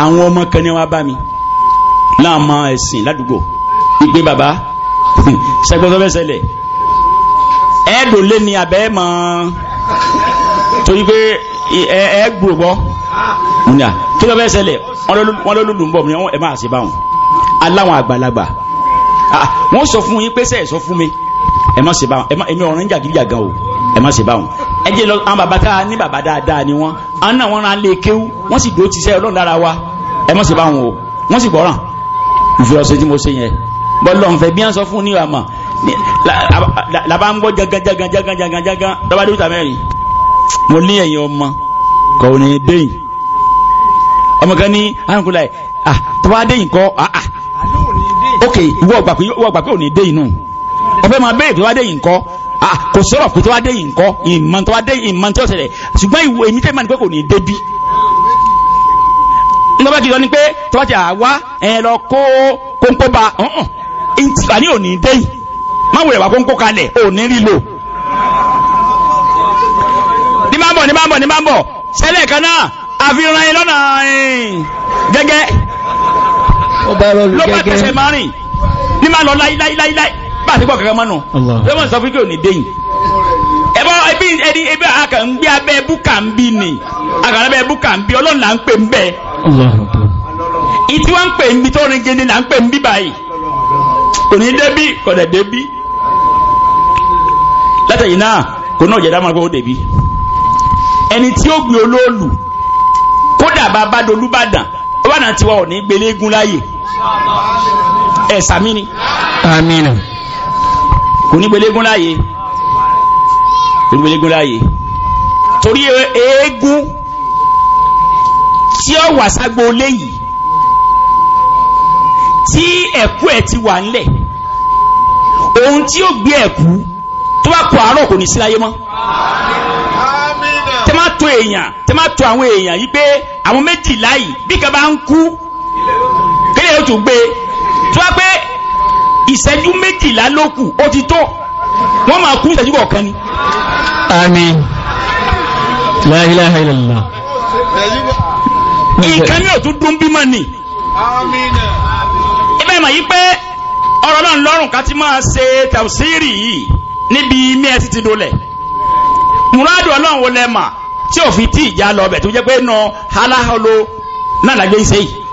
àwọn ọmọ kan ní wá bá mi láàmọ ẹ̀sìn ládùúgbò ìgbé bàbá sẹgbọ́sọ́fẹ́sẹlẹ̀ (laughs) ẹ̀ẹ́dùn lé ní abẹ́ mọ́ torí pé ẹ̀ẹ́gbùrùgbọ́ nà kí lọ́fẹ́ ṣẹlẹ̀ wọ́n lọ́lùlù ń bọ̀ ní ẹ̀ máa ṣe báwọn aláwọn àgbàlagbà wọ́n sọ fún yín pé sẹ́ẹ̀ sọ fún mi ẹ̀ má ṣe báwọn èmi ọ̀rọ̀ ń jàgídíjàgan o ẹ̀ má ṣe báwọn ẹjẹ́ lọ àwọn bàbá tá a ní bàbá dáadáa ni wọ́n àwọn náà wọ́n rán lé kéwú wọ́n sì dúró ti sẹ́ ọlọ́run lára wa ẹ mọ̀ sí báwọn o wọ́n sì gbọ́ràn ìfẹ́ ọ̀sẹ̀ tí mo ṣe yẹn bọ́lọ̀ ń fẹ́ bí wọ́n sọ fún níwà mọ̀ làbá ń gbọ́ jagan jagan jagan jagan jagan lọ́ba dúró tàmẹ́rin mo ní ẹ̀yin ọmọ kò ní déyìn ọmọ kan ní àrùnkúlà ẹ̀ ah tó bá déyìn kọ́ ah ah ok ìwọ ọgbà pé ò ní déyìn nù ọ̀fẹ́ máa béèrè tó bá déyìn kọ́ Ah, kò sọ̀rọ̀ kò tó wá dé yìí nkọ́ ìmọ̀ tó wá dé ìmọ̀ tó ṣẹlẹ̀ ṣùgbọ́n ìwé èmi tẹ́ mọ̀ ní pé kò ní débi nígbà kí lọ ní pé tó bá ti àwa ẹ lọ kó kóńkó ba ọ̀hún ìtìlání ò ní dé yìí má wulẹ̀ wá kóńkó kalẹ̀ ò ní ní máa ń bọ̀ ní máa ń bọ̀ ní máa ń bọ̀ sẹ́lẹ̀ kan náà àfihàn lọ́nà gẹ́gẹ́ ló bá tẹ̀sẹ̀ máa ní máa lọ láíláíláíláí bá a ti ẹbí ẹni ẹbí àkà ń gbé abẹ́ búkà ń bí ni bẹ́ búkà ń bí ọlọ́run là ń pè ń bẹ́ ìtí wọ́n ń pè ń bí tó gidi là ń pè ń bí báyìí kò ní kò dẹ̀ látẹ̀yìn náà kò náà jẹ́dá máa kó ẹni tí ó gbé olóòlù kódà bàbá dolúbàdàn kò ní gbélégún láàyè kò ní gbélégún láàyè torí eégún tí ó wà ságbo léyìí tí ẹ̀kú ẹ̀ ti wà ńlẹ̀ ohun tí ó gbé ẹ̀kú tó bá kọ àárọ̀ kò ní sí láyé mọ́ tẹ́ má tó èèyàn tẹ́ má tó àwọn èèyàn yìí pé àwọn méjìlá yìí bí kan bá ń kú kéèyàn ó tún gbé tó bá pé ìṣẹ́jú méjìlá ló kù ó ti tó wọ́n máa kú ìṣẹ́jú kọ̀ọ̀kan ni. àmín la ilaha illallah. nǹkan ní òtún dún bímọ ni. àmín. ibẹ̀ ma yí pé ọ̀rọ̀ náà lọ́rùn ká ti máa ṣe tàùsírì yìí níbi imí ẹ ti ti dolẹ̀. mùrádù ọlọ́run wo lẹ́ẹ̀mà tí ò tí ìjà lọ bẹ̀ tó jẹ́ pé nà áláhàló náà lágbé ń yìí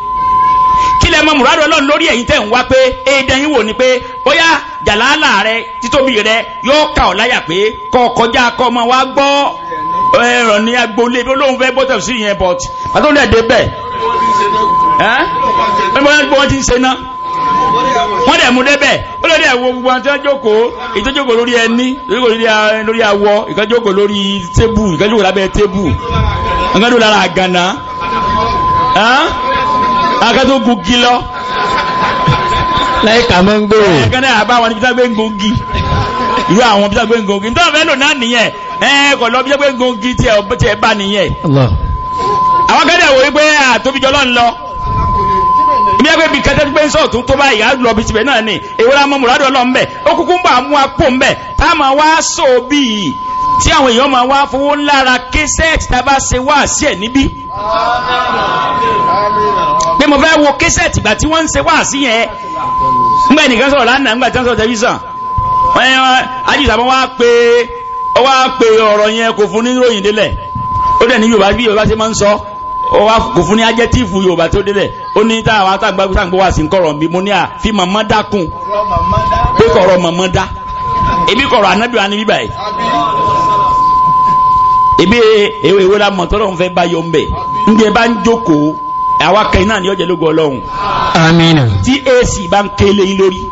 lẹ mọ mùrádù ọlọ́run lórí ẹ̀yin tẹ̀ ń wá pé èdè yín wò ni pé bóyá jàlálà rẹ títóbi rẹ yóò kà ọ́ láyà pé kọ́ kọjá ọmọ wa gbọ́ ẹ̀rọ ní agboolé bí olóhùn fẹ́ bọ́tẹ̀ sí yẹn bọ́t pàtó lè bẹ́ẹ̀ ẹ́ bí wọ́n ti ń ṣe náà wọ́n dẹ̀ mú débẹ̀ ó lórí ẹ̀wọ̀ gbogbo àti ọjọ́kòó ìtọ́jọ́kòó lórí ẹni lórí awọ ìkọ́jọ́kòó lórí tébù ìkọ́jọ́kòó lábẹ́ tébù ìkọ́jọ́kòó lára àgànà akẹ́tọ́ gúgí lọ láìka mọ́ ń gbòòrò ẹ̀kan náà àbá wọn níbi tágbé ń gògì irú àwọn bí tágbé ń gògì ní tọ́ọ̀fẹ́ lò náà nìyẹn ẹ̀ kọ̀ lọ bí tágbé ń gògì tí ẹ̀ ọ̀bẹ tí ẹ̀ bá nìyẹn. àwọn akẹ́tọ̀ wò wípé àtòbíjọ lọ́n lọ ibi ẹgbẹ́ bíi kẹtẹ́ gbé sọ̀rọ̀ tó tó báyìí á lọ bí tibẹ̀ náà ni èwo la mọ mùrádọ̀ lọ ó kúkú ń bà mú apò ńbẹ tá wá sọ bíi tí àwọn èèyàn máa wá fowó ńlára késẹ́ẹ̀tì tá a bá ṣe wá sí ẹ̀ níbí pé mo fẹ́ wo késẹ̀tì ìgbà tí wọ́n ń ṣe wá sí yẹn ńgbà ẹnìkan sọ̀rọ̀ lánàá ńgbà tí wọ́n sọ̀rọ̀ tẹlifíṣàn wọ́n yẹn ajíṣà wọn wá pé ó wá pé ọ̀rọ̀ yẹn kò fún ní ròyìn délẹ̀ ó dẹ̀ ní Yorùbá bí Yorùbá ṣe máa ń sọ ó kò fún ní ajẹ́tíìfù Yorùbá tó délẹ̀ ó ní táwa táǹgbọ́ wá sí kọ̀rọ̀ mi mo ní à fi màmá dákun pé kọ̀rọ̀ màmá dá ebi kọ̀rọ̀ anábì wa la mọ̀ tọ́lọ́ ń fẹ́ bá yọ ń bẹ̀ ń jẹ́ bá ń jókòó àwa kan náà ni ọjọ́ lógo ọlọ́run amina tí ac bá ń kélé yín lórí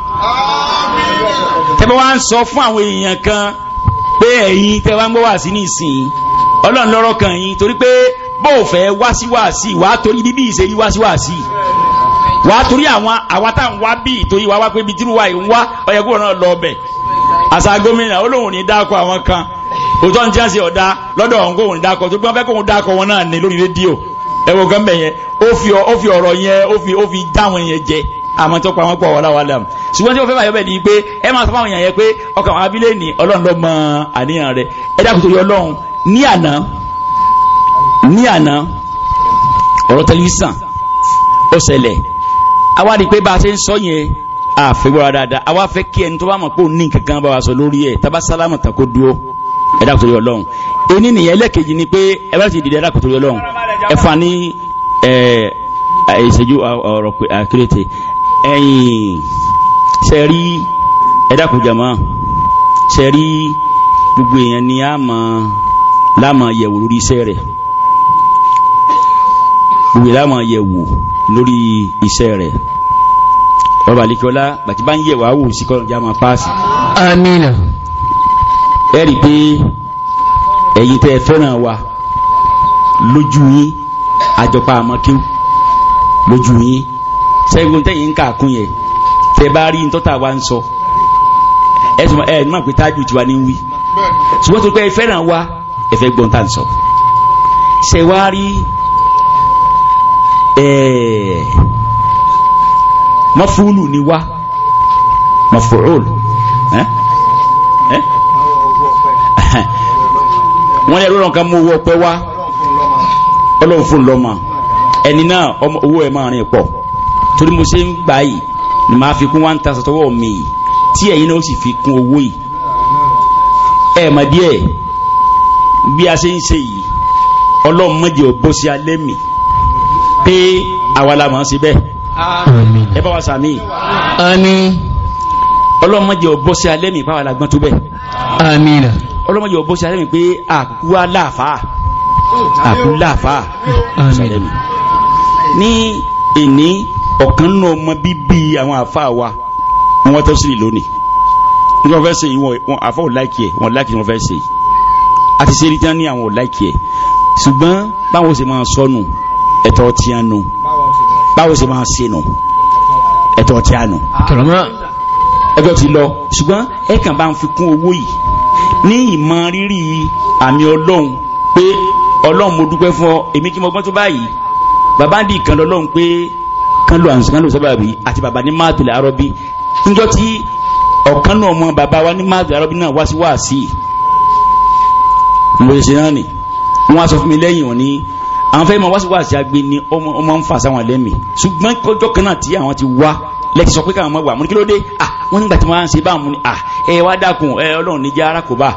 tẹ́bẹ́ wá ń sọ fún àwọn èèyàn kan pé ẹ̀yin tẹ́ wá ń gbọ́ wá sí nísìnyí ọlọ́run lọ́rọ̀ kan yín torí pé bó o fẹ́ wá sí wá sí wàá torí bíbí ìṣèlú wá sí wá sí wàá torí àwọn àwa tá à ń wá bí ìtòyí wa wá pé ibi tírú wa yìí ń wá ọyẹ kúrò náà lọ ọbẹ̀ àṣà gómìnà olóhùn ní dáko àwọn kan òótọ́ ní tí wọ́n ṣe ọ̀dà lọ́dọ̀ ọ̀hún kóhùn ní dáko tó gbọ́n fẹ́ kóhùn dáko wọn náà ní lórí rédíò ẹwọ gan bẹ yẹn ó fi ó fi ọ̀rọ̀ yẹn ó fi ó fi dáwọn yẹn jẹ àmọ́ tó pa wọn pọ̀ wọ́n láwọn àdàm ṣùgbọ́n tí mo fẹ́ fà yọ ni pé ẹ máa sọ fáwọn èèyàn yẹn pé ọkàn àwọn abílẹ̀ ni ọlọ́run ló mọ àníyàn rẹ ẹ dákun yọ ọlọ́run ní àná ní àná ọ̀rọ̀ tẹlifíṣàn ó ṣẹlẹ̀ àwa rí pé bá a ṣe ń sọ yẹn àfẹ́gbọ́ra dáadáa àwa fẹ́ kí ẹni tó bá mọ̀ pé òun ní nǹkan bá wa sọ lórí ẹ̀ tábà sálámù tán dúró ẹ dákun tó yọ ọlọ́run ẹni nìyẹn ẹlẹ́kejì ni pé ẹ bá ti dìde ẹ dákun yọ ọlọ́run ẹ̀fà ní ìṣẹ́jú ọ̀rọ̀ àkírètè ẹ̀yìn sẹ́rí ẹ̀dàkùnjàmọ́ sẹ́rí gbogbo èèyàn ni a mọ̀ láàmọ̀ yẹ̀wò lórí iṣẹ́ rẹ̀ gbogbo láàmọ̀ yẹ̀wò lórí iṣẹ́ rẹ̀ ọba alikiola bàtí bá ń yẹ̀wò àwò sí kọ́njà máa páàsì. amina. pé ẹ̀yin tẹ́ fẹ́ràn wa lójú yín àjọpá àmọ́kí lójú yín sẹ́gun tẹ́yìn ń kàkún yẹn tẹ bá rí ntọ́ta wa ń sọ ẹ sọ ẹ ní mọ̀ pé tájú tiwa ní wí ṣùgbọ́n tó pé ẹ fẹ́ràn wa ẹ fẹ́ gbọ́n tá ń sọ ṣe wá rí mọ́fúlù ni wá mọ́fúlù (laughs) wọ́n yẹ lọ́rọ̀ kan mú owó ọpẹ́ wá ọlọ́run fún lọ́mọ ẹni náà owó ẹ̀ máa rìn pọ̀ torí mo ṣe ń gbà yìí ni màá fi kún one thousand tọwọ́ mi yìí tí ẹ̀yin náà sì fi kún owó yìí ẹ mọ̀ díẹ̀ bí a ṣe ń ṣe yìí ọlọ́run mọ̀jẹ̀ ò bó sí alẹ́ mi pé àwa la máa ń ṣe bẹ́ẹ̀ ẹ bá wa sàmì. àmín. ọlọ́run mọ̀jẹ̀ ò bó sí alẹ́ mi báwa la gbọ́n tó bẹ́ẹ̀. ọlọ́run mọ̀jẹ̀ ò bó sí alẹ́ mi pé àkúwá láàfáà àbúláfà ní ìní ọ̀kan nínú ọmọ bíbí àwọn àfa wa wọ́n tó sílẹ̀ lónìí nígbà wọ́n fẹ́ ṣe yìí wọ́n àfa ò láìkì ẹ̀ wọ́n láìkì wọ́n fẹ́ ṣe yìí àti ṣe eré ní àwọn ò láìkì ẹ̀ ṣùgbọ́n báwo ṣe máa sọnù ẹ̀tọ́ tí nù báwo ṣe máa ṣe ẹ̀tọ́ tí a nù. ẹjọ́ ti lọ ṣùgbọ́n ẹ kàn bá ń fi kún owó yìí ní ìmọ̀ rírì àmì ọlọ́run pé ọlọ́run mo dúpẹ́ fún ọ èmi kí mo gbọ́n tó báyìí bàbá ń di ìkan lọ́lọ́run pé kan lo àǹsán kan lo sábàbí àti bàbá ní máàtì làárọ̀ bí níjọ́ tí ọ̀kan náà mọ bàbá wa ní máàtì làárọ̀ bí náà wá sí wá sí i mo ṣe ṣe náà nì wọ́n á sọ fún mi lẹ́yìn òní àwọn fẹ́ẹ́ mọ wá sí wá sí agbe ni ọmọ ọmọ ń fà sáwọn lẹ́mìí ṣùgbọ́n kọjọ́ kan náà tí àwọn ti wá lẹ́tí sọ pé káwọn mọ̀ wà mú ní kí ah wọ́n nígbà tí wọ́n á ń ṣe báwọn mú ni ah ẹ wá dákun ẹ ọlọ́run níjẹ́ arákùnbá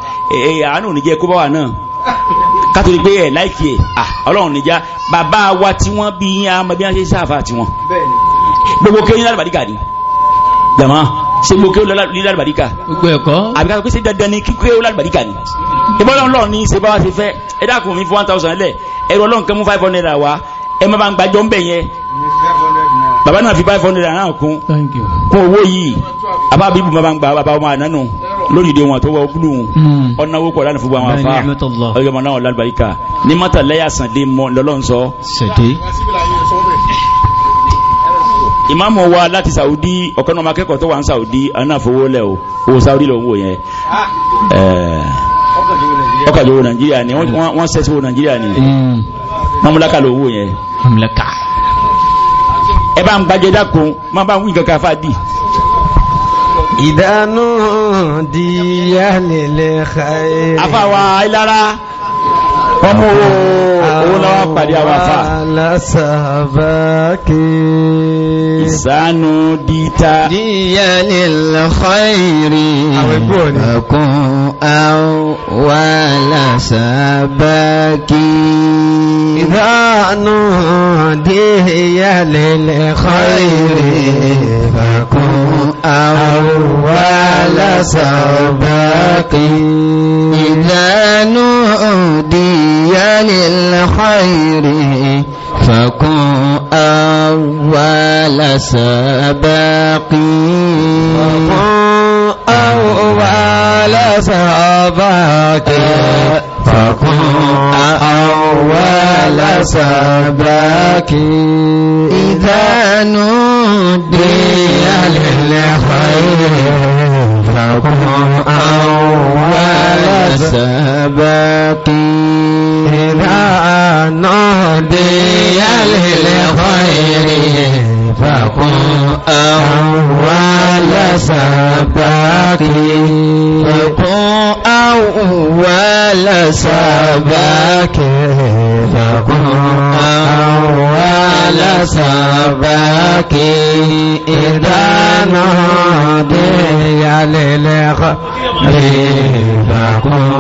ẹ àánú níjẹ́ kóbá wà náà kátólì pé ẹ̀ láìkì ẹ̀ ah, ọlọ́run níjà bàbá wa tí wọ́n bí yín àmọ́ bí wọ́n ṣe sáfà tiwọn. gbogbo kí oyin lálùbáríkà ni jàmọ́ ṣe gbogbo kí oyin lálùbáríkà. gbogbo ẹ̀kọ́. àbí ká sọ pé ṣe dandan ni kí oyin lálùbáríkà ni. ìbọ́lọ́ ọlọ́run ní ṣe bá wa ṣe fẹ́ ẹ dákun mi fún one thousand lẹ̀ ẹ̀rọ ọlọ́run kẹ́ mú five hundred naira wá ẹ má bá ń gbàjọ́ ń bẹ̀ yẹn bàbá náà fi five hundred naira náà kún kún owó yìí àbá bíbù má bá ń gbà bàbá ọmọ àná nù lórílẹ̀ wọn tó wọ gúlùn ọ̀nà owó kọ̀ọ̀dá nìfúgbà wọn afá ọjọ́ náà lálùbáríkà ní mọ́tà lẹ́yà sàndé mọ́ lọ́lọ́nsọ. ìmáàmù wa láti Saudi ọ̀kan náà akẹ́kọ̀ọ́ tó wà ní Saudi ọ̀nà àfọwọ́ lẹ̀ o owó Saudi lòun wò yẹn eh, ọkọ̀ lówó Nàìjíríà ni wọ́n sẹ́sí owó Nàìjíríà ni hmm. mamulaka lòun wò yẹn. mamulaka ẹ bá ń gbajẹ dákun máa bá ń wí kankan fáadì ìdánú díyà lè lè ṣàìrì. afáwa ìlara ọmọ owó lọ́wọ́ pàdé àwàfà lásàbákì ìsánú díta díyà nílò kọ́ìrì àkún àwà lásàbákì ìdánú díyà nílò kọ́ìrì àkún àwà lásàbákì ìdánú díyà نبيا للخير فكن أول سباقين أول سباقين فكن أول سباقين إذا نودي للخير فكن أول سباقين إذا نهدي للخير فكن أول سباك فكن أول سباك فكن أول سباك إذا نادي للخير فكن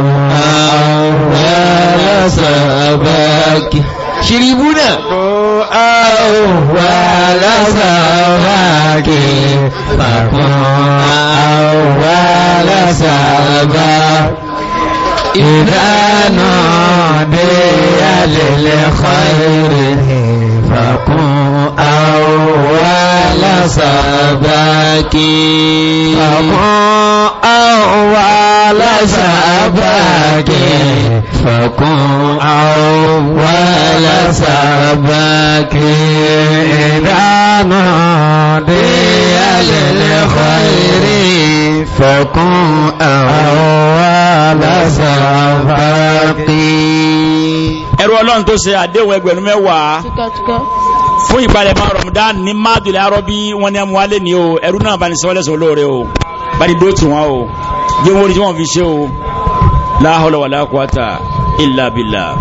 أول سباك شريبونا àwòwà lásàbàkì fàkún àwòwà lásàbà ìdáná dé alẹ́lẹ́ kọ́rẹ̀ fàkún àwòwà lásàbàkì fàkún àwòwà lásàbàkì فكن أول سبك إذا نودي للخير فكن أول سبك ẹrú ọlọ́run tó ṣe àdéhùn ẹgbẹ̀rún mẹ́wàá fún ìpalẹ̀ máa Ramadan ní máàdùlẹ̀ arọ́bí wọn ni amúhálẹ́ ni o ẹrú náà bá ní sọ́wọ́lẹ́sọ̀ olóore o bá ní dóòtù wọn o gbé wọn orí tí wọ́n fi ṣe o la hawla wala quwata illa billah